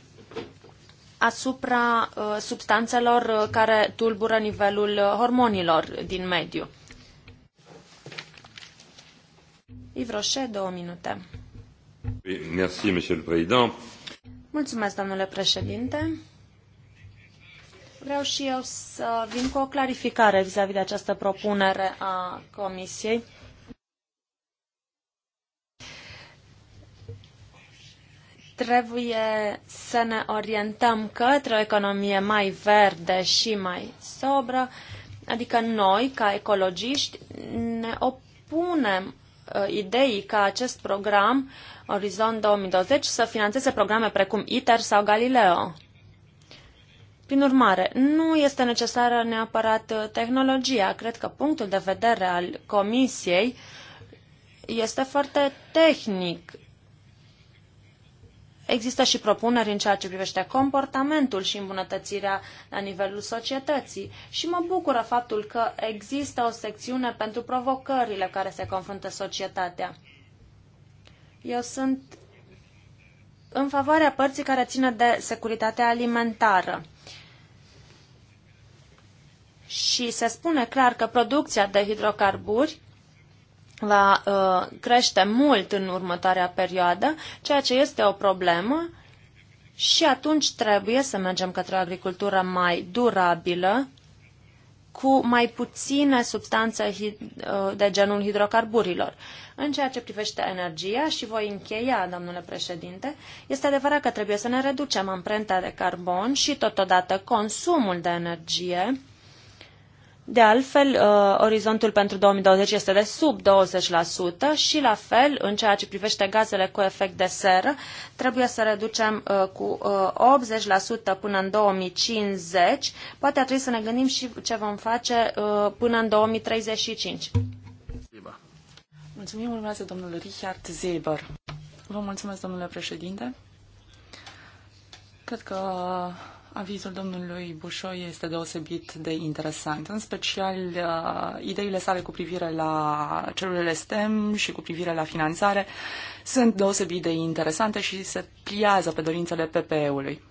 asupra uh, substanțelor uh, care tulbură nivelul uh, hormonilor din mediu. Ivroșe, două minute. Merci, monsieur le président. Mulțumesc, domnule președinte. Vreau și eu să vin cu o clarificare vis-a-vis -vis de această propunere a Comisiei trebuie să ne orientăm către o economie mai verde și mai sobră, adică noi, ca ecologiști, ne opunem uh, ideii ca acest program Orizont 2020 să financeze programe precum ITER sau Galileo. Prin urmare, nu este necesară neapărat uh, tehnologia. Cred că punctul de vedere al Comisiei este foarte tehnic Există și propuneri în ceea ce privește comportamentul și îmbunătățirea la nivelul societății și mă bucură faptul că există o secțiune pentru provocările care se confruntă societatea. Eu sunt în favoarea părții care ține de securitatea alimentară. Și se spune clar că producția de hidrocarburi va uh, crește mult în următoarea perioadă, ceea ce este o problemă și atunci trebuie să mergem către o agricultură mai durabilă, cu mai puține substanțe uh, de genul hidrocarburilor. În ceea ce privește energia, și voi încheia, domnule președinte, este adevărat că trebuie să ne reducem amprenta de carbon și totodată consumul de energie, de altfel, uh, orizontul pentru 2020 este de sub 20% și, la fel, în ceea ce privește gazele cu efect de seră, trebuie să reducem uh, cu 80% uh, până în 2050. Poate ar trebui să ne gândim și ce vom face până în 2035. Mulțumim, urmează domnul Richard Zeber. Vă mulțumesc, domnule președinte. Cred că Avizul domnului Bușoi este deosebit de interesant, în special uh, ideile sale cu privire la celulele STEM și cu privire la finanțare sunt deosebit de interesante și se pliază pe dorințele PPE-ului.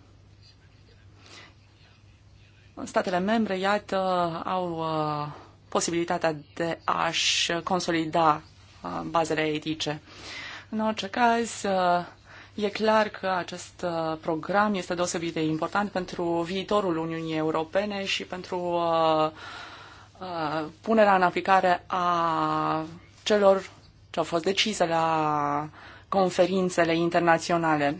Statele membre, iată, au uh, posibilitatea de a-și consolida uh, bazele etice. În orice caz, uh, E clar că acest uh, program este deosebit de important pentru viitorul Uniunii Europene și pentru uh, uh, punerea în aplicare a celor ce au fost decise la conferințele internaționale.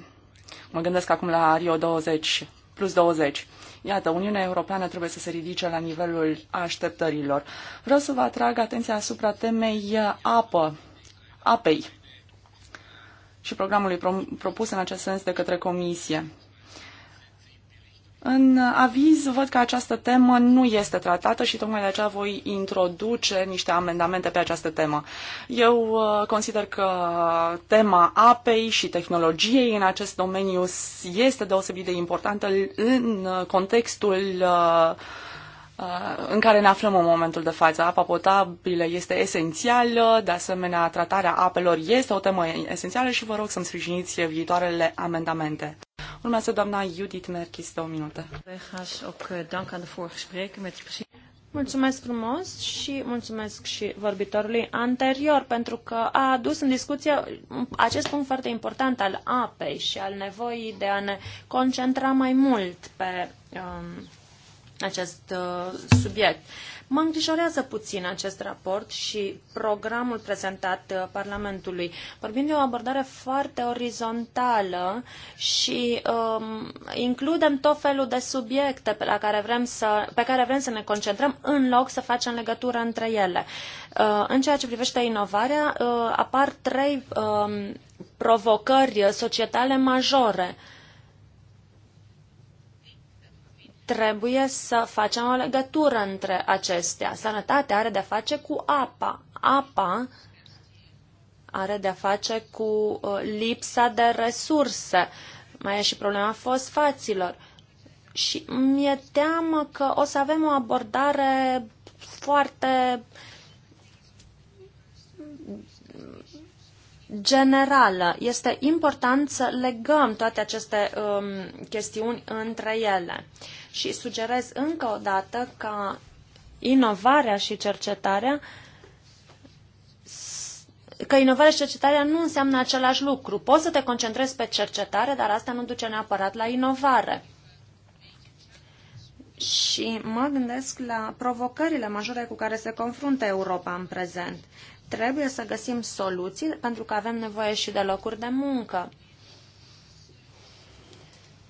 Mă gândesc acum la Rio 20 plus 20. Iată, Uniunea Europeană trebuie să se ridice la nivelul așteptărilor. Vreau să vă atrag atenția asupra temei apă, apei și programului propus în acest sens de către Comisie. În aviz văd că această temă nu este tratată și tocmai de aceea voi introduce niște amendamente pe această temă. Eu uh, consider că tema apei și tehnologiei în acest domeniu este deosebit de importantă în contextul uh, Uh, în care ne aflăm în momentul de față. Apa potabilă este esențială, de asemenea tratarea apelor este o temă esențială și vă rog să-mi sprijiniți viitoarele amendamente. Urmează doamna Judith Merchis, două minute. Eh, mulțumesc frumos și mulțumesc și vorbitorului anterior pentru că a adus în discuție acest punct foarte important al apei și al nevoii de a ne concentra mai mult pe um, acest uh, subiect. Mă îngrijorează puțin acest raport și programul prezentat uh, Parlamentului. Vorbim de o abordare foarte orizontală și um, includem tot felul de subiecte pe, la care vrem să, pe care vrem să ne concentrăm în loc să facem legătură între ele. Uh, în ceea ce privește inovarea, uh, apar trei um, provocări societale majore. Uh, trebuie să facem o legătură între acestea. Sănătatea are de-a face cu apa. Apa are de-a face cu uh, lipsa de resurse. Mai e și problema fosfaților. Și mi-e teamă că o să avem o abordare foarte uh, generală. Este important să legăm toate aceste um, chestiuni între ele. Și sugerez încă o dată ca inovarea și cercetarea că inovarea și cercetarea nu înseamnă același lucru. Poți să te concentrezi pe cercetare, dar asta nu duce neapărat la inovare. Și mă gândesc la provocările majore cu care se confruntă Europa în prezent trebuie să găsim soluții pentru că avem nevoie și de locuri de muncă.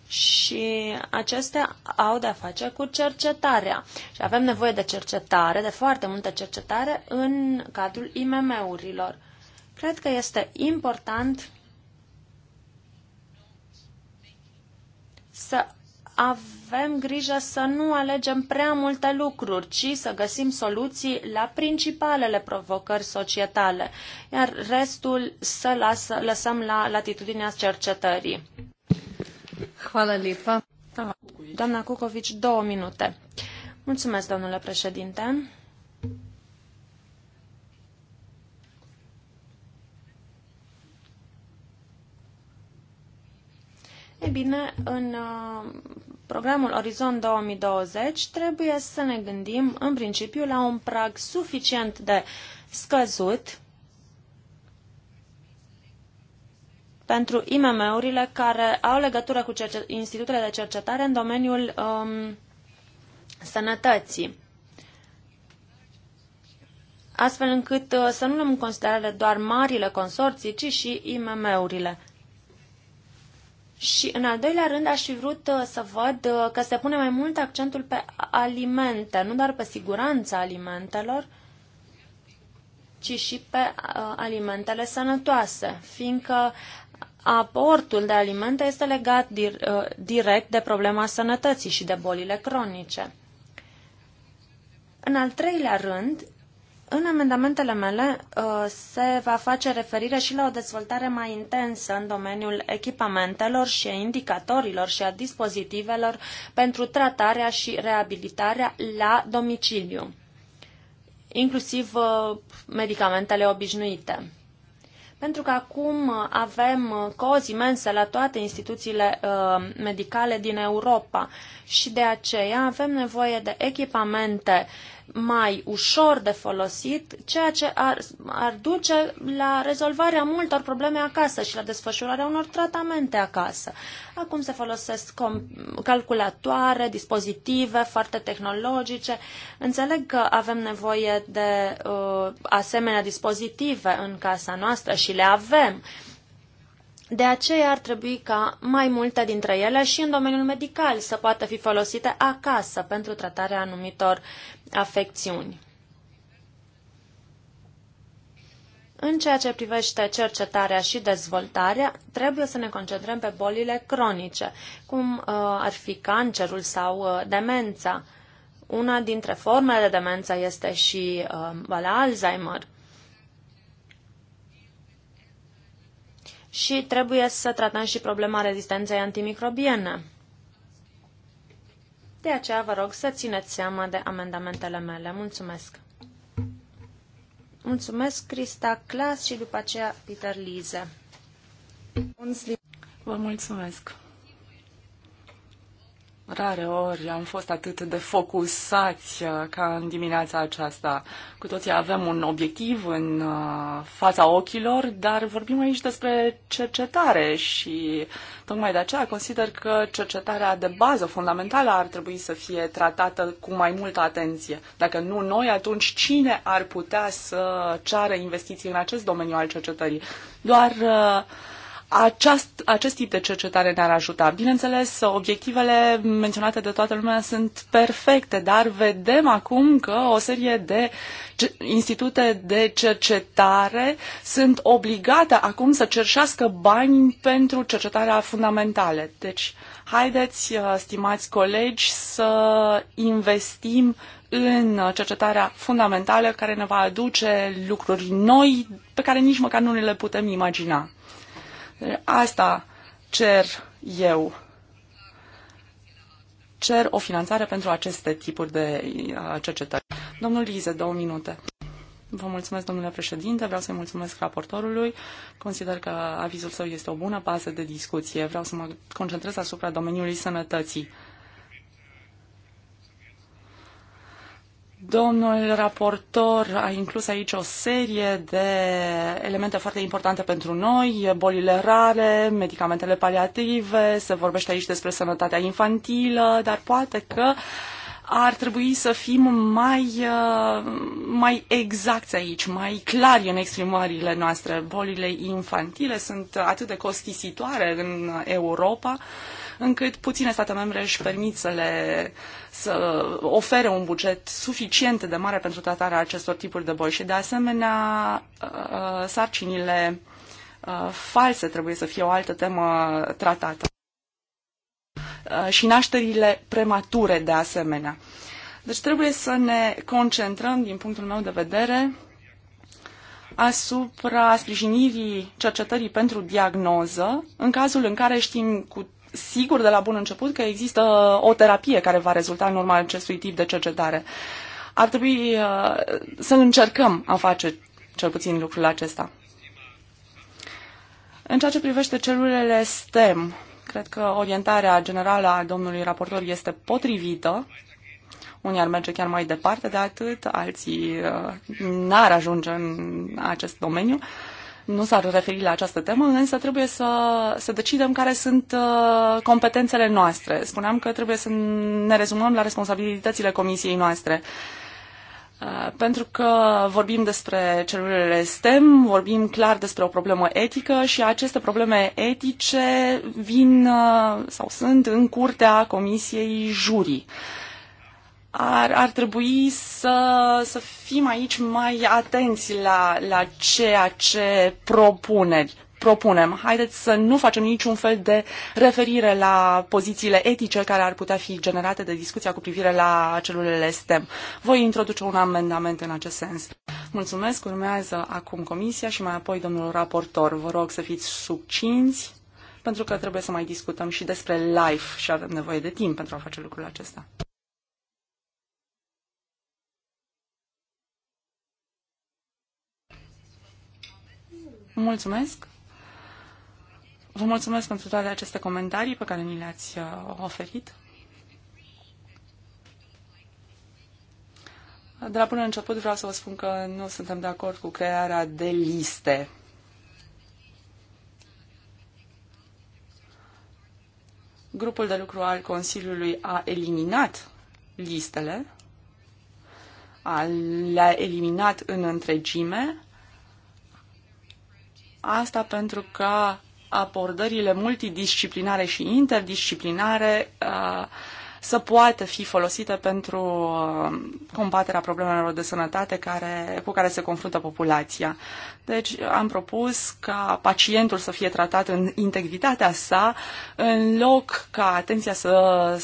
Și acestea au de-a face cu cercetarea. Și avem nevoie de cercetare, de foarte multă cercetare în cadrul IMM-urilor. Cred că este important să avem grijă să nu alegem prea multe lucruri, ci să găsim soluții la principalele provocări societale, iar restul să lasă, lăsăm la latitudinea cercetării. Hvala lipa. Doamna Cucovici, două minute. Mulțumesc, domnule președinte. E bine, în programul Orizont 2020, trebuie să ne gândim în principiu la un prag suficient de scăzut pentru IMM-urile care au legătură cu institutele de cercetare în domeniul um, sănătății astfel încât uh, să nu luăm în considerare doar marile consorții, ci și IMM-urile. Și în al doilea rând aș fi vrut uh, să văd uh, că se pune mai mult accentul pe alimente, nu doar pe siguranța alimentelor, ci și pe uh, alimentele sănătoase, fiindcă aportul de alimente este legat direct de problema sănătății și de bolile cronice. În al treilea rând, în amendamentele mele uh, se va face referire și la o dezvoltare mai intensă în domeniul echipamentelor și a indicatorilor și a dispozitivelor pentru tratarea și reabilitarea la domiciliu, inclusiv uh, medicamentele obișnuite. Pentru că acum uh, avem cozi imense la toate instituțiile medicale din Europa și de aceea avem nevoie de echipamente uh, mai ușor de folosit, ceea ce ar, ar duce la rezolvarea multor probleme acasă și la desfășurarea unor tratamente acasă. Acum se folosesc calculatoare, dispozitive foarte tehnologice. Înțeleg că avem nevoie de uh, asemenea dispozitive în casa noastră și le avem. De aceea ar trebui ca mai multe dintre ele și în domeniul medical să poată fi folosite acasă pentru tratarea anumitor afecțiuni. În ceea ce privește cercetarea și dezvoltarea, trebuie să ne concentrăm pe bolile cronice, cum uh, ar fi cancerul sau uh, demența. Una dintre formele de demență este și boala uh, Alzheimer. Și trebuie să tratăm și problema rezistenței antimicrobiene. De aceea vă rog să țineți seama de amendamentele mele. Mulțumesc! Mulțumesc, Crista Clas și după aceea Peter Lize. Vă mulțumesc! Rare ori am fost atât de focusați uh, ca în dimineața aceasta. Cu toții avem un obiectiv în uh, fața ochilor, dar vorbim aici despre cercetare și tocmai de aceea consider că cercetarea de bază fundamentală ar trebui să fie tratată cu mai multă atenție. Dacă nu noi, atunci cine ar putea să ceară investiții în acest domeniu al cercetării? Doar uh, aceast, acest tip de cercetare ne-ar ajuta. Bineînțeles, obiectivele menționate de toată lumea sunt perfecte, dar vedem acum că o serie de institute de cercetare sunt obligate acum să cerșească bani pentru cercetarea fundamentală. Deci, haideți, uh, stimați colegi, să investim în cercetarea fundamentală care ne va aduce lucruri noi pe care nici măcar nu ne le putem imagina. Asta cer eu. Cer o finanțare pentru aceste tipuri de uh, cercetări. Domnul Lize, două minute. Vă mulțumesc, domnule președinte, vreau să-i mulțumesc raportorului. Consider că avizul său este o bună bază de discuție. Vreau să mă concentrez asupra domeniului sănătății. Domnul raportor a inclus aici o serie de elemente foarte importante pentru noi, bolile rare, medicamentele paliative, se vorbește aici despre sănătatea infantilă, dar poate că ar trebui să fim mai, uh, mai exacti aici, mai clari în exprimările noastre. Bolile infantile sunt atât de costisitoare în Europa, uh, încât puține state membre își permit să le să ofere un buget suficient de mare pentru tratarea acestor tipuri de boli și de asemenea uh, sarcinile uh, false trebuie să fie o altă temă tratată uh, și nașterile premature de asemenea. Deci trebuie să ne concentrăm, din punctul meu de vedere, asupra sprijinirii cercetării pentru diagnoză, în cazul în care știm cu sigur de la bun început că există o terapie care va rezulta în urma acestui tip de cercetare. Ar trebui uh, să încercăm a face cel puțin lucrul acesta. În ceea ce privește celulele STEM, cred că orientarea generală a domnului raportor este potrivită. Unii ar merge chiar mai departe de atât, alții uh, n-ar ajunge în acest domeniu. Uh, nu s-ar referi la această temă, însă trebuie să, să decidem care sunt uh, competențele noastre. Spuneam că trebuie să ne rezumăm la responsabilitățile comisiei noastre. Uh, pentru că vorbim despre celulele STEM, vorbim clar despre o problemă etică și aceste probleme etice vin uh, sau sunt în curtea Comisiei Jurii. Uh, ar, ar trebui să, să fim aici mai atenți la, la ceea ce propuneri, propunem. Haideți să nu facem niciun fel de referire la pozițiile etice care ar putea fi generate de discuția cu privire la celulele STEM. Voi introduce un amendament în acest sens. Mulțumesc. Urmează acum comisia și mai apoi domnul raportor. Vă rog să fiți subcinți pentru că trebuie să mai discutăm și despre life și avem nevoie de timp pentru a face lucrul acesta. Mulțumesc! Vă mulțumesc pentru toate aceste comentarii pe care mi le-ați uh, oferit. De la până început vreau să vă spun că nu suntem de acord cu crearea de liste. Grupul de lucru al Consiliului a eliminat listele, a, le-a eliminat în întregime Asta pentru că abordările multidisciplinare și interdisciplinare uh, să poată fi folosite pentru uh, combaterea problemelor de sănătate care, cu care se confruntă populația. Deci am propus ca pacientul să fie tratat în integritatea sa, în loc ca atenția să,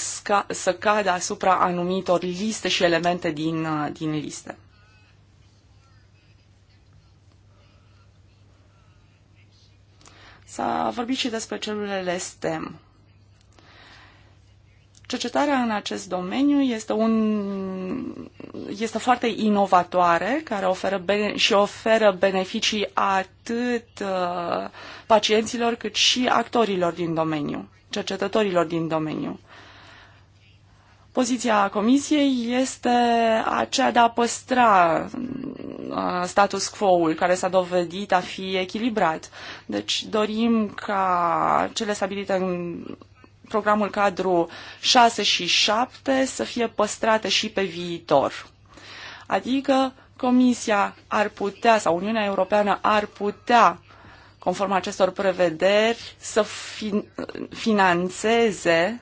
să cadă asupra anumitor liste și elemente din, uh, din liste. S-a vorbit și despre celulele STEM. Cercetarea în acest domeniu este, un, este foarte inovatoare care oferă bene, și oferă beneficii atât uh, pacienților cât și actorilor din domeniu, cercetătorilor din domeniu. Poziția Comisiei este aceea de a păstra uh, status quo-ul care s-a dovedit a fi echilibrat. Deci dorim ca cele stabilite în programul cadru 6 și 7 să fie păstrate și pe viitor. Adică Comisia ar putea sau Uniunea Europeană ar putea conform acestor prevederi, să fi, finanțeze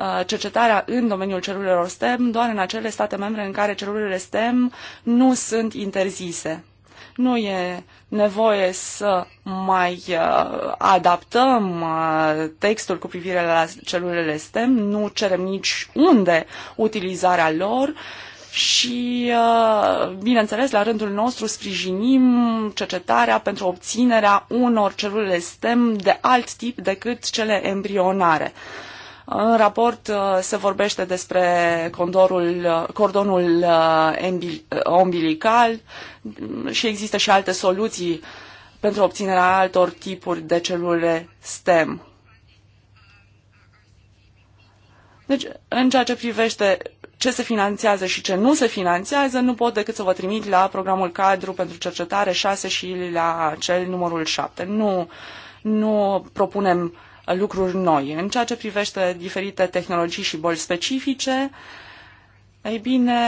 Uh, cercetarea în domeniul celulelor STEM doar în acele state membre în care celulele STEM nu sunt interzise. Nu e nevoie să mai uh, adaptăm uh, textul cu privire la celulele STEM, nu cerem nici unde utilizarea lor, și, bineînțeles, la rândul nostru sprijinim cercetarea pentru obținerea unor celule STEM de alt tip decât cele embrionare. În raport uh, se vorbește despre condorul, uh, cordonul umbilical uh, și există și alte soluții pentru obținerea altor tipuri de celule STEM. Deci, în ceea ce privește ce se finanțează și ce nu se finanțează, nu pot decât să vă trimit la programul cadru pentru cercetare 6 și la cel numărul 7. Nu, nu propunem uh, lucruri noi. În ceea ce privește diferite tehnologii și boli specifice, ei bine,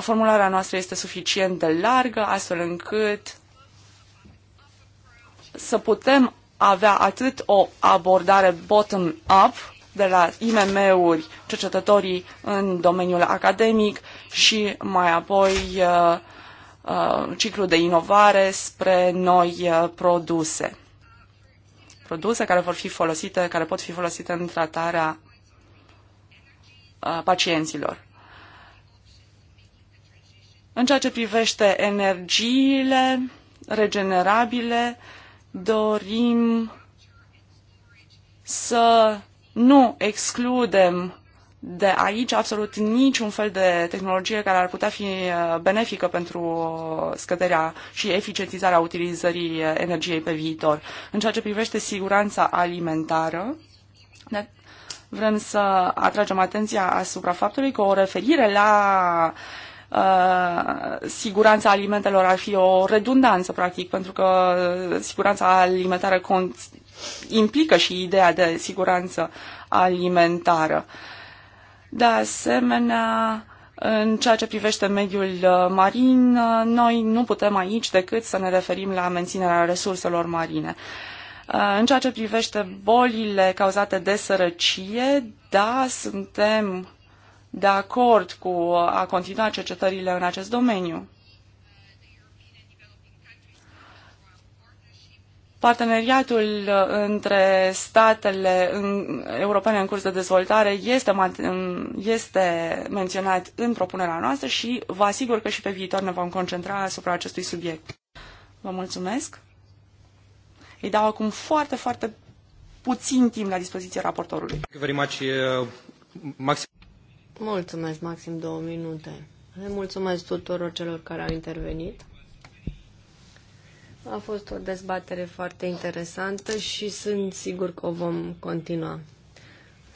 formularea noastră este suficient de largă, astfel încât să putem avea atât o abordare bottom-up de la IMM-uri, cercetătorii în domeniul academic și mai apoi uh, uh, ciclu de inovare spre noi uh, produse produse care vor fi folosite, care pot fi folosite în tratarea uh, pacienților. În ceea ce privește energiile regenerabile, dorim să nu excludem de aici absolut niciun fel de tehnologie care ar putea fi uh, benefică pentru uh, scăderea și eficientizarea utilizării uh, energiei pe viitor. În ceea ce privește siguranța alimentară, vrem să atragem atenția asupra faptului că o referire la uh, siguranța alimentelor ar fi o redundanță, practic, pentru că siguranța alimentară implică și ideea de siguranță alimentară. Uh, de asemenea, în ceea ce privește mediul uh, marin, uh, noi nu putem aici decât să ne referim la menținerea resurselor marine. Uh, în ceea ce privește bolile cauzate de sărăcie, da, suntem de acord cu a continua cercetările în acest domeniu. Parteneriatul uh, între statele europene în curs de dezvoltare este, um, este menționat în propunerea noastră și vă asigur că și pe viitor ne vom concentra asupra acestui subiect. Vă mulțumesc. Îi dau acum foarte, foarte puțin timp la dispoziție raportorului. Uh, mulțumesc, maxim două minute. Le mulțumesc tuturor celor care au intervenit. A fost o dezbatere foarte interesantă și sunt sigur că o vom continua.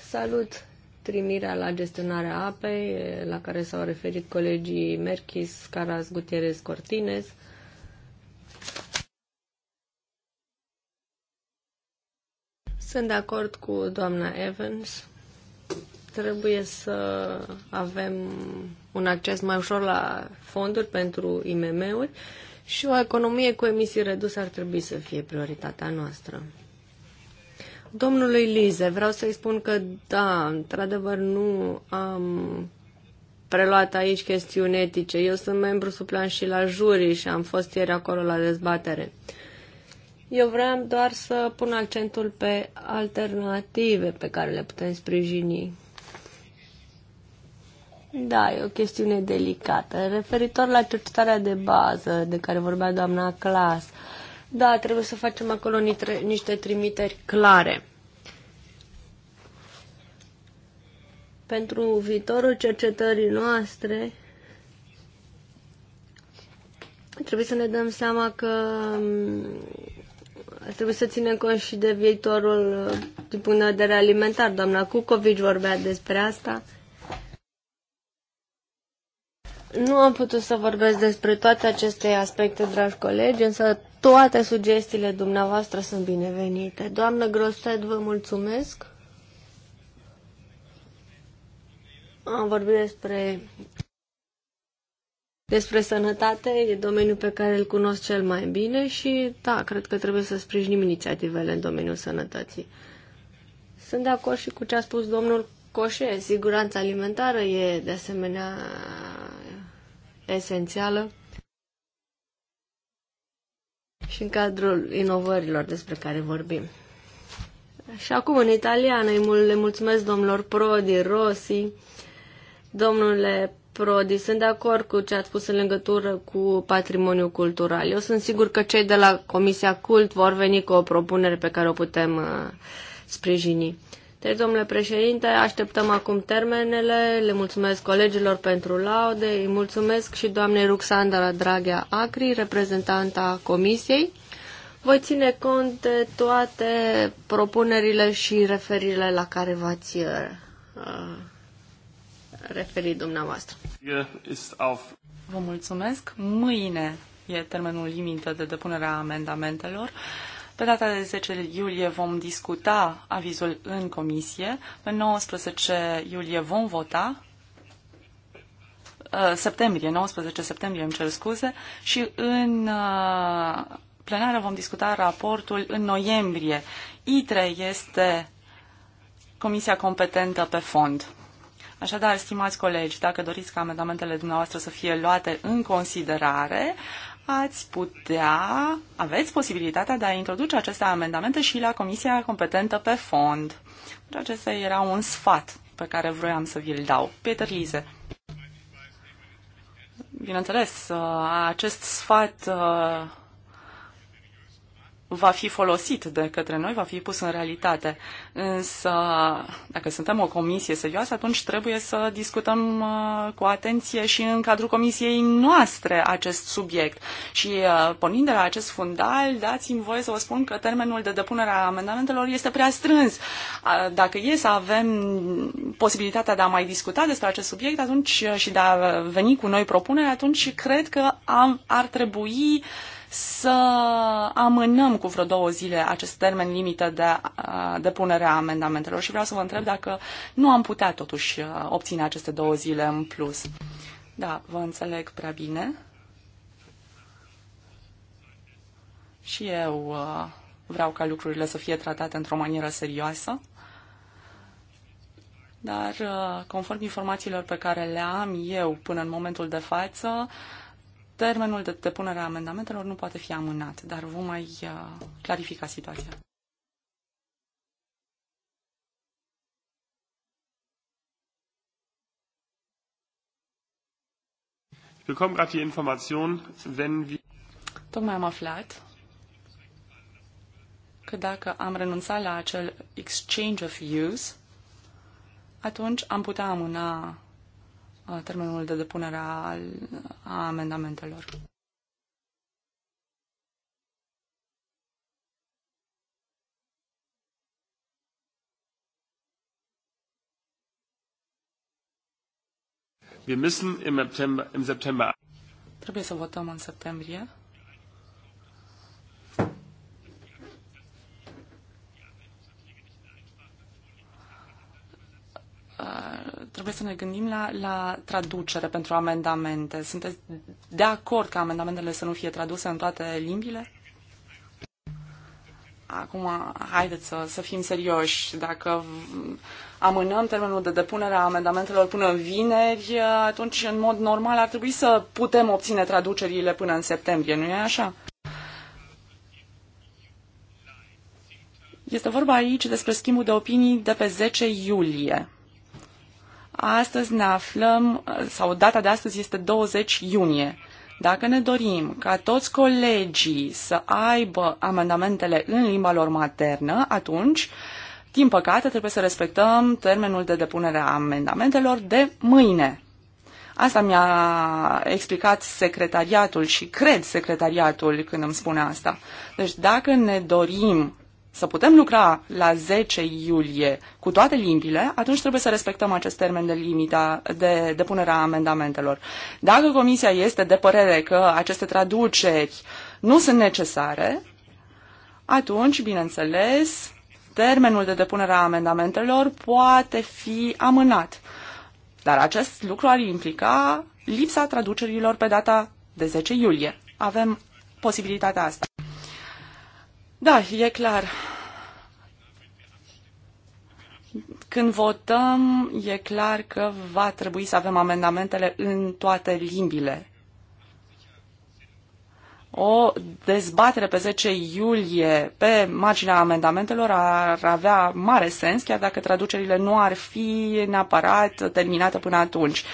Salut trimirea la gestionarea apei, la care s-au referit colegii Merchis, Caras, Gutierrez, Cortines. Sunt de acord cu doamna Evans. Trebuie să avem un acces mai ușor la fonduri pentru IMM-uri și o economie cu emisii reduse ar trebui să fie prioritatea noastră. Domnului Lize, vreau să-i spun că da, într-adevăr nu am preluat aici chestiuni etice. Eu sunt membru suplan și la juri și am fost ieri acolo la dezbatere. Eu vreau doar să pun accentul pe alternative pe care le putem sprijini da, e o chestiune delicată. Referitor la cercetarea de bază de care vorbea doamna Clas, da, trebuie să facem acolo niște trimiteri clare. Pentru viitorul cercetării noastre, trebuie să ne dăm seama că mm, trebuie să ținem cont și de viitorul din punct de vedere alimentar. Doamna Cucovici vorbea despre asta. Nu am putut să vorbesc despre toate aceste aspecte, dragi colegi, însă toate sugestiile dumneavoastră sunt binevenite. Doamnă Grosset, vă mulțumesc. Am vorbit despre despre sănătate, e domeniul pe care îl cunosc cel mai bine și da, cred că trebuie să sprijinim inițiativele în domeniul sănătății. Sunt de acord și cu ce a spus domnul Coșe, siguranța alimentară e de asemenea esențială și în cadrul inovărilor despre care vorbim. Și acum în italiană le mulțumesc domnilor Prodi, Rossi, domnule Prodi, sunt de acord cu ce ați spus în legătură cu patrimoniul cultural. Eu sunt sigur că cei de la Comisia Cult vor veni cu o propunere pe care o putem uh, sprijini. Deci, domnule președinte, așteptăm acum termenele, le mulțumesc colegilor pentru laude, îi mulțumesc și doamnei Ruxandra Draghea Acri, reprezentanta Comisiei. Voi ține cont de toate propunerile și referirile la care v-ați uh, referit dumneavoastră. Vă mulțumesc. Mâine e termenul limită de depunere a amendamentelor. Pe data de 10 iulie vom discuta avizul în comisie, pe 19 iulie vom vota, uh, septembrie, 19 septembrie îmi cer scuze, și în uh, plenară vom discuta raportul în noiembrie. ITRE este comisia competentă pe fond. Așadar, stimați colegi, dacă doriți ca amendamentele dumneavoastră să fie luate în considerare, ați putea, aveți posibilitatea de a introduce aceste amendamente și la comisia competentă pe fond. Deci acesta era un sfat pe care vroiam să vi-l dau. Peter Lize. Bineînțeles, uh, acest sfat uh, va fi folosit de către noi, va fi pus în realitate. Însă, dacă suntem o comisie serioasă, atunci trebuie să discutăm uh, cu atenție și în cadrul comisiei noastre acest subiect. Și uh, pornind de la acest fundal, dați-mi voie să vă spun că termenul de depunere a amendamentelor este prea strâns. Uh, dacă e să avem posibilitatea de a mai discuta despre acest subiect atunci și de a veni cu noi propuneri, atunci cred că am, ar trebui să amânăm cu vreo două zile acest termen limită de uh, depunere a amendamentelor și vreau să vă întreb dacă nu am putea totuși uh, obține aceste două zile în plus. Da, vă înțeleg prea bine. Și eu uh, vreau ca lucrurile să fie tratate într-o manieră serioasă dar conform informațiilor pe care le am eu până în momentul de față, termenul de depunere a amendamentelor nu poate fi amânat, dar vom mai uh, clarifica situația. Tocmai am aflat că dacă am renunțat la acel exchange of views, atunci am putea amâna Uh, termenul de depunere a, a amendamentelor. Wir müssen im September, im September. Trebuie să votăm în septembrie. trebuie să ne gândim la, la traducere pentru amendamente. Sunteți de acord ca amendamentele să nu fie traduse în toate limbile? Acum, haideți să, să fim serioși. Dacă amânăm termenul de depunere a amendamentelor până în vineri, atunci, în mod normal, ar trebui să putem obține traducerile până în septembrie, nu e așa? Este vorba aici despre schimbul de opinii de pe 10 iulie. Astăzi ne aflăm, sau data de astăzi este 20 iunie. Dacă ne dorim ca toți colegii să aibă amendamentele în limba lor maternă, atunci, din păcate, trebuie să respectăm termenul de depunere a amendamentelor de mâine. Asta mi-a explicat secretariatul și cred secretariatul când îmi spune asta. Deci dacă ne dorim să putem lucra la 10 iulie cu toate limbile, atunci trebuie să respectăm acest termen de limita de depunerea amendamentelor. Dacă comisia este de părere că aceste traduceri nu sunt necesare, atunci, bineînțeles, termenul de depunere a amendamentelor poate fi amânat. Dar acest lucru ar implica lipsa traducerilor pe data de 10 iulie. Avem posibilitatea asta. Da, e clar. Când votăm, e clar că va trebui să avem amendamentele în toate limbile. O dezbatere pe 10 iulie pe marginea amendamentelor ar avea mare sens, chiar dacă traducerile nu ar fi neapărat terminate până atunci.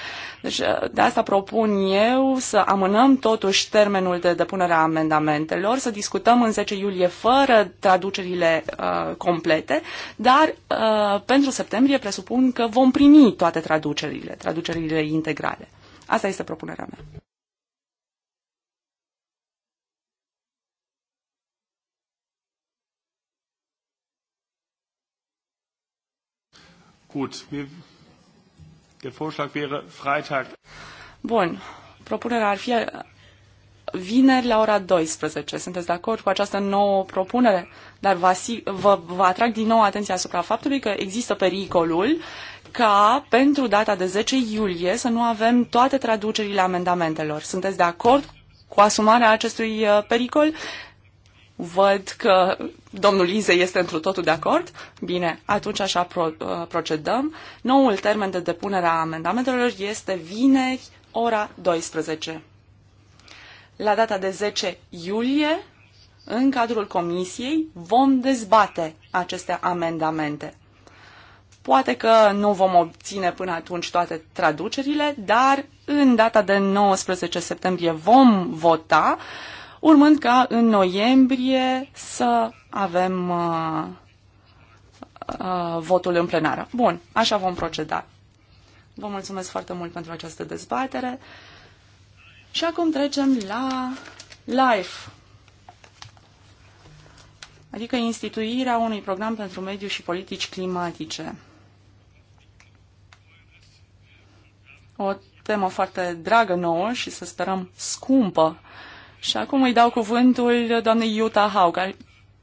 Deci de asta propun eu să amânăm totuși termenul de depunere a amendamentelor, să discutăm în 10 iulie fără traducerile uh, complete, dar uh, pentru septembrie presupun că vom primi toate traducerile, traducerile integrale. Asta este propunerea mea. Gut, wir Der Vorschlag wäre Freitag. Bun. Propunerea ar fi uh, vineri la ora 12. Sunteți de acord cu această nouă propunere? Dar vă, vă, vă atrag din nou atenția asupra faptului că există pericolul ca pentru data de 10 iulie să nu avem toate traducerile amendamentelor. Sunteți de acord cu asumarea acestui uh, pericol? Văd că domnul Ize este într totul de acord? Bine, atunci așa pro, uh, procedăm. Noul termen de depunere a amendamentelor este vineri, ora 12. La data de 10 iulie, în cadrul comisiei, vom dezbate aceste amendamente. Poate că nu vom obține până atunci toate traducerile, dar în data de 19 septembrie vom vota uh, urmând ca în noiembrie să avem uh, uh, votul în plenară. Bun, așa vom proceda. Vă mulțumesc foarte mult pentru această dezbatere și acum trecem la LIFE, adică instituirea unui program pentru mediu și politici climatice. O temă foarte dragă nouă și să sperăm scumpă și acum îi dau cuvântul doamnei Iuta Hau, care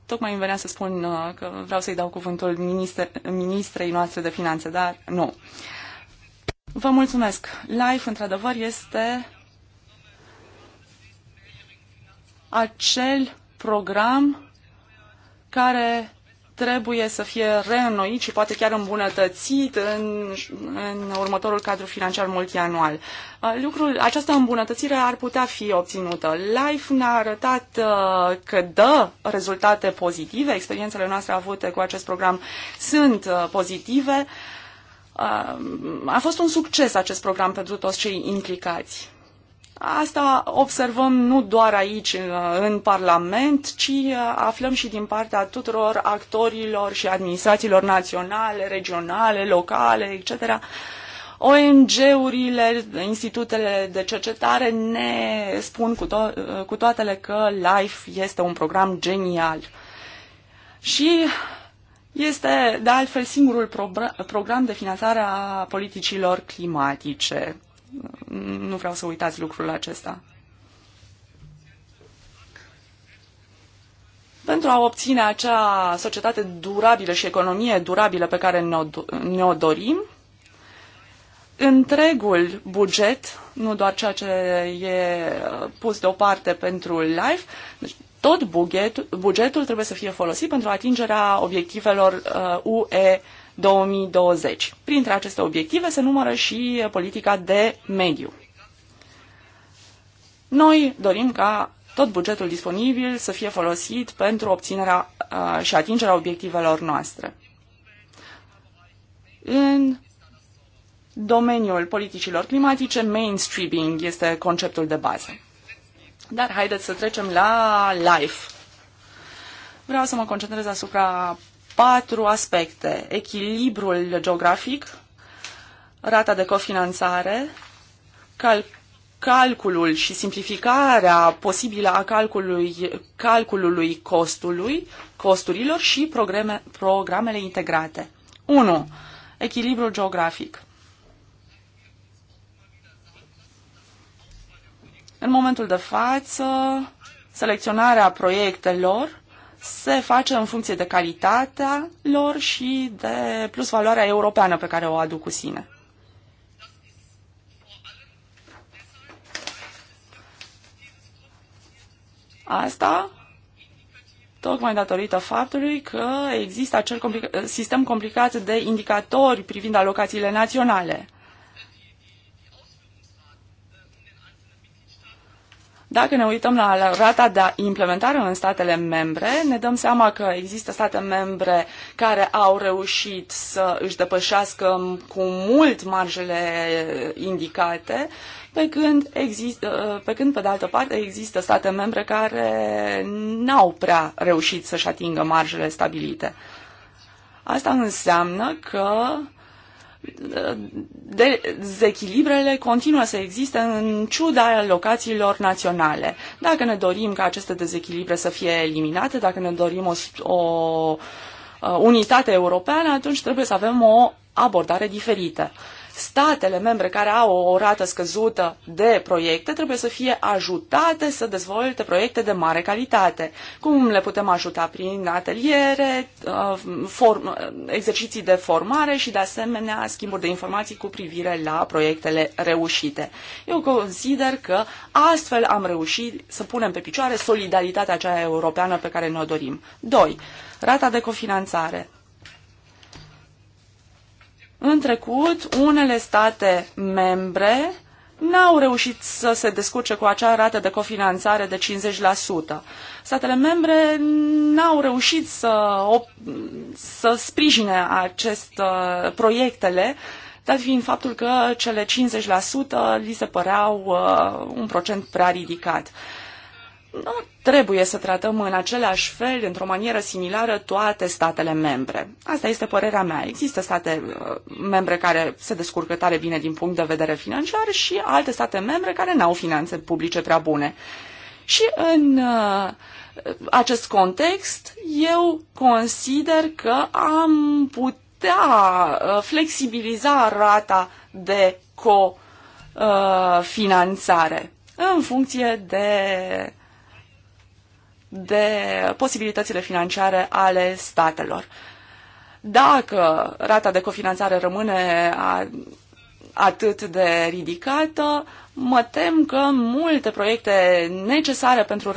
tocmai îmi venea să spun uh, că vreau să-i dau cuvântul minister, ministrei noastre de finanțe, dar nu. Vă mulțumesc. LIFE, într-adevăr, este acel program care trebuie să fie reînnoit și poate chiar îmbunătățit în, în următorul cadru financiar multianual. Uh, lucrul, această îmbunătățire ar putea fi obținută. LIFE ne-a arătat uh, că dă rezultate pozitive, experiențele noastre avute cu acest program sunt uh, pozitive. A fost un succes acest program pentru toți cei implicați. Asta observăm nu doar aici în Parlament, ci uh, aflăm și din partea tuturor actorilor și administrațiilor naționale, regionale, locale, etc. ONG-urile, institutele de cercetare ne spun cu, to- uh, cu toatele că LIFE este un program genial. Și este, de altfel, singurul pro- program de finanțare a politicilor climatice nu vreau să uitați lucrul acesta. Pentru a obține acea societate durabilă și economie durabilă pe care ne-o, ne-o dorim, întregul buget, nu doar ceea ce e pus deoparte pentru life, deci tot buget, bugetul trebuie să fie folosit pentru atingerea obiectivelor uh, UE 2020. Printre aceste obiective se numără și politica de mediu. Noi dorim ca tot bugetul disponibil să fie folosit pentru obținerea și atingerea obiectivelor noastre. În domeniul politicilor climatice, mainstreaming este conceptul de bază. Dar haideți să trecem la life. Vreau să mă concentrez asupra patru aspecte. Echilibrul geografic, rata de cofinanțare, cal- calculul și simplificarea posibilă a calculului, calculului costului, costurilor și programe, programele integrate. 1. Echilibrul geografic. În momentul de față, selecționarea proiectelor se face în funcție de calitatea lor și de plus valoarea europeană pe care o aduc cu sine. Asta tocmai datorită faptului că există acel complica- sistem complicat de indicatori privind alocațiile naționale. Dacă ne uităm la rata de implementare în statele membre, ne dăm seama că există state membre care au reușit să își depășească cu mult marjele indicate, pe când, există, pe când, pe de altă parte, există state membre care n-au prea reușit să-și atingă marjele stabilite. Asta înseamnă că dezechilibrele continuă să existe în ciuda locațiilor naționale. Dacă ne dorim ca aceste dezechilibre să fie eliminate, dacă ne dorim o, o uh, unitate europeană, atunci trebuie să avem o abordare diferită statele membre care au o rată scăzută de proiecte trebuie să fie ajutate să dezvolte proiecte de mare calitate. Cum le putem ajuta? Prin ateliere, uh, form, uh, exerciții de formare și, de asemenea, schimburi de informații cu privire la proiectele reușite. Eu consider că astfel am reușit să punem pe picioare solidaritatea aceea europeană pe care ne-o dorim. 2. Rata de cofinanțare. În trecut, unele state membre n-au reușit să se descurce cu acea rată de cofinanțare de 50%. Statele membre n-au reușit să, să sprijine acest uh, proiectele, dat fiind faptul că cele 50% li se păreau uh, un procent prea ridicat. Uh, nu trebuie să tratăm în același fel, într-o manieră similară, toate statele membre. Asta este părerea mea. Există state uh, membre care se descurcă tare bine din punct de vedere financiar și alte state membre care n-au finanțe publice prea bune. Și în uh, acest context, eu consider că am putea uh, flexibiliza rata de cofinanțare uh, în funcție de uh, de posibilitățile financiare ale statelor. Dacă rata de cofinanțare rămâne a atât de ridicată, mă tem că multe proiecte necesare pentru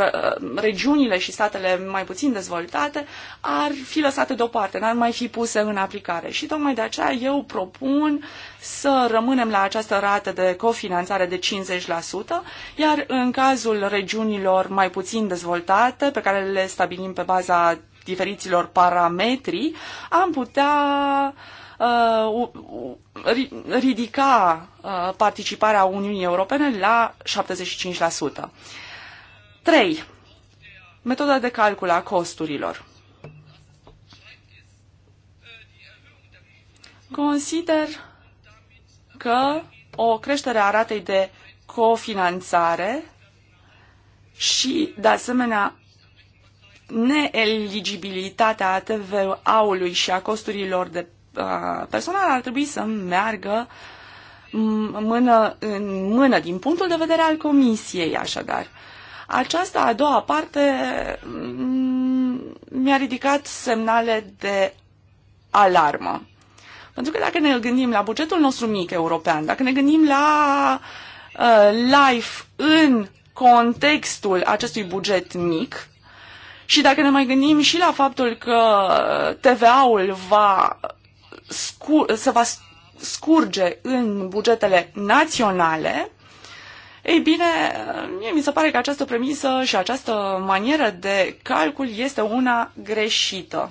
regiunile și statele mai puțin dezvoltate ar fi lăsate deoparte, n-ar mai fi puse în aplicare. Și tocmai de aceea eu propun să rămânem la această rată de cofinanțare de 50%, iar în cazul regiunilor mai puțin dezvoltate, pe care le stabilim pe baza diferiților parametri, am putea uh, Uh, ridica uh, participarea Uniunii Europene la 75%. 3. Metoda de calcul a costurilor. Consider că o creștere a ratei de cofinanțare și, de asemenea, neeligibilitatea TVA-ului și a costurilor de Uh, personal ar trebui să meargă mână în mână din punctul de vedere al comisiei, așadar. Aceasta a doua parte mi-a ridicat semnale de alarmă. Pentru că dacă ne gândim la bugetul nostru mic european, dacă ne gândim la uh, life în contextul acestui buget mic și dacă ne mai gândim și la faptul că uh, TVA-ul va scur- se va scurge în bugetele naționale, ei bine, mie mi se pare că această premisă și această manieră de calcul este una greșită.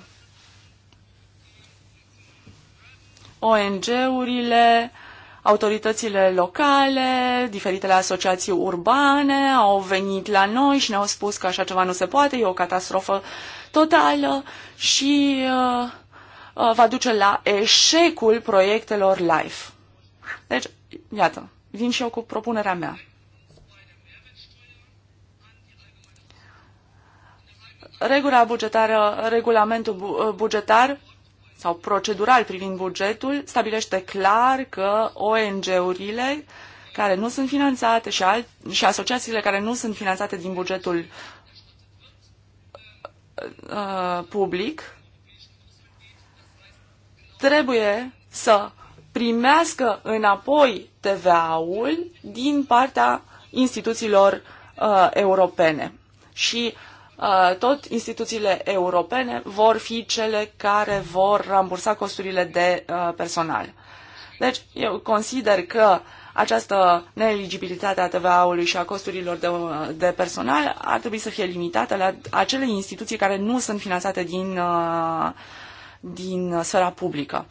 ONG-urile, autoritățile locale, diferitele asociații urbane au venit la noi și ne-au spus că așa ceva nu se poate, e o catastrofă totală și uh, Uh, va duce la eșecul proiectelor LIFE. Deci, iată, vin și eu cu propunerea mea. Regula bugetară, regulamentul uh, bugetar sau procedural privind bugetul stabilește clar că ONG-urile care nu sunt finanțate și, al, și asociațiile care nu sunt finanțate din bugetul uh, public trebuie să primească înapoi TVA-ul din partea instituțiilor uh, europene. Și uh, tot instituțiile europene vor fi cele care vor rambursa costurile de uh, personal. Deci, eu consider că această neeligibilitate a TVA-ului și a costurilor de, uh, de personal ar trebui să fie limitată la acele instituții care nu sunt finanțate din uh, din sfera publică.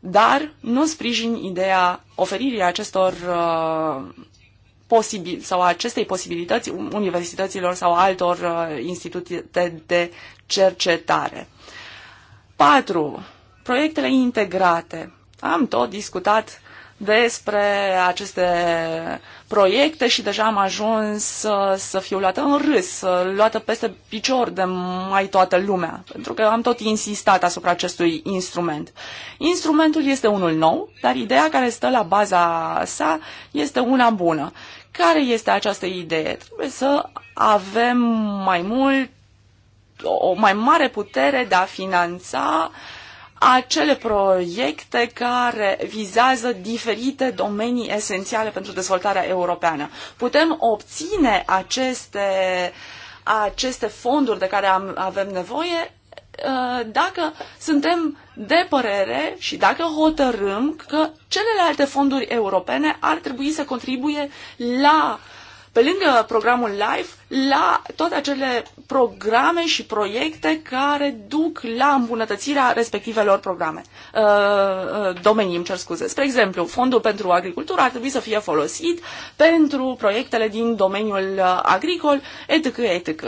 Dar nu sprijin ideea oferirii acestor uh, posibil sau acestei posibilități universităților sau altor uh, institute de cercetare. 4. Proiectele integrate. Am tot discutat despre aceste proiecte și deja am ajuns să, uh, să fiu luată în râs, uh, luată peste picior de mai toată lumea, pentru că am tot insistat asupra acestui instrument. Instrumentul este unul nou, dar ideea care stă la baza sa este una bună. Care este această idee? Trebuie să avem mai mult, o mai mare putere de a finanța uh, acele proiecte care vizează diferite domenii esențiale pentru dezvoltarea europeană. Putem obține aceste, aceste fonduri de care am, avem nevoie uh, dacă suntem de părere și dacă hotărâm că celelalte fonduri europene ar trebui să contribuie la uh, pe lângă programul LIFE, la toate acele programe și proiecte care duc la îmbunătățirea respectivelor programe, uh, uh, domenii, îmi cer scuze. Spre exemplu, fondul pentru agricultură ar trebui să fie folosit pentru proiectele din domeniul uh, agricol, etc., etc.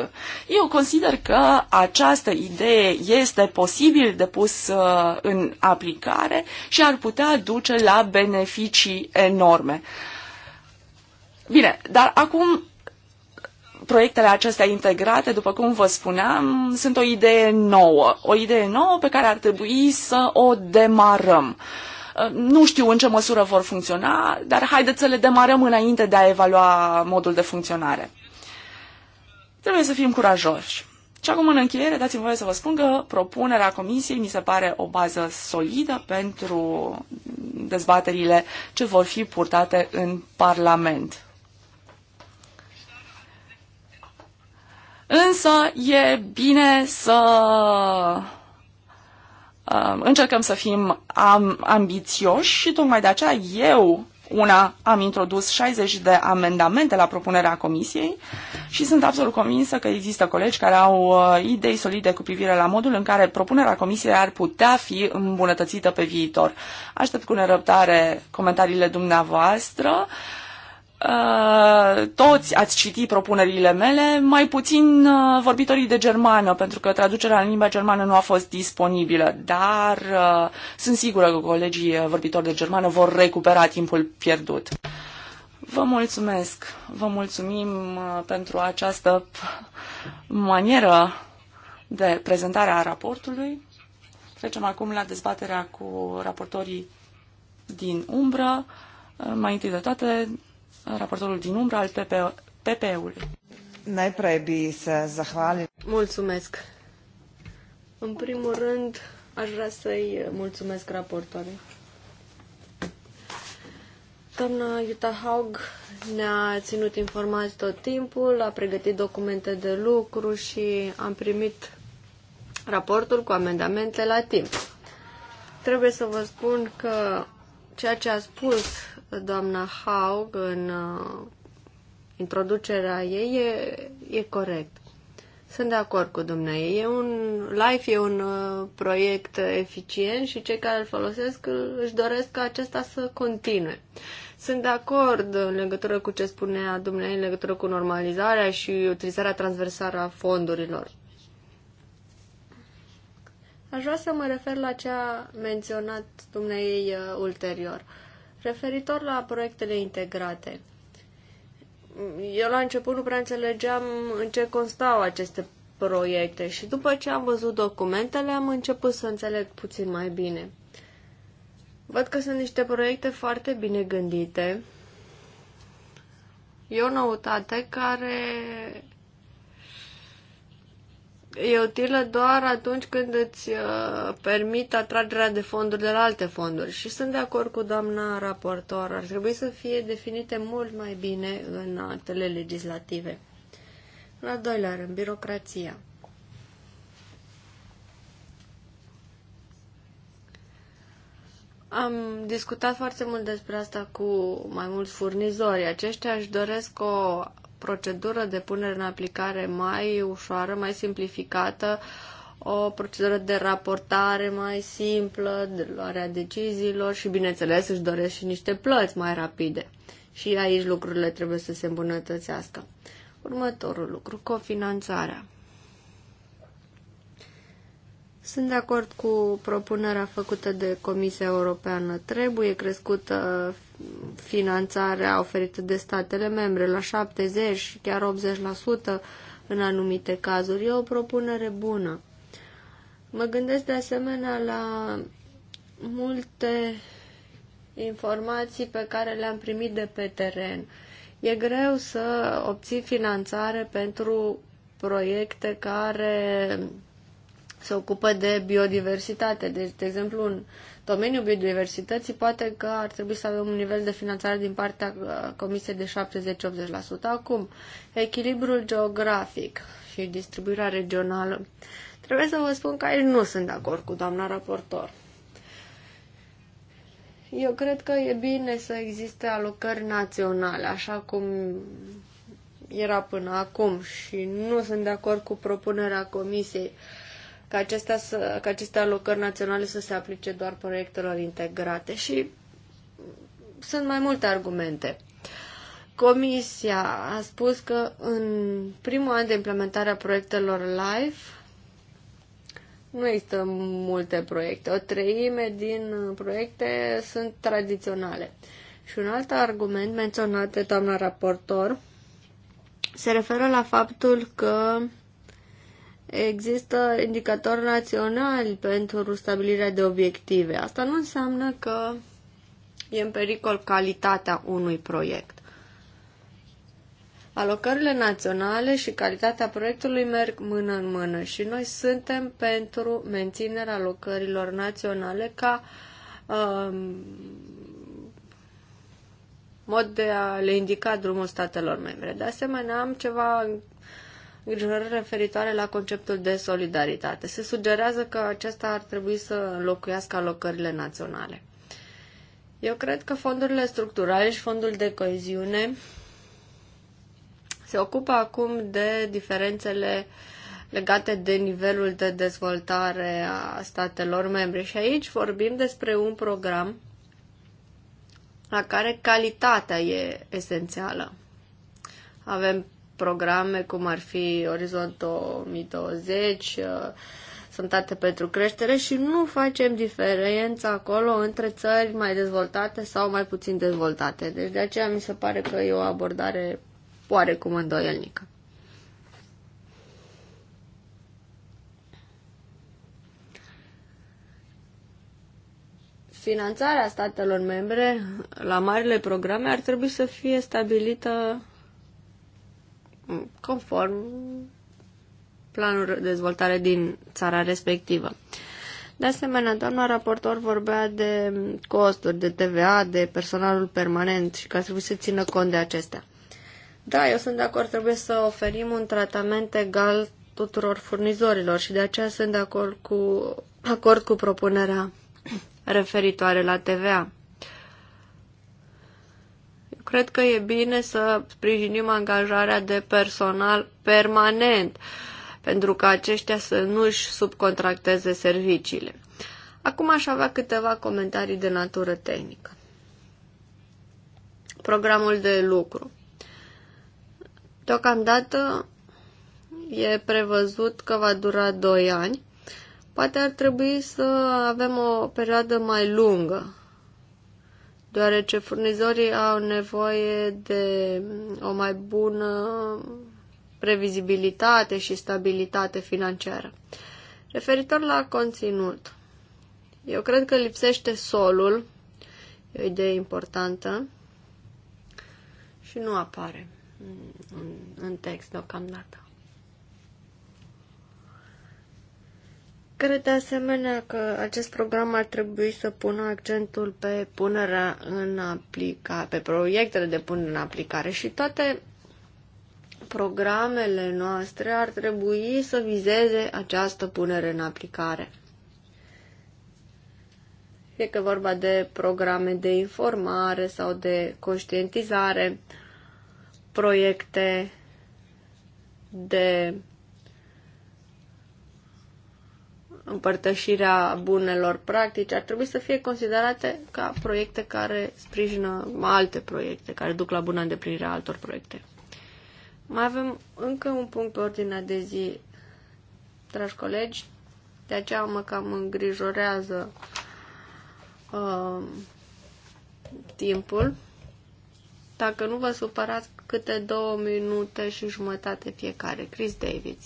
Eu consider că această idee este posibil de pus în aplicare și ar putea duce la beneficii enorme. Uh, Bine, dar acum proiectele acestea integrate, după cum vă spuneam, sunt o idee nouă. O idee nouă pe care ar trebui să o demarăm. Uh, nu știu în ce măsură vor funcționa, dar haideți să le demarăm înainte de a evalua modul de funcționare. Trebuie să fim curajoși. Și acum, în încheiere, dați-mi voie să vă spun că propunerea Comisiei mi se pare o bază solidă pentru dezbaterile ce vor fi purtate în Parlament. Însă e bine să uh, încercăm să fim am, ambițioși și tocmai de aceea eu una am introdus 60 de amendamente la propunerea comisiei și sunt absolut convinsă că există colegi care au uh, idei solide cu privire la modul în care propunerea comisiei ar putea fi îmbunătățită pe viitor. Aștept cu nerăbdare comentariile dumneavoastră. Uh, Uh, toți ați citit propunerile mele, mai puțin uh, vorbitorii de germană, pentru că traducerea în limba germană nu a fost disponibilă, dar uh, sunt sigură că colegii uh, vorbitori de germană vor recupera timpul pierdut. Vă mulțumesc, vă mulțumim uh, pentru această manieră de prezentare a raportului. Trecem acum la dezbaterea cu raportorii din umbră. Uh, mai întâi de toate, raportorul din umbră al PPE-ului. Mulțumesc. În primul rând, aș vrea să-i mulțumesc raportoare. Doamna Jutta Haug ne-a ținut informați tot timpul, a pregătit documente de lucru și am primit raportul cu amendamente la timp. Trebuie să vă spun că ceea ce a spus doamna Haug în uh, introducerea ei e, e corect. Sunt de acord cu dumneavoastră. E un, LIFE e un uh, proiect eficient și cei care îl folosesc își doresc ca acesta să continue. Sunt de acord în legătură cu ce spunea dumneavoastră în legătură cu normalizarea și utilizarea transversară a fondurilor. Aș vrea să mă refer la ce a menționat dumneavoastră uh, ulterior. Uh, Referitor la proiectele integrate, eu la început nu prea înțelegeam în ce constau aceste proiecte și după ce am văzut documentele am început să înțeleg puțin mai bine. Văd că sunt niște proiecte foarte bine gândite. E o noutate care e utilă doar atunci când îți uh, permit atragerea de fonduri de la alte fonduri. Și sunt de acord cu doamna raportor, ar trebui să fie definite mult mai bine în actele legislative. La doilea rând, birocrația. Am discutat foarte mult despre asta cu mai mulți furnizori. Aceștia își doresc o procedură de punere în aplicare mai ușoară, mai simplificată, o procedură de raportare mai simplă, de luarea deciziilor și, bineînțeles, își doresc și niște plăți mai rapide. Și aici lucrurile trebuie să se îmbunătățească. Următorul lucru, cofinanțarea. Sunt de acord cu propunerea făcută de Comisia Europeană. Trebuie crescută finanțarea oferită de statele membre la 70 și chiar 80% în anumite cazuri. E o propunere bună. Mă gândesc de asemenea la multe informații pe care le-am primit de pe teren. E greu să obții finanțare pentru proiecte care se ocupă de biodiversitate. Deci, de exemplu, în domeniul biodiversității, poate că ar trebui să avem un nivel de finanțare din partea uh, Comisiei de 70-80%. Acum, echilibrul geografic și distribuirea regională. Trebuie să vă spun că aici nu sunt de acord cu doamna raportor. Eu cred că e bine să existe alocări naționale, așa cum era până acum și nu sunt de acord cu propunerea Comisiei ca, acestea să, că aceste alocări naționale să se aplice doar proiectelor integrate și sunt mai multe argumente. Comisia a spus că în primul an de implementare a proiectelor LIFE nu există multe proiecte. O treime din proiecte sunt tradiționale. Și un alt argument menționat de doamna raportor se referă la faptul că există indicatori naționali pentru stabilirea de obiective. Asta nu înseamnă că e în pericol calitatea unui proiect. Alocările naționale și calitatea proiectului merg mână în mână și noi suntem pentru menținerea alocărilor naționale ca um, mod de a le indica drumul statelor membre. De asemenea, am ceva îngrijorări referitoare la conceptul de solidaritate. Se sugerează că acesta ar trebui să înlocuiască alocările naționale. Eu cred că fondurile structurale și fondul de coeziune se ocupă acum de diferențele legate de nivelul de dezvoltare a statelor membre. Și aici vorbim despre un program la care calitatea e esențială. Avem programe cum ar fi Orizont 2020, uh, Sănătate pentru creștere și nu facem diferența acolo între țări mai dezvoltate sau mai puțin dezvoltate. Deci de aceea mi se pare că e o abordare oarecum îndoielnică. finanțarea statelor membre la marile programe ar trebui să fie stabilită conform planul de dezvoltare din țara respectivă. De asemenea, doamna raportor vorbea de costuri, de TVA, de personalul permanent și că trebuie să țină cont de acestea. Da, eu sunt de acord, trebuie să oferim un tratament egal tuturor furnizorilor și de aceea sunt de acord cu, acord cu propunerea referitoare la TVA cred că e bine să sprijinim angajarea de personal permanent, pentru că aceștia să nu își subcontracteze serviciile. Acum aș avea câteva comentarii de natură tehnică. Programul de lucru. Deocamdată e prevăzut că va dura 2 ani. Poate ar trebui să avem o perioadă mai lungă deoarece furnizorii au nevoie de o mai bună previzibilitate și stabilitate financiară. Referitor la conținut, eu cred că lipsește solul, e o idee importantă și nu apare în text deocamdată. Cred de asemenea că acest program ar trebui să pună accentul pe punerea în aplicare, pe proiectele de punere în aplicare și toate programele noastre ar trebui să vizeze această punere în aplicare. Fie că vorba de programe de informare sau de conștientizare, proiecte de împărtășirea bunelor practici ar trebui să fie considerate ca proiecte care sprijină alte proiecte, care duc la bună îndeplinire a altor proiecte. Mai avem încă un punct pe ordinea de zi, dragi colegi, de aceea mă cam îngrijorează uh, timpul. Dacă nu vă supărați, câte două minute și jumătate fiecare. Chris Davids,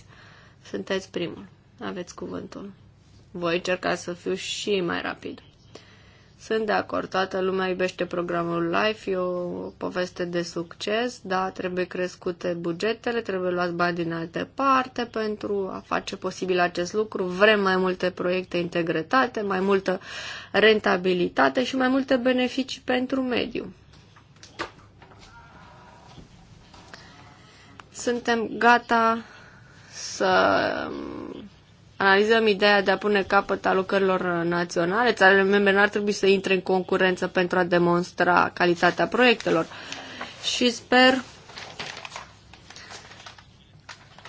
sunteți primul. Aveți cuvântul. Voi încerca să fiu și mai rapid. Sunt de acord, toată lumea iubește programul Life, e o poveste de succes, da, trebuie crescute bugetele, trebuie luat bani din alte parte pentru a face posibil acest lucru. Vrem mai multe proiecte integrate, mai multă rentabilitate și mai multe beneficii pentru mediu. Suntem gata să analizăm ideea de a pune capăt alocărilor naționale. Țarele membre n-ar trebui să intre în concurență pentru a demonstra calitatea proiectelor. Și sper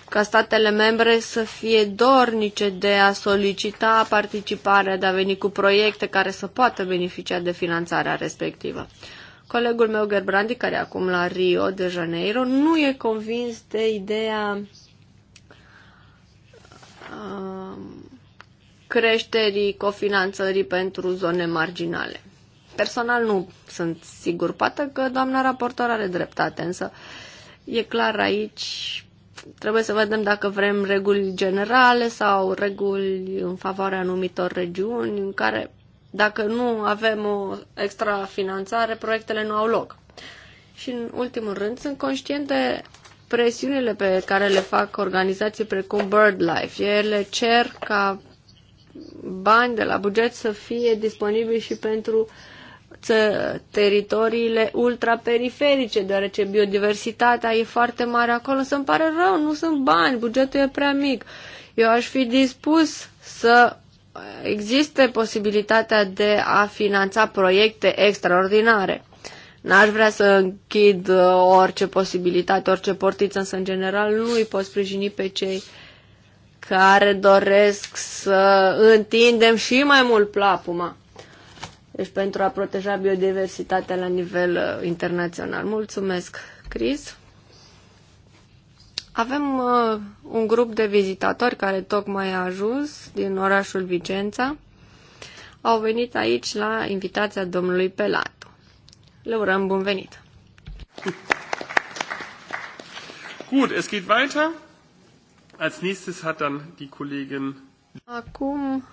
ca statele membre să fie dornice de a solicita participarea, de a veni cu proiecte care să poată beneficia de finanțarea respectivă. Colegul meu Gerbrandi, care acum la Rio de Janeiro, nu e convins de ideea Um, creșterii cofinanțării pentru zone marginale. Personal nu sunt sigur, poate că doamna raportor are dreptate, însă e clar aici trebuie să vedem dacă vrem reguli generale sau reguli în favoarea anumitor regiuni în care dacă nu avem o extra finanțare, proiectele nu au loc. Și în ultimul rând, sunt conștient de presiunile pe care le fac organizații precum BirdLife. Ele cer ca bani de la buget să fie disponibili și pentru teritoriile ultraperiferice, deoarece biodiversitatea e foarte mare acolo. Însă îmi pare rău, nu sunt bani, bugetul e prea mic. Eu aș fi dispus să existe posibilitatea de a finanța proiecte extraordinare. N-aș vrea să închid uh, orice posibilitate, orice portiță, însă în general nu îi pot sprijini pe cei care doresc să întindem și mai mult plapuma. Deci pentru a proteja biodiversitatea la nivel uh, internațional. Mulțumesc, Cris. Avem uh, un grup de vizitatori care tocmai a ajuns din orașul Vicența. Au venit aici la invitația domnului Pelat. Le urăm bun venit! Gut, es geht weiter. Als nächstes hat dann die Kollegin. Acum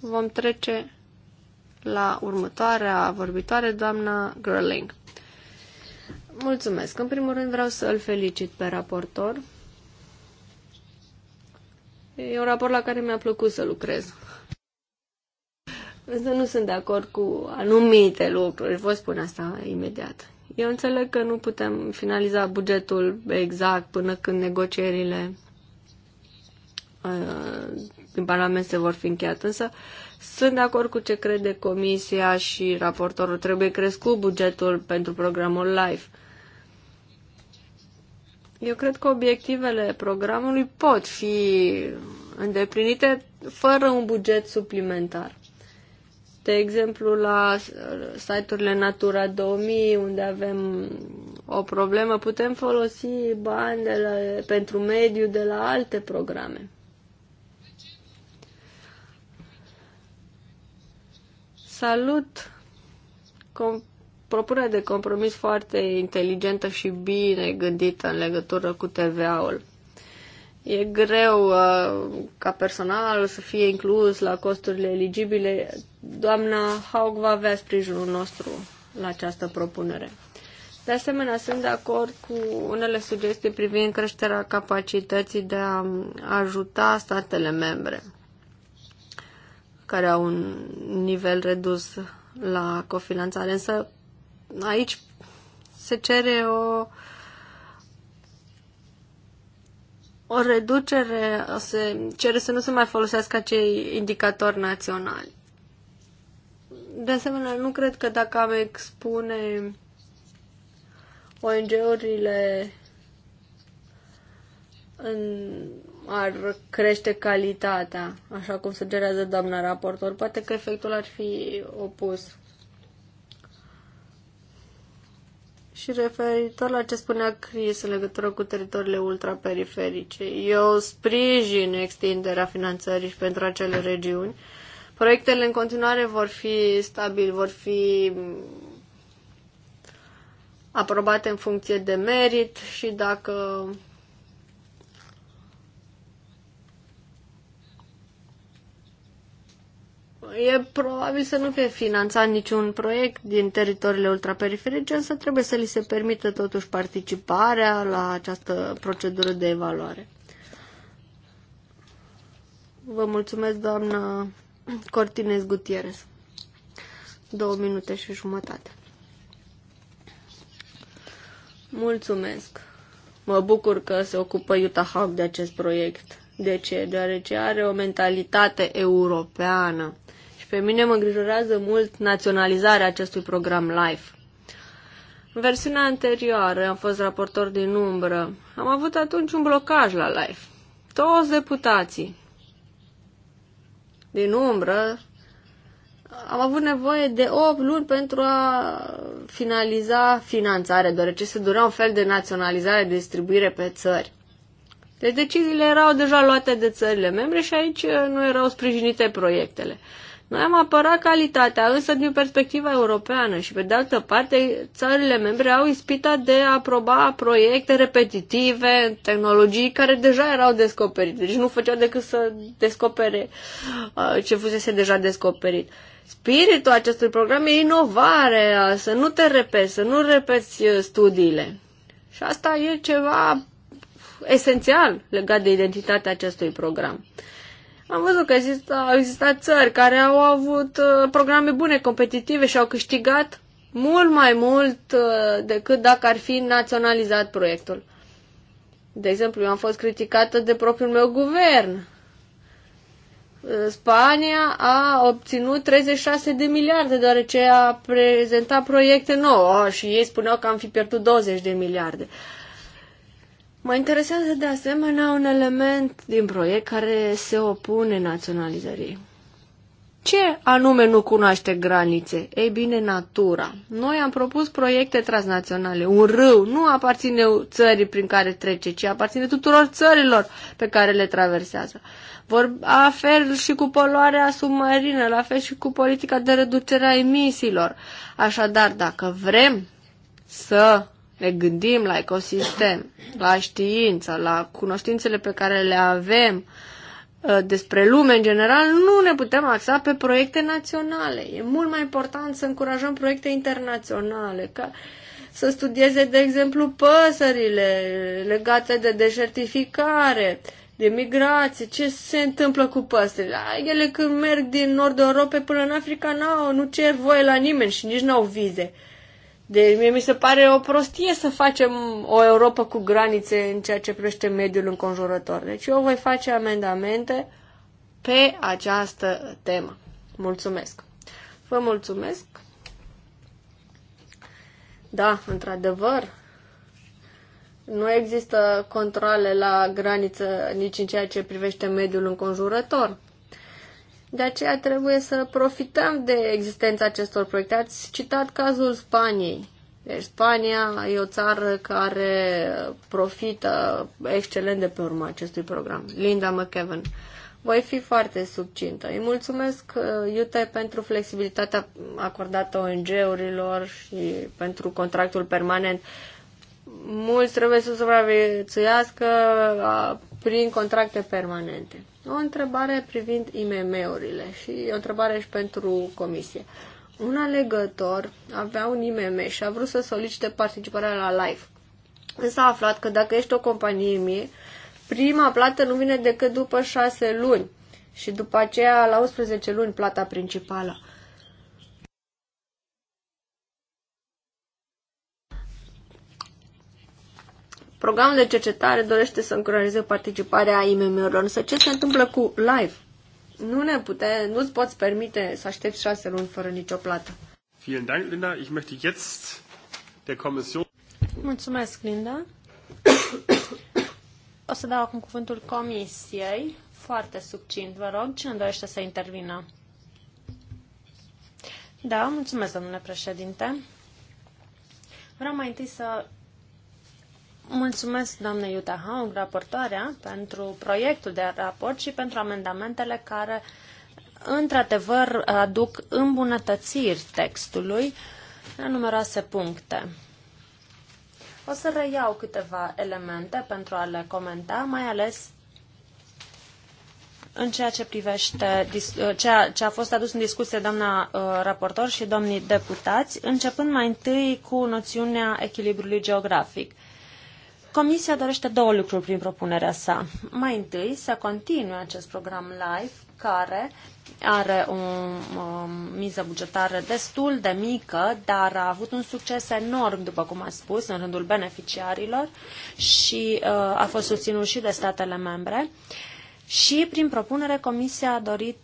vom trece la următoarea vorbitoare, doamna Gröling. Mulțumesc. În primul rând vreau să îl felicit pe raportor. E un raport la care mi-a plăcut să lucrez însă nu sunt de acord cu anumite lucruri, vă spun asta imediat. Eu înțeleg că nu putem finaliza bugetul exact până când negocierile uh, din Parlament se vor fi încheiate, însă sunt de acord cu ce crede Comisia și raportorul. Trebuie crescut bugetul pentru programul LIFE. Eu cred că obiectivele programului pot fi îndeplinite fără un buget suplimentar de exemplu, la site-urile Natura 2000, unde avem o problemă, putem folosi bani de la, pentru mediu de la alte programe. Salut propunerea de compromis foarte inteligentă și bine gândită în legătură cu TVA-ul. E greu uh, ca personal să fie inclus la costurile eligibile doamna Haug va avea sprijinul nostru la această propunere. De asemenea, sunt de acord cu unele sugestii privind creșterea capacității de a ajuta statele membre care au un nivel redus la cofinanțare. Însă aici se cere o, o reducere, se cere să nu se mai folosească acei indicatori naționali. De asemenea, nu cred că dacă am expune ONG-urile în, ar crește calitatea, așa cum sugerează doamna raportor. Poate că efectul ar fi opus. Și referitor la ce spunea Chris în legătură cu teritoriile ultraperiferice, eu sprijin extinderea finanțării pentru acele regiuni Proiectele în continuare vor fi stabil, vor fi aprobate în funcție de merit și dacă E probabil să nu fie finanțat niciun proiect din teritoriile ultraperiferice, însă trebuie să li se permită totuși participarea la această procedură de evaluare. Vă mulțumesc, doamnă Cortines Gutierrez. Două minute și jumătate. Mulțumesc. Mă bucur că se ocupă Utah Hub de acest proiect. De ce? Deoarece are o mentalitate europeană. Și pe mine mă îngrijorează mult naționalizarea acestui program LIFE. În versiunea anterioară am fost raportor din umbră. Am avut atunci un blocaj la LIFE. Toți deputații, din umbră, am avut nevoie de 8 luni pentru a finaliza finanțarea, deoarece se durea un fel de naționalizare, de distribuire pe țări. Deci deciziile erau deja luate de țările membre și aici nu erau sprijinite proiectele. Uh, noi am apărat calitatea, însă din perspectiva europeană și pe de altă parte țările membre au ispita de a aproba proiecte repetitive, tehnologii care deja erau descoperite, deci nu făceau decât să descopere uh, ce fusese deja descoperit. Spiritul acestui program e inovarea, să nu te repezi, să nu repeți uh, studiile. Și asta e ceva esențial legat de identitatea acestui program. Uh, am văzut că există, au existat țări care au avut uh, programe bune, competitive și au câștigat mult mai mult uh, decât dacă ar fi naționalizat proiectul. De exemplu, eu am fost criticată de propriul meu guvern. Uh, Spania a obținut 36 de miliarde deoarece a prezentat proiecte nouă oh, și ei spuneau că am fi pierdut 20 de miliarde. Uh, Mă interesează de asemenea un element din proiect care se opune naționalizării. Ce anume nu cunoaște granițe? Ei bine, natura. Noi am propus proiecte transnaționale. Un râu nu aparține țării prin care trece, ci aparține tuturor țărilor pe care le traversează. Vor, la fel și cu poluarea submarină, la fel și cu politica de reducere a emisiilor. Așadar, dacă vrem să ne gândim la ecosistem, la știință, la cunoștințele pe care le avem uh, despre lume în general, nu ne putem axa pe proiecte naționale. E mult mai important să încurajăm proiecte internaționale, ca să studieze, de exemplu, păsările legate de deșertificare, de migrație, ce se întâmplă cu păsările. Ele când merg din Nord Europa până în Africa, nu cer voie la nimeni și nici n-au vize. Deci mie mi se pare o prostie să facem o Europa cu granițe în ceea ce privește mediul înconjurător. Deci eu voi face amendamente pe această temă. Mulțumesc! Vă mulțumesc! Da, într-adevăr, nu există controle la graniță nici în ceea ce privește mediul înconjurător. De aceea trebuie să profităm de existența acestor proiecte. Ați citat cazul Spaniei. Deci Spania e o țară care profită excelent de pe urma acestui program. Linda McKevin. Voi fi foarte subcintă. Îi mulțumesc, uh, Iute, pentru flexibilitatea acordată ONG-urilor și pentru contractul permanent. Mulți trebuie să supraviețuiască, prin contracte permanente. O întrebare privind IMM-urile și o întrebare și pentru comisie. Un alegător avea un IMM și a vrut să solicite participarea la live. Însă a aflat că dacă ești o companie mie, prima plată nu vine decât după șase luni și după aceea la 11 luni plata principală. Programul de cercetare dorește să încurajeze participarea IMM-urilor, însă ce se întâmplă cu live? Nu ne pute, nu-ți poți permite să aștepți șase luni fără nicio plată. Vielen Dank, Linda. Ich möchte jetzt der Kommission... Mulțumesc, Linda. o să dau acum cuvântul comisiei. Foarte succint, vă rog. Cine dorește să intervină? Da, mulțumesc, domnule președinte. Vreau mai întâi să Mulțumesc, doamne Iuta Haug, raportoarea, pentru proiectul de raport și pentru amendamentele care, într-adevăr, aduc îmbunătățiri textului la numeroase puncte. O să reiau câteva elemente pentru a le comenta, mai ales în ceea ce privește uh, ceea ce a fost adus în discuție doamna uh, raportor și domnii deputați, începând mai întâi cu noțiunea echilibrului geografic. Comisia dorește două lucruri prin propunerea sa. Mai întâi, să continue acest program live, care are o um, miză bugetară destul de mică, dar a avut un succes enorm, după cum a spus, în rândul beneficiarilor și uh, a fost susținut și de statele membre. Și prin propunere, Comisia a dorit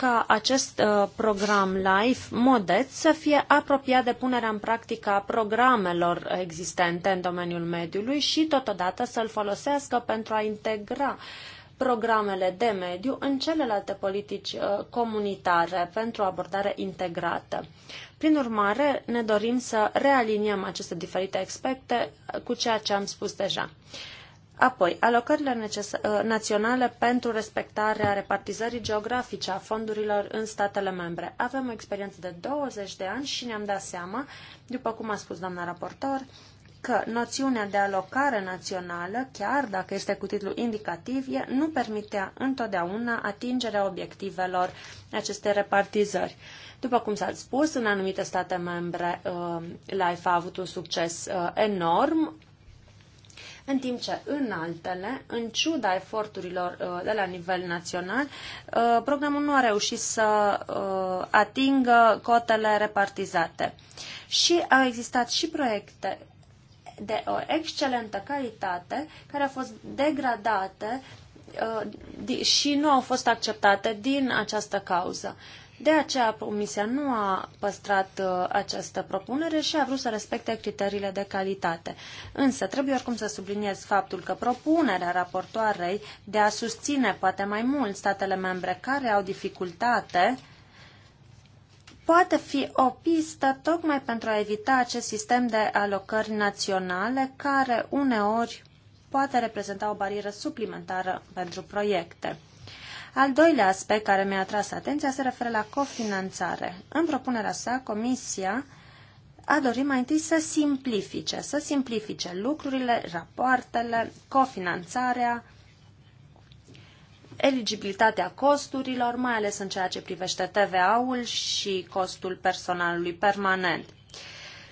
ca acest uh, program LIFE MODET să fie apropiat de punerea în practică a programelor existente în domeniul mediului și totodată să-l folosească pentru a integra programele de mediu în celelalte politici uh, comunitare pentru o abordare integrată. Prin urmare, ne dorim să realiniem aceste diferite aspecte uh, cu ceea ce am spus deja. Uh, Apoi, alocările ă, naționale pentru respectarea repartizării geografice a fondurilor în statele membre. Avem o experiență de 20 de ani și ne-am dat seama, după cum a spus doamna raportor, că noțiunea de alocare națională, chiar dacă este cu titlu indicativ, nu permitea întotdeauna atingerea obiectivelor acestei repartizări. După cum s-a spus, în anumite state membre, ă, LIFE a avut un succes ă, enorm, în timp ce în altele, în ciuda eforturilor uh, de la nivel național, uh, programul nu a reușit să uh, atingă cotele repartizate. Și au existat și proiecte de o excelentă calitate care au fost degradate și nu au fost acceptate din această cauză. De aceea Comisia nu a păstrat uh, această propunere și a vrut să respecte criteriile de calitate. Însă trebuie oricum să subliniez faptul că propunerea raportoarei de a susține poate mai mult statele membre care au dificultate poate fi o pistă tocmai pentru a evita acest sistem de alocări naționale care uneori poate reprezenta o barieră suplimentară pentru proiecte. Al doilea aspect care mi-a atras atenția se referă la cofinanțare. În propunerea sa, Comisia a dorit mai întâi să simplifice, să simplifice lucrurile, rapoartele, cofinanțarea, eligibilitatea costurilor, mai ales în ceea ce privește TVA-ul și costul personalului permanent.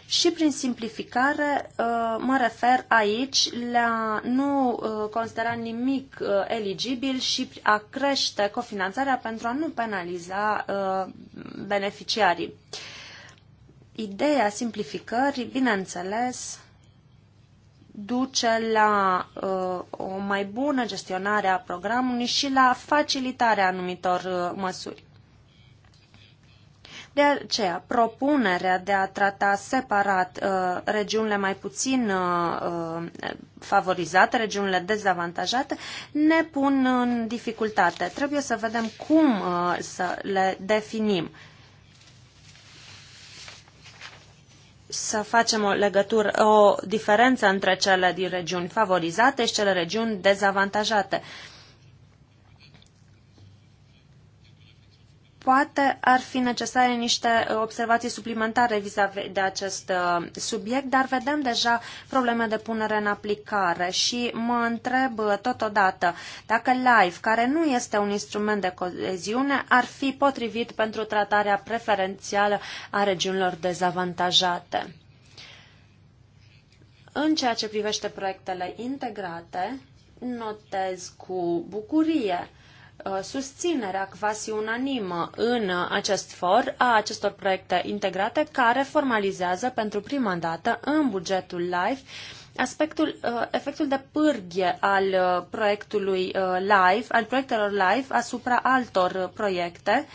Și prin simplificare uh, mă refer aici la nu uh, considera nimic uh, eligibil și a crește cofinanțarea pentru a nu penaliza beneficiarii. Ideea simplificării, bineînțeles, duce la o mai bună gestionare a programului și la facilitarea anumitor măsuri. De aceea, propunerea de a trata separat uh, regiunile mai puțin uh, uh, favorizate, regiunile dezavantajate, ne pun în dificultate. Trebuie să vedem cum uh, să le definim. să facem o legătură, o diferență între cele din regiuni favorizate și cele regiuni dezavantajate. Uh, Poate ar fi necesare niște uh, observații suplimentare vis-a-vis de acest uh, subiect, dar vedem deja probleme de punere în aplicare și mă întreb uh, totodată dacă LIFE, care nu este un instrument de coeziune, ar fi potrivit pentru tratarea preferențială a regiunilor dezavantajate. În ceea ce privește proiectele integrate, notez cu bucurie Uh, susținerea quasi unanimă în acest for a acestor proiecte integrate care formalizează pentru prima dată în bugetul LIFE aspectul, uh, efectul de pârghie al uh, proiectului LIFE, al proiectelor LIFE asupra altor proiecte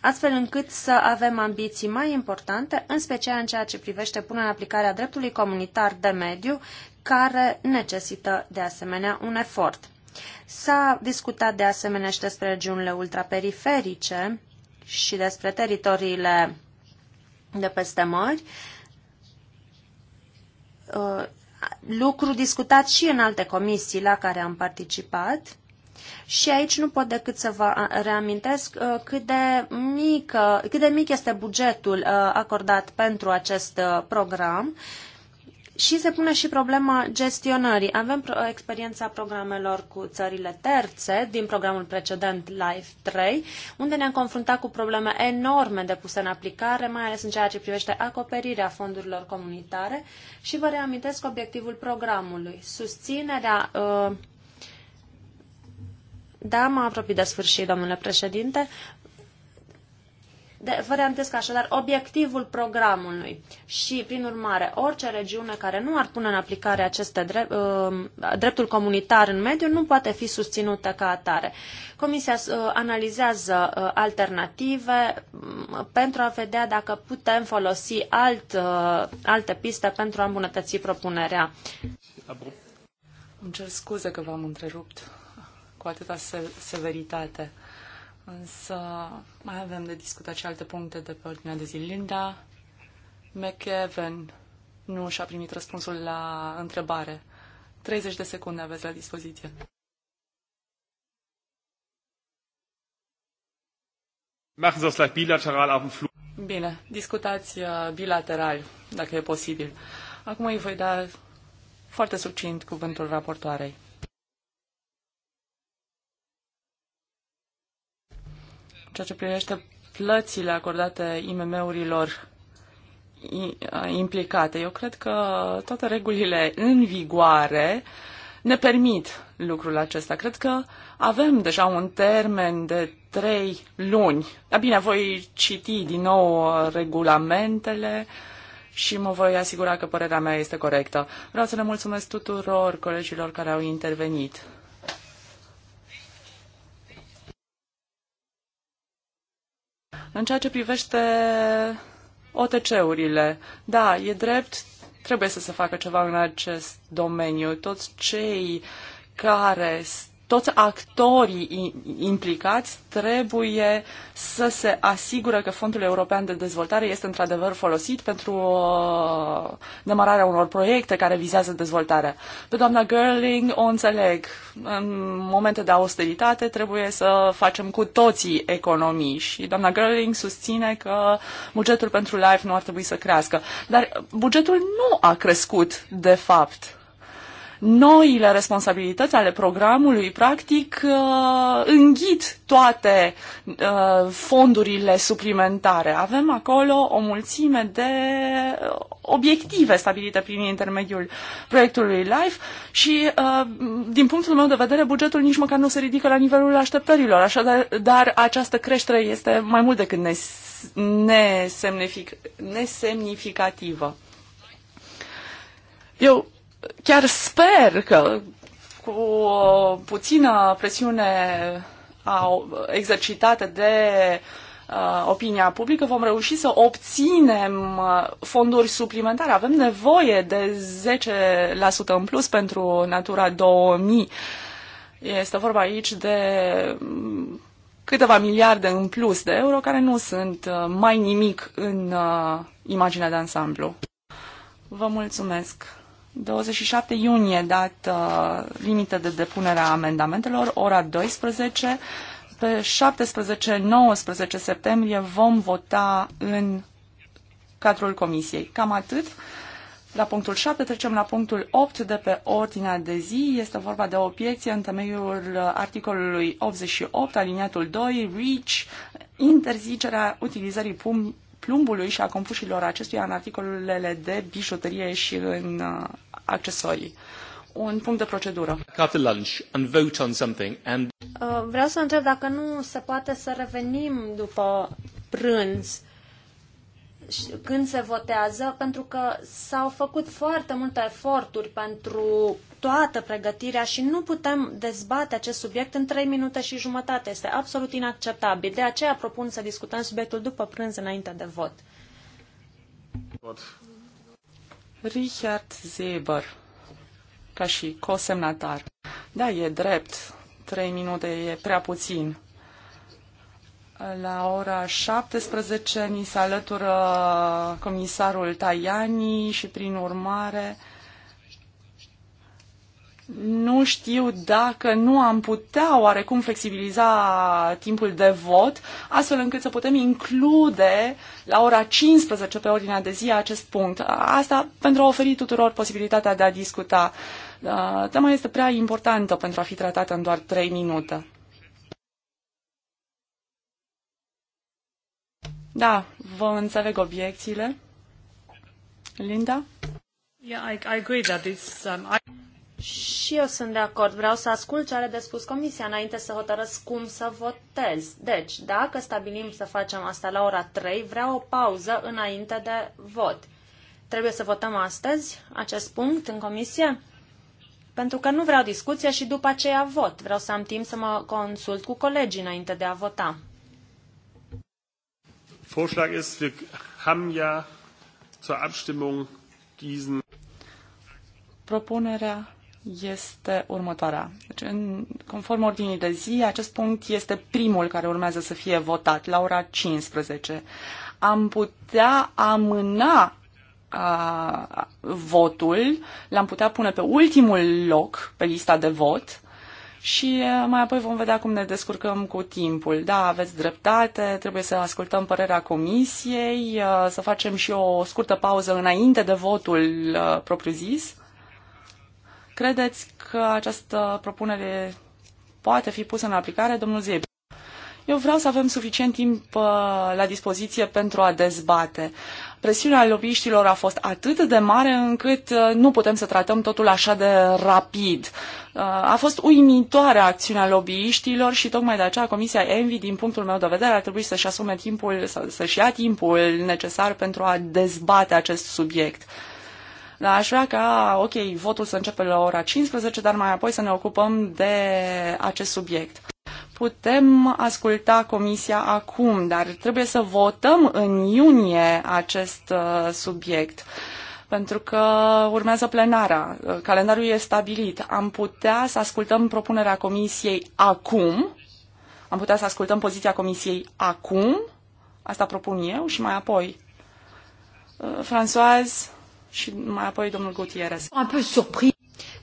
astfel încât să avem ambiții mai importante, în special în ceea ce privește punerea în aplicare a dreptului comunitar de mediu, care necesită de asemenea un efort. S-a discutat de asemenea și despre regiunile ultraperiferice și despre teritoriile de peste mări, uh, lucru discutat și în alte comisii la care am participat. Și aici nu pot decât să vă reamintesc uh, cât de, mică, cât de mic este bugetul uh, acordat pentru acest program și se pune și problema gestionării. Avem experiența programelor cu țările terțe din programul precedent LIFE 3, unde ne-am confruntat cu probleme enorme de puse în aplicare, mai ales în ceea ce privește acoperirea fondurilor comunitare și vă reamintesc obiectivul programului, susținerea uh, da, mă apropii de sfârșit, domnule președinte. De, vă reamintesc așadar obiectivul programului și, prin urmare, orice regiune care nu ar pune în aplicare aceste drept, uh, dreptul comunitar în mediu nu poate fi susținută ca atare. Comisia uh, analizează uh, alternative mm, pentru a vedea dacă putem folosi alt, alte piste pentru a îmbunătăți propunerea. Îmi cer scuze că v-am întrerupt cu atâta severitate. Însă mai avem de discutat și alte puncte de pe ordinea de zi. Linda McEwen nu și-a primit răspunsul la întrebare. 30 de secunde aveți la dispoziție. Flug. Bine, discutați uh, bilateral, dacă e posibil. Acum îi voi da foarte succint cuvântul raportoarei. ceea ce privește plățile acordate IMM-urilor implicate. Eu cred că toate regulile în vigoare ne permit lucrul acesta. Cred că avem deja un termen de trei luni. Dar bine, voi citi din nou regulamentele și mă voi asigura că părerea mea este corectă. Vreau să le mulțumesc tuturor colegilor care au intervenit. În ceea ce privește OTC-urile, da, e drept, trebuie să se facă ceva în acest domeniu. Toți cei care toți actorii implicați trebuie să se asigură că Fondul European de Dezvoltare este într-adevăr folosit pentru uh, demararea unor proiecte care vizează dezvoltarea. Pe doamna Gerling o înțeleg. În momente de austeritate trebuie să facem cu toții economii și doamna Gerling susține că bugetul pentru LIFE nu ar trebui să crească. Dar bugetul nu a crescut, de fapt noile responsabilități ale programului, practic, uh, înghit toate uh, fondurile suplimentare. Avem acolo o mulțime de uh, obiective stabilite prin intermediul proiectului LIFE și, din punctul meu de vedere, bugetul nici măcar nu se ridică la nivelul așteptărilor, așadar, dar această creștere este mai mult decât nesemnific- nesemnificativă. Eu chiar sper că cu o puțină presiune exercitată de uh, opinia publică vom reuși să obținem uh, fonduri suplimentare. Avem nevoie de 10% în plus pentru Natura 2000. Este vorba aici de mm, câteva miliarde în plus de euro care nu sunt uh, mai nimic în imaginea de ansamblu. Vă mulțumesc! 27 iunie, dată uh, limită de depunere a amendamentelor, ora 12. Pe 17-19 septembrie vom vota în cadrul comisiei. Cam atât. La punctul 7 trecem la punctul 8 de pe ordinea de zi. Este vorba de obiecție în temeiul articolului 88, aliniatul 2, REACH, interzicerea utilizării plumbului și a compușilor acestuia în articolele de bijuterie și în uh, accesorii. Un punct de procedură. Uh, vreau să întreb dacă nu se poate să revenim după prânz când se votează, pentru că s-au făcut foarte multe eforturi pentru toată pregătirea și nu putem dezbate acest subiect în 3 minute și jumătate. Este absolut inacceptabil. De aceea propun să discutăm subiectul după prânz înainte de vot. Richard Zeber, ca și cosemnatar. Da, e drept. 3 minute e prea puțin. La ora 17 ni se alătură comisarul Tajani și prin urmare nu știu dacă nu am putea oarecum flexibiliza timpul de vot, astfel încât să putem include la ora 15 pe ordinea de zi acest punct. Asta pentru a oferi tuturor posibilitatea de a discuta. Uh, tema este prea importantă pentru a fi tratată în doar 3 minute. Da, vă înțeleg obiecțiile. Linda? Yeah, I, I agree that it's, um, I... Și eu sunt de acord. Vreau să ascult ce are de spus comisia înainte să hotărăsc cum să votez. Deci, dacă stabilim să facem asta la ora 3, vreau o pauză înainte de vot. Trebuie să votăm astăzi acest punct în comisie? Pentru că nu vreau discuție și după aceea vot. Vreau să am timp să mă consult cu colegii înainte de a vota. Vorschlag ist, wir haben ja zur Abstimmung diesen Propunerea este următoarea. Deci, în, conform ordinii de zi, acest punct este primul care urmează să fie votat la ora 15. Am putea amâna a, votul, l-am putea pune pe ultimul loc pe lista de vot și mai apoi vom vedea cum ne descurcăm cu timpul. Da, aveți dreptate, trebuie să ascultăm părerea comisiei, să facem și o scurtă pauză înainte de votul propriu-zis Credeți că această propunere poate fi pusă în aplicare, domnul Zeb? Eu vreau să avem suficient timp uh, la dispoziție pentru a dezbate. Presiunea lobiștilor a fost atât de mare încât uh, nu putem să tratăm totul așa de rapid. Uh, a fost uimitoare acțiunea lobiștilor și tocmai de aceea Comisia Envi, din punctul meu de vedere, ar trebui să-și asume timpul, să-și ia timpul necesar pentru a dezbate acest subiect. Uh, da, aș vrea ca, ok, votul să începe la ora 15, dar mai apoi să ne ocupăm de acest subiect. Putem asculta comisia acum, dar trebuie să votăm în iunie acest uh, subiect pentru că urmează plenara, uh, calendarul e stabilit. Am putea să ascultăm propunerea comisiei acum, am putea să ascultăm poziția comisiei acum, asta propun eu, și mai apoi. Uh, Françoise, și mai apoi domnul Gutierrez. Am fost surprins.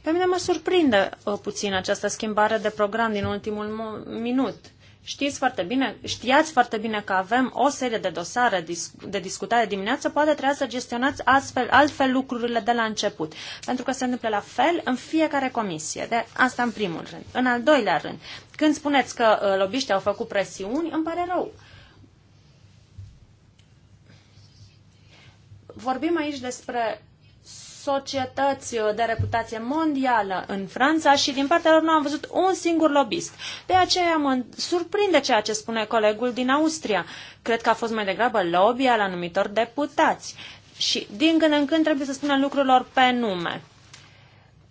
Pe mine mă surprinde uh, puțin această schimbare de program din ultimul minut. Știți foarte bine, știați foarte bine că avem o serie de dosare de discutare dimineață, poate trebuie să gestionați astfel, altfel lucrurile de la început, pentru că se întâmplă la fel în fiecare comisie. De asta în primul rând. În al doilea rând, când spuneți că uh, lobiștii au făcut presiuni, îmi pare rău. vorbim aici despre societăți de reputație mondială în Franța și din partea lor nu am văzut un singur lobist. De aceea mă surprinde ceea ce spune colegul din Austria. Cred că a fost mai degrabă lobby al anumitor deputați. Și din când în când trebuie să spunem lucrurilor pe nume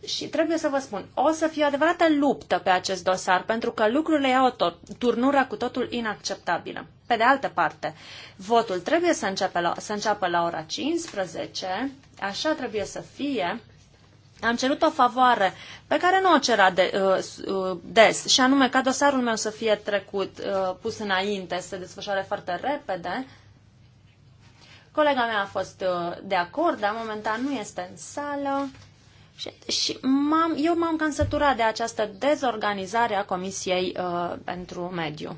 și trebuie să vă spun, o să fie o adevărată luptă pe acest dosar, pentru că lucrurile iau o turnură cu totul inacceptabilă. Pe de altă parte, votul trebuie să, începe la, să înceapă la ora 15, așa trebuie să fie. Am cerut o favoare pe care nu o cera de, uh, uh, des, și anume ca dosarul meu să fie trecut, uh, pus înainte, să se desfășoare foarte repede. Colega mea a fost uh, de acord, dar momentan nu este în sală. Și, și m-am, eu m-am cam săturat de această dezorganizare a Comisiei uh, pentru Mediu.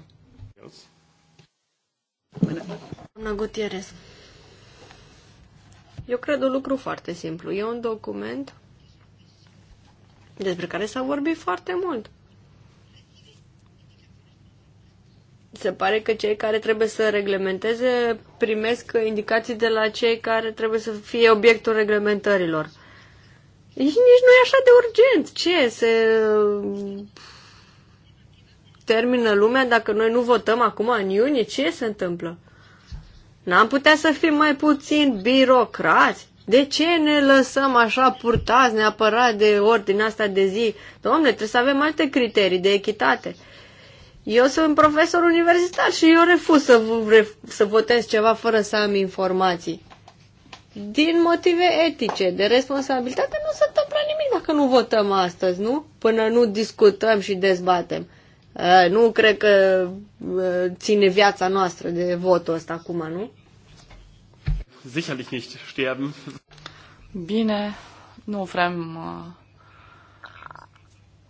Doamna Gutierrez, eu cred un lucru foarte simplu. E un document despre care s-a vorbit foarte mult. Se pare că cei care trebuie să reglementeze primesc indicații de la cei care trebuie să fie obiectul reglementărilor. Deci nici nu e așa de urgent. Ce? Se termină lumea dacă noi nu votăm acum în iunie? Ce se întâmplă? N-am putea să fim mai puțin birocrați? De ce ne lăsăm așa purtați neapărat de ordinea asta de zi? Domnule, trebuie să avem alte criterii de echitate. Eu sunt profesor universitar și eu refuz să, să votez ceva fără să am informații din motive etice, de responsabilitate, nu se întâmplă nimic dacă nu votăm astăzi, nu? Până nu discutăm și dezbatem. Uh, nu cred că uh, ține viața noastră de votul ăsta acum, nu? Sicherlich nicht sterben. Bine, nu vrem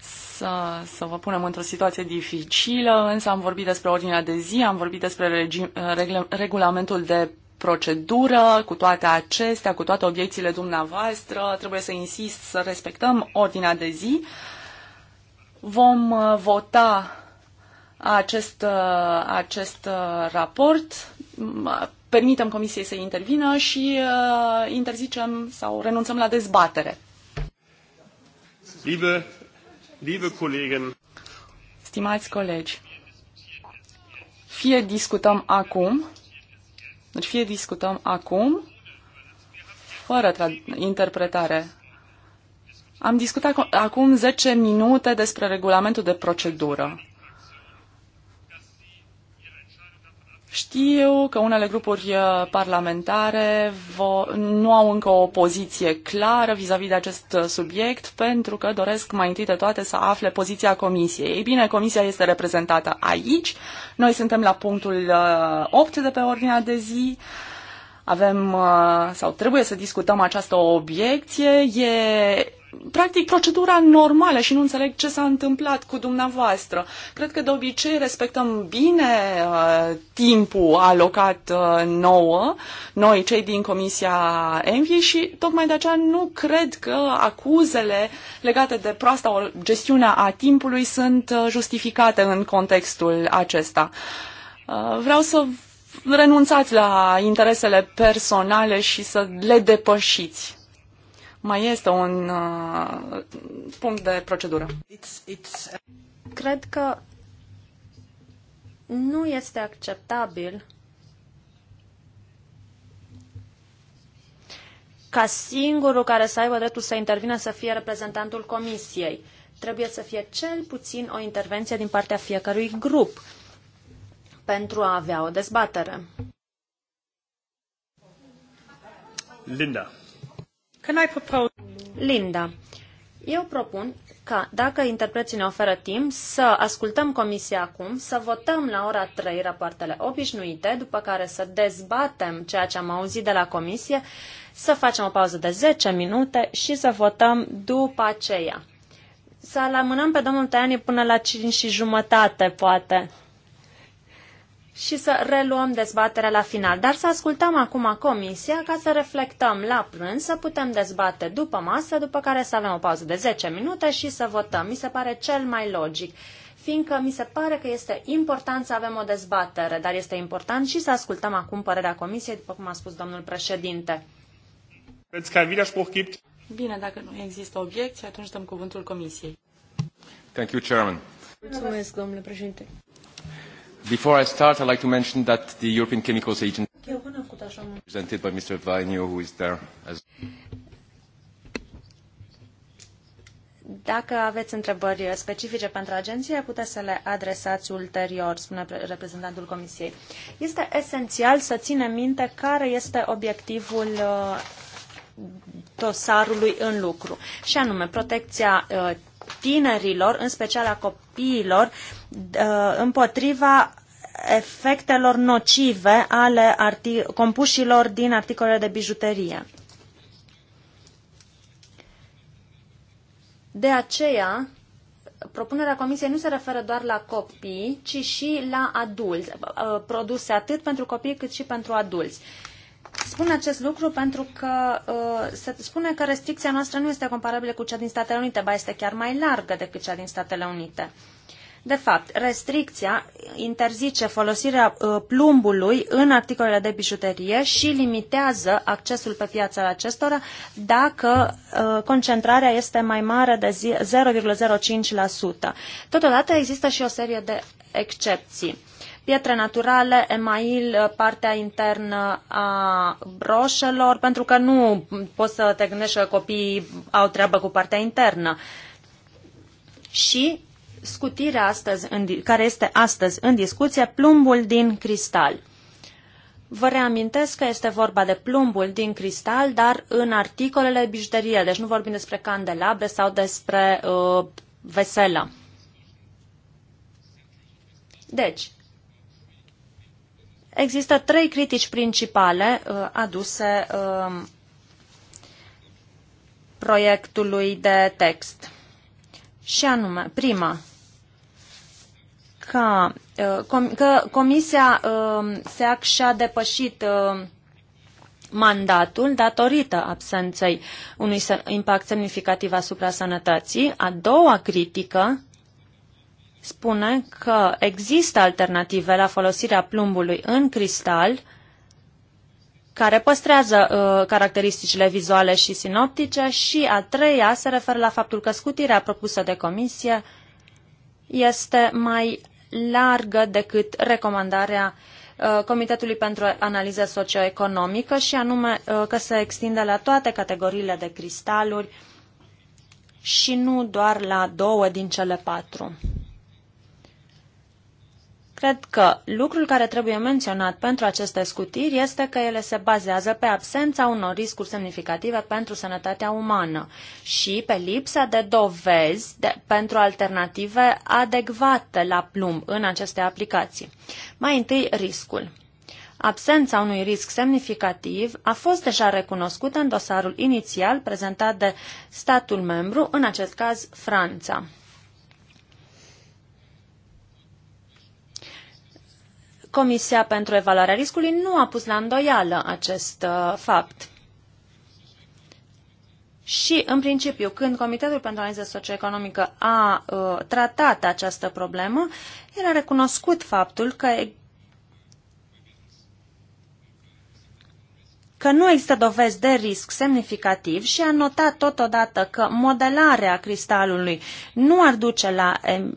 să, să vă punem într-o situație dificilă, însă am vorbit despre ordinea de zi, am vorbit despre regi, regle, regulamentul de procedură, cu toate acestea, cu toate obiecțiile dumneavoastră, trebuie să insist să respectăm ordinea de zi. Vom uh, vota acest, uh, acest uh, raport, mm, permitem Comisiei să intervină și interzicem sau renunțăm la dezbatere. Liebe, liebe Kollegen. Stimați colegi, fie discutăm acum, deci fie discutăm acum, fără interpretare. Am discutat acum 10 minute despre regulamentul de procedură. Știu că unele grupuri uh, parlamentare nu au încă o poziție clară vis-a-vis -vis de acest uh, subiect pentru că doresc mai întâi de toate să afle poziția Comisiei. Ei bine, Comisia este reprezentată aici. Noi suntem la punctul 8 uh, de pe ordinea de zi avem sau trebuie să discutăm această obiecție. E practic procedura normală și nu înțeleg ce s-a întâmplat cu dumneavoastră. Cred că de obicei respectăm bine uh, timpul alocat uh, nouă, noi cei din Comisia Envi și tocmai de aceea nu cred că acuzele legate de proasta gestiunea a timpului sunt uh, justificate în contextul acesta. Uh, vreau să renunțați la interesele personale și să le depășiți mai este un uh, punct de procedură. It's, it's... Cred că nu este acceptabil ca singurul care să aibă dreptul să intervină să fie reprezentantul comisiei. Trebuie să fie cel puțin o intervenție din partea fiecărui grup pentru a avea o dezbatere. Linda. Can I propose... Linda, eu propun ca, dacă interpreții ne oferă timp, să ascultăm comisia acum, să votăm la ora 3 rapoartele obișnuite, după care să dezbatem ceea ce am auzit de la comisie, să facem o pauză de 10 minute și să votăm după aceea. Să-l amânăm pe domnul Tăiani până la 5 și jumătate, poate și să reluăm dezbaterea la final. Dar să ascultăm acum comisia ca să reflectăm la prânz, să putem dezbate după masă, după care să avem o pauză de 10 minute și să votăm. Mi se pare cel mai logic, fiindcă mi se pare că este important să avem o dezbatere, dar este important și să ascultăm acum părerea comisiei, după cum a spus domnul președinte. Bine, dacă nu există obiecții, atunci dăm cuvântul comisiei. Thank you, Chairman. Mulțumesc, domnule președinte. Before I start, I'd like to mention that the European Chemicals Agency presented by Mr. Vainio, who is there as Dacă aveți întrebări specifice pentru agenție, puteți să le adresați ulterior, spune reprezentantul Comisiei. Este esențial să ținem minte care este obiectivul uh, dosarului în lucru, și anume protecția uh, tinerilor, în special a copiilor, uh, împotriva efectelor nocive ale compușilor din articolele de bijuterie. De aceea, propunerea Comisiei nu se referă doar la copii, ci și la adulți, uh, produse atât pentru copii cât și pentru adulți. Spun acest lucru pentru că uh, se spune că restricția noastră nu este comparabilă cu cea din Statele Unite, ba este chiar mai largă decât cea din Statele Unite. De fapt, restricția interzice folosirea uh, plumbului în articolele de bijuterie și limitează accesul pe piața acestora dacă uh, concentrarea este mai mare de 0,05%. Totodată există și o serie de excepții pietre naturale, email, uh, partea internă a broșelor, pentru că nu poți să te gândești că copiii au treabă cu partea internă. Și scutirea astăzi, în, care este astăzi în discuție, plumbul din cristal. Vă reamintesc că este vorba de plumbul din cristal, dar în articolele bijuterie, deci nu vorbim despre candelabre sau despre uh, veselă. Deci, Există trei critici principale uh, aduse uh, proiectului de text. Și anume, prima, că, uh, com că Comisia uh, um, se și-a depășit uh, mandatul datorită absenței unui impact semnificativ asupra sănătății. A doua critică spune că există alternative la folosirea plumbului în cristal care păstrează uh, caracteristicile vizuale și sinoptice și a treia se referă la faptul că scutirea propusă de comisie este mai largă decât recomandarea uh, Comitetului pentru Analiză Socioeconomică și anume uh, că se extinde la toate categoriile de cristaluri și nu doar la două din cele patru. Cred că lucrul care trebuie menționat pentru aceste scutiri este că ele se bazează pe absența unor riscuri semnificative pentru sănătatea umană și pe lipsa de dovezi de, pentru alternative adecvate la plumb în aceste aplicații. Mai întâi, riscul. Absența unui risc semnificativ a fost deja recunoscută în dosarul inițial prezentat de statul membru, în acest caz Franța. Comisia pentru Evaluarea Riscului nu a pus la îndoială acest uh, fapt. Și, în principiu, când Comitetul pentru Analiză Socioeconomică a uh, tratat această problemă, era recunoscut faptul că că nu există dovezi de risc semnificativ și a notat totodată că modelarea cristalului nu ar duce la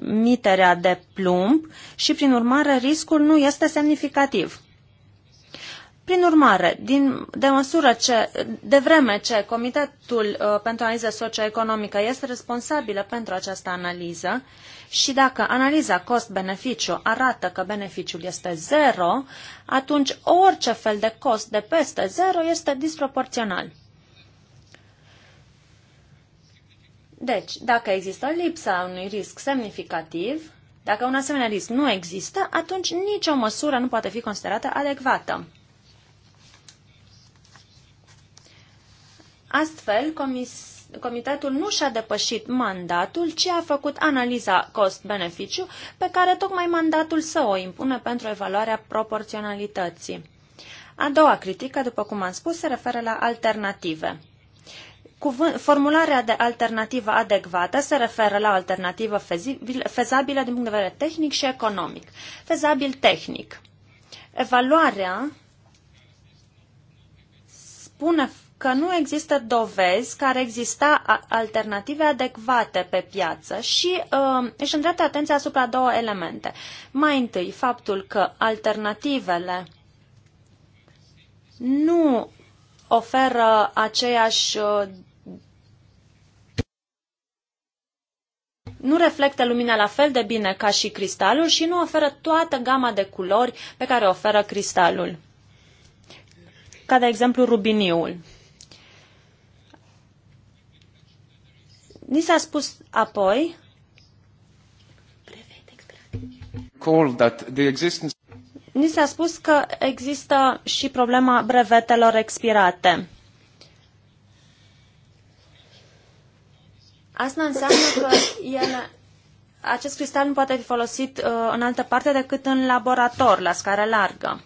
emiterea de plumb și, prin urmare, riscul nu este semnificativ. Prin urmare, din, de, măsură ce, de vreme ce Comitetul uh, pentru Analiză Socioeconomică este responsabilă pentru această analiză, uh, și dacă analiza cost-beneficiu arată că beneficiul este zero, atunci orice fel de cost de peste zero este disproporțional. Deci, dacă există lipsa unui risc semnificativ, dacă un asemenea risc nu există, atunci nicio măsură nu poate fi considerată adecvată. Astfel, comis comitetul nu și-a depășit mandatul, ci a făcut analiza cost-beneficiu pe care tocmai mandatul să o impune pentru evaluarea proporționalității. A doua critică, după cum am spus, se referă la alternative. Cuvânt, formularea de alternativă adecvată se referă la alternativă fezabilă din punct de vedere tehnic și economic. Fezabil tehnic. Evaluarea spune că nu există dovezi care exista alternative adecvate pe piață și uh, își îndreaptă atenția asupra două elemente. Mai întâi, faptul că alternativele nu oferă aceeași uh, nu reflectă lumina la fel de bine ca și cristalul și nu oferă toată gama de culori pe care o oferă cristalul. Ca de exemplu rubiniul. Ni s-a spus apoi Ni s-a spus că există și problema brevetelor expirate. Asta înseamnă că ele, acest cristal nu poate fi folosit uh, în altă parte decât în laborator, la scară largă.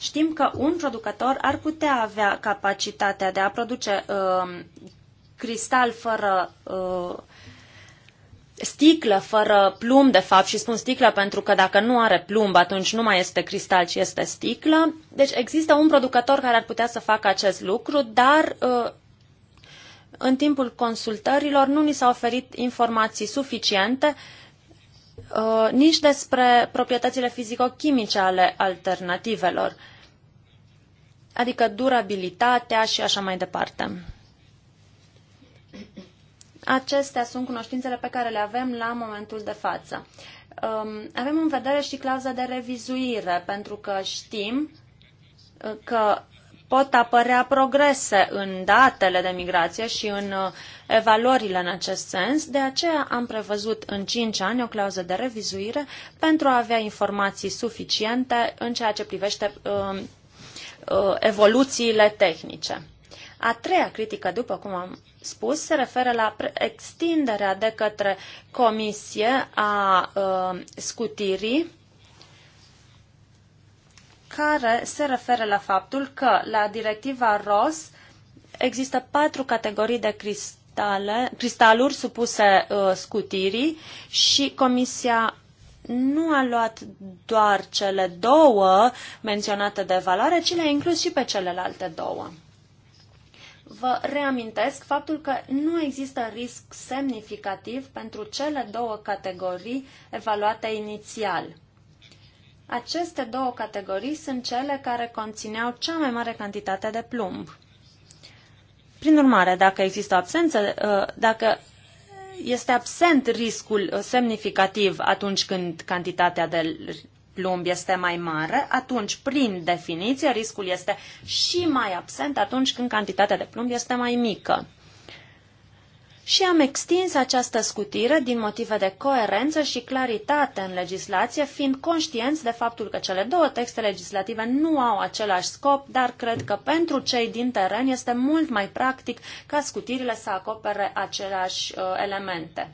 Știm că un producător ar putea avea capacitatea de a produce uh, cristal fără uh, sticlă, fără plumb, de fapt, și spun sticlă pentru că dacă nu are plumb, atunci nu mai este cristal, ci este sticlă. Deci există un producător care ar putea să facă acest lucru, dar uh, în timpul consultărilor nu ni s-au oferit informații suficiente uh, nici despre proprietățile fizico-chimice ale alternativelor, adică durabilitatea și așa mai departe. Acestea sunt cunoștințele pe care le avem la momentul de față. Um, avem în vedere și clauza de revizuire, pentru că știm uh, că pot apărea progrese în datele de migrație și în uh, evaluările în acest sens. De aceea am prevăzut în 5 ani o clauză de revizuire pentru a avea informații suficiente în ceea ce privește um, uh, evoluțiile tehnice. A treia critică, după cum am spus se referă la extinderea de către comisie a uh, scutirii care se referă la faptul că la directiva ROS există patru categorii de cristale, cristaluri supuse uh, scutirii și comisia nu a luat doar cele două menționate de valoare, ci le-a inclus și pe celelalte două vă reamintesc faptul că nu există risc semnificativ pentru cele două categorii evaluate inițial. Aceste două categorii sunt cele care conțineau cea mai mare cantitate de plumb. Prin urmare, dacă există absență, uh, dacă este absent riscul semnificativ atunci când cantitatea de plumb este mai mare, atunci, prin definiție, riscul este și mai absent atunci când cantitatea de plumb este mai mică. Și am extins această scutire din motive de coerență și claritate în legislație, fiind conștienți de faptul că cele două texte legislative nu au același scop, dar cred că pentru cei din teren este mult mai practic ca scutirile să acopere aceleași uh, elemente.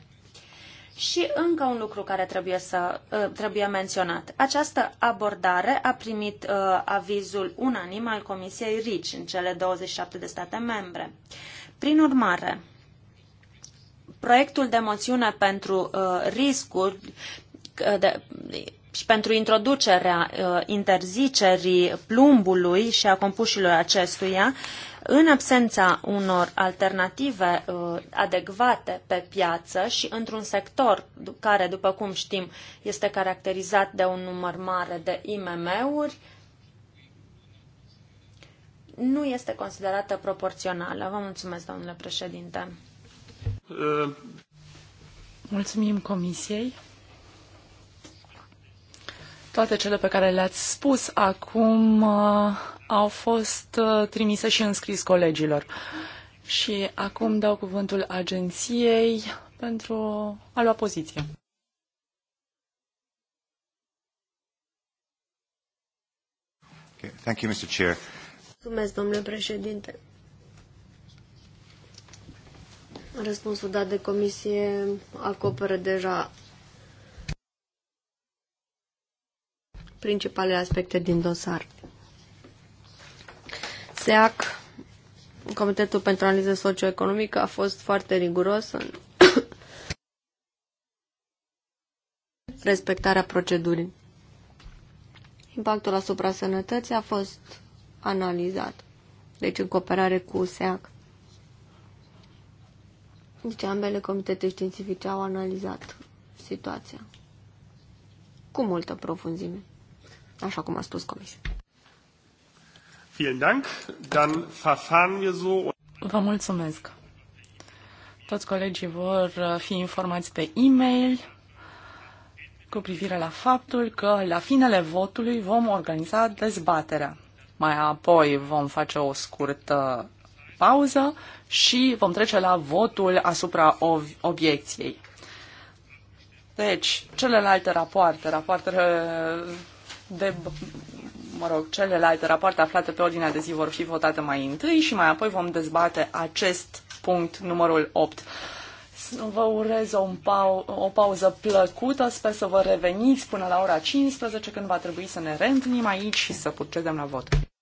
Și încă un lucru care trebuie, să, uh, trebuie menționat. Această abordare a primit uh, avizul unanim al Comisiei RICI în cele 27 de state membre. Prin urmare, proiectul de moțiune pentru uh, riscuri uh, de, și pentru introducerea uh, interzicerii plumbului și a compușilor acestuia în absența unor alternative uh, adecvate pe piață și într-un sector care, după cum știm, este caracterizat de un număr mare de IMM-uri, nu este considerată proporțională. Vă mulțumesc, domnule președinte. Uh. Mulțumim Comisiei. Toate cele pe care le-ați spus acum uh, au fost uh, trimise și înscris colegilor. Și acum dau cuvântul agenției pentru a lua poziție. Thank you, Mr. Chair. Mulțumesc, domnule președinte. Răspunsul dat de comisie acoperă deja principalele aspecte din dosar. SEAC, Comitetul pentru Analiză Socioeconomică, a fost foarte riguros în respectarea procedurii. Impactul asupra sănătății a fost analizat, deci în cooperare cu SEAC. Deci ambele comitete științifice au analizat situația cu multă profunzime, așa cum a spus comisia. Vielen Dank. Dann verfahren wir so. Vă mulțumesc. Toți colegii vor uh, fi informați pe e-mail cu privire la faptul că la finele votului vom organiza dezbaterea. Mai apoi vom face o scurtă pauză și vom trece la votul asupra obiecției. Deci, celelalte rapoarte, rapoartele de mă rog, celelalte rapoarte aflate pe ordinea de zi vor fi votate mai întâi și mai apoi vom dezbate acest punct numărul 8. Vă urez o, pau- o pauză plăcută, sper să vă reveniți până la ora 15 când va trebui să ne reîntâlnim aici și să procedem la vot.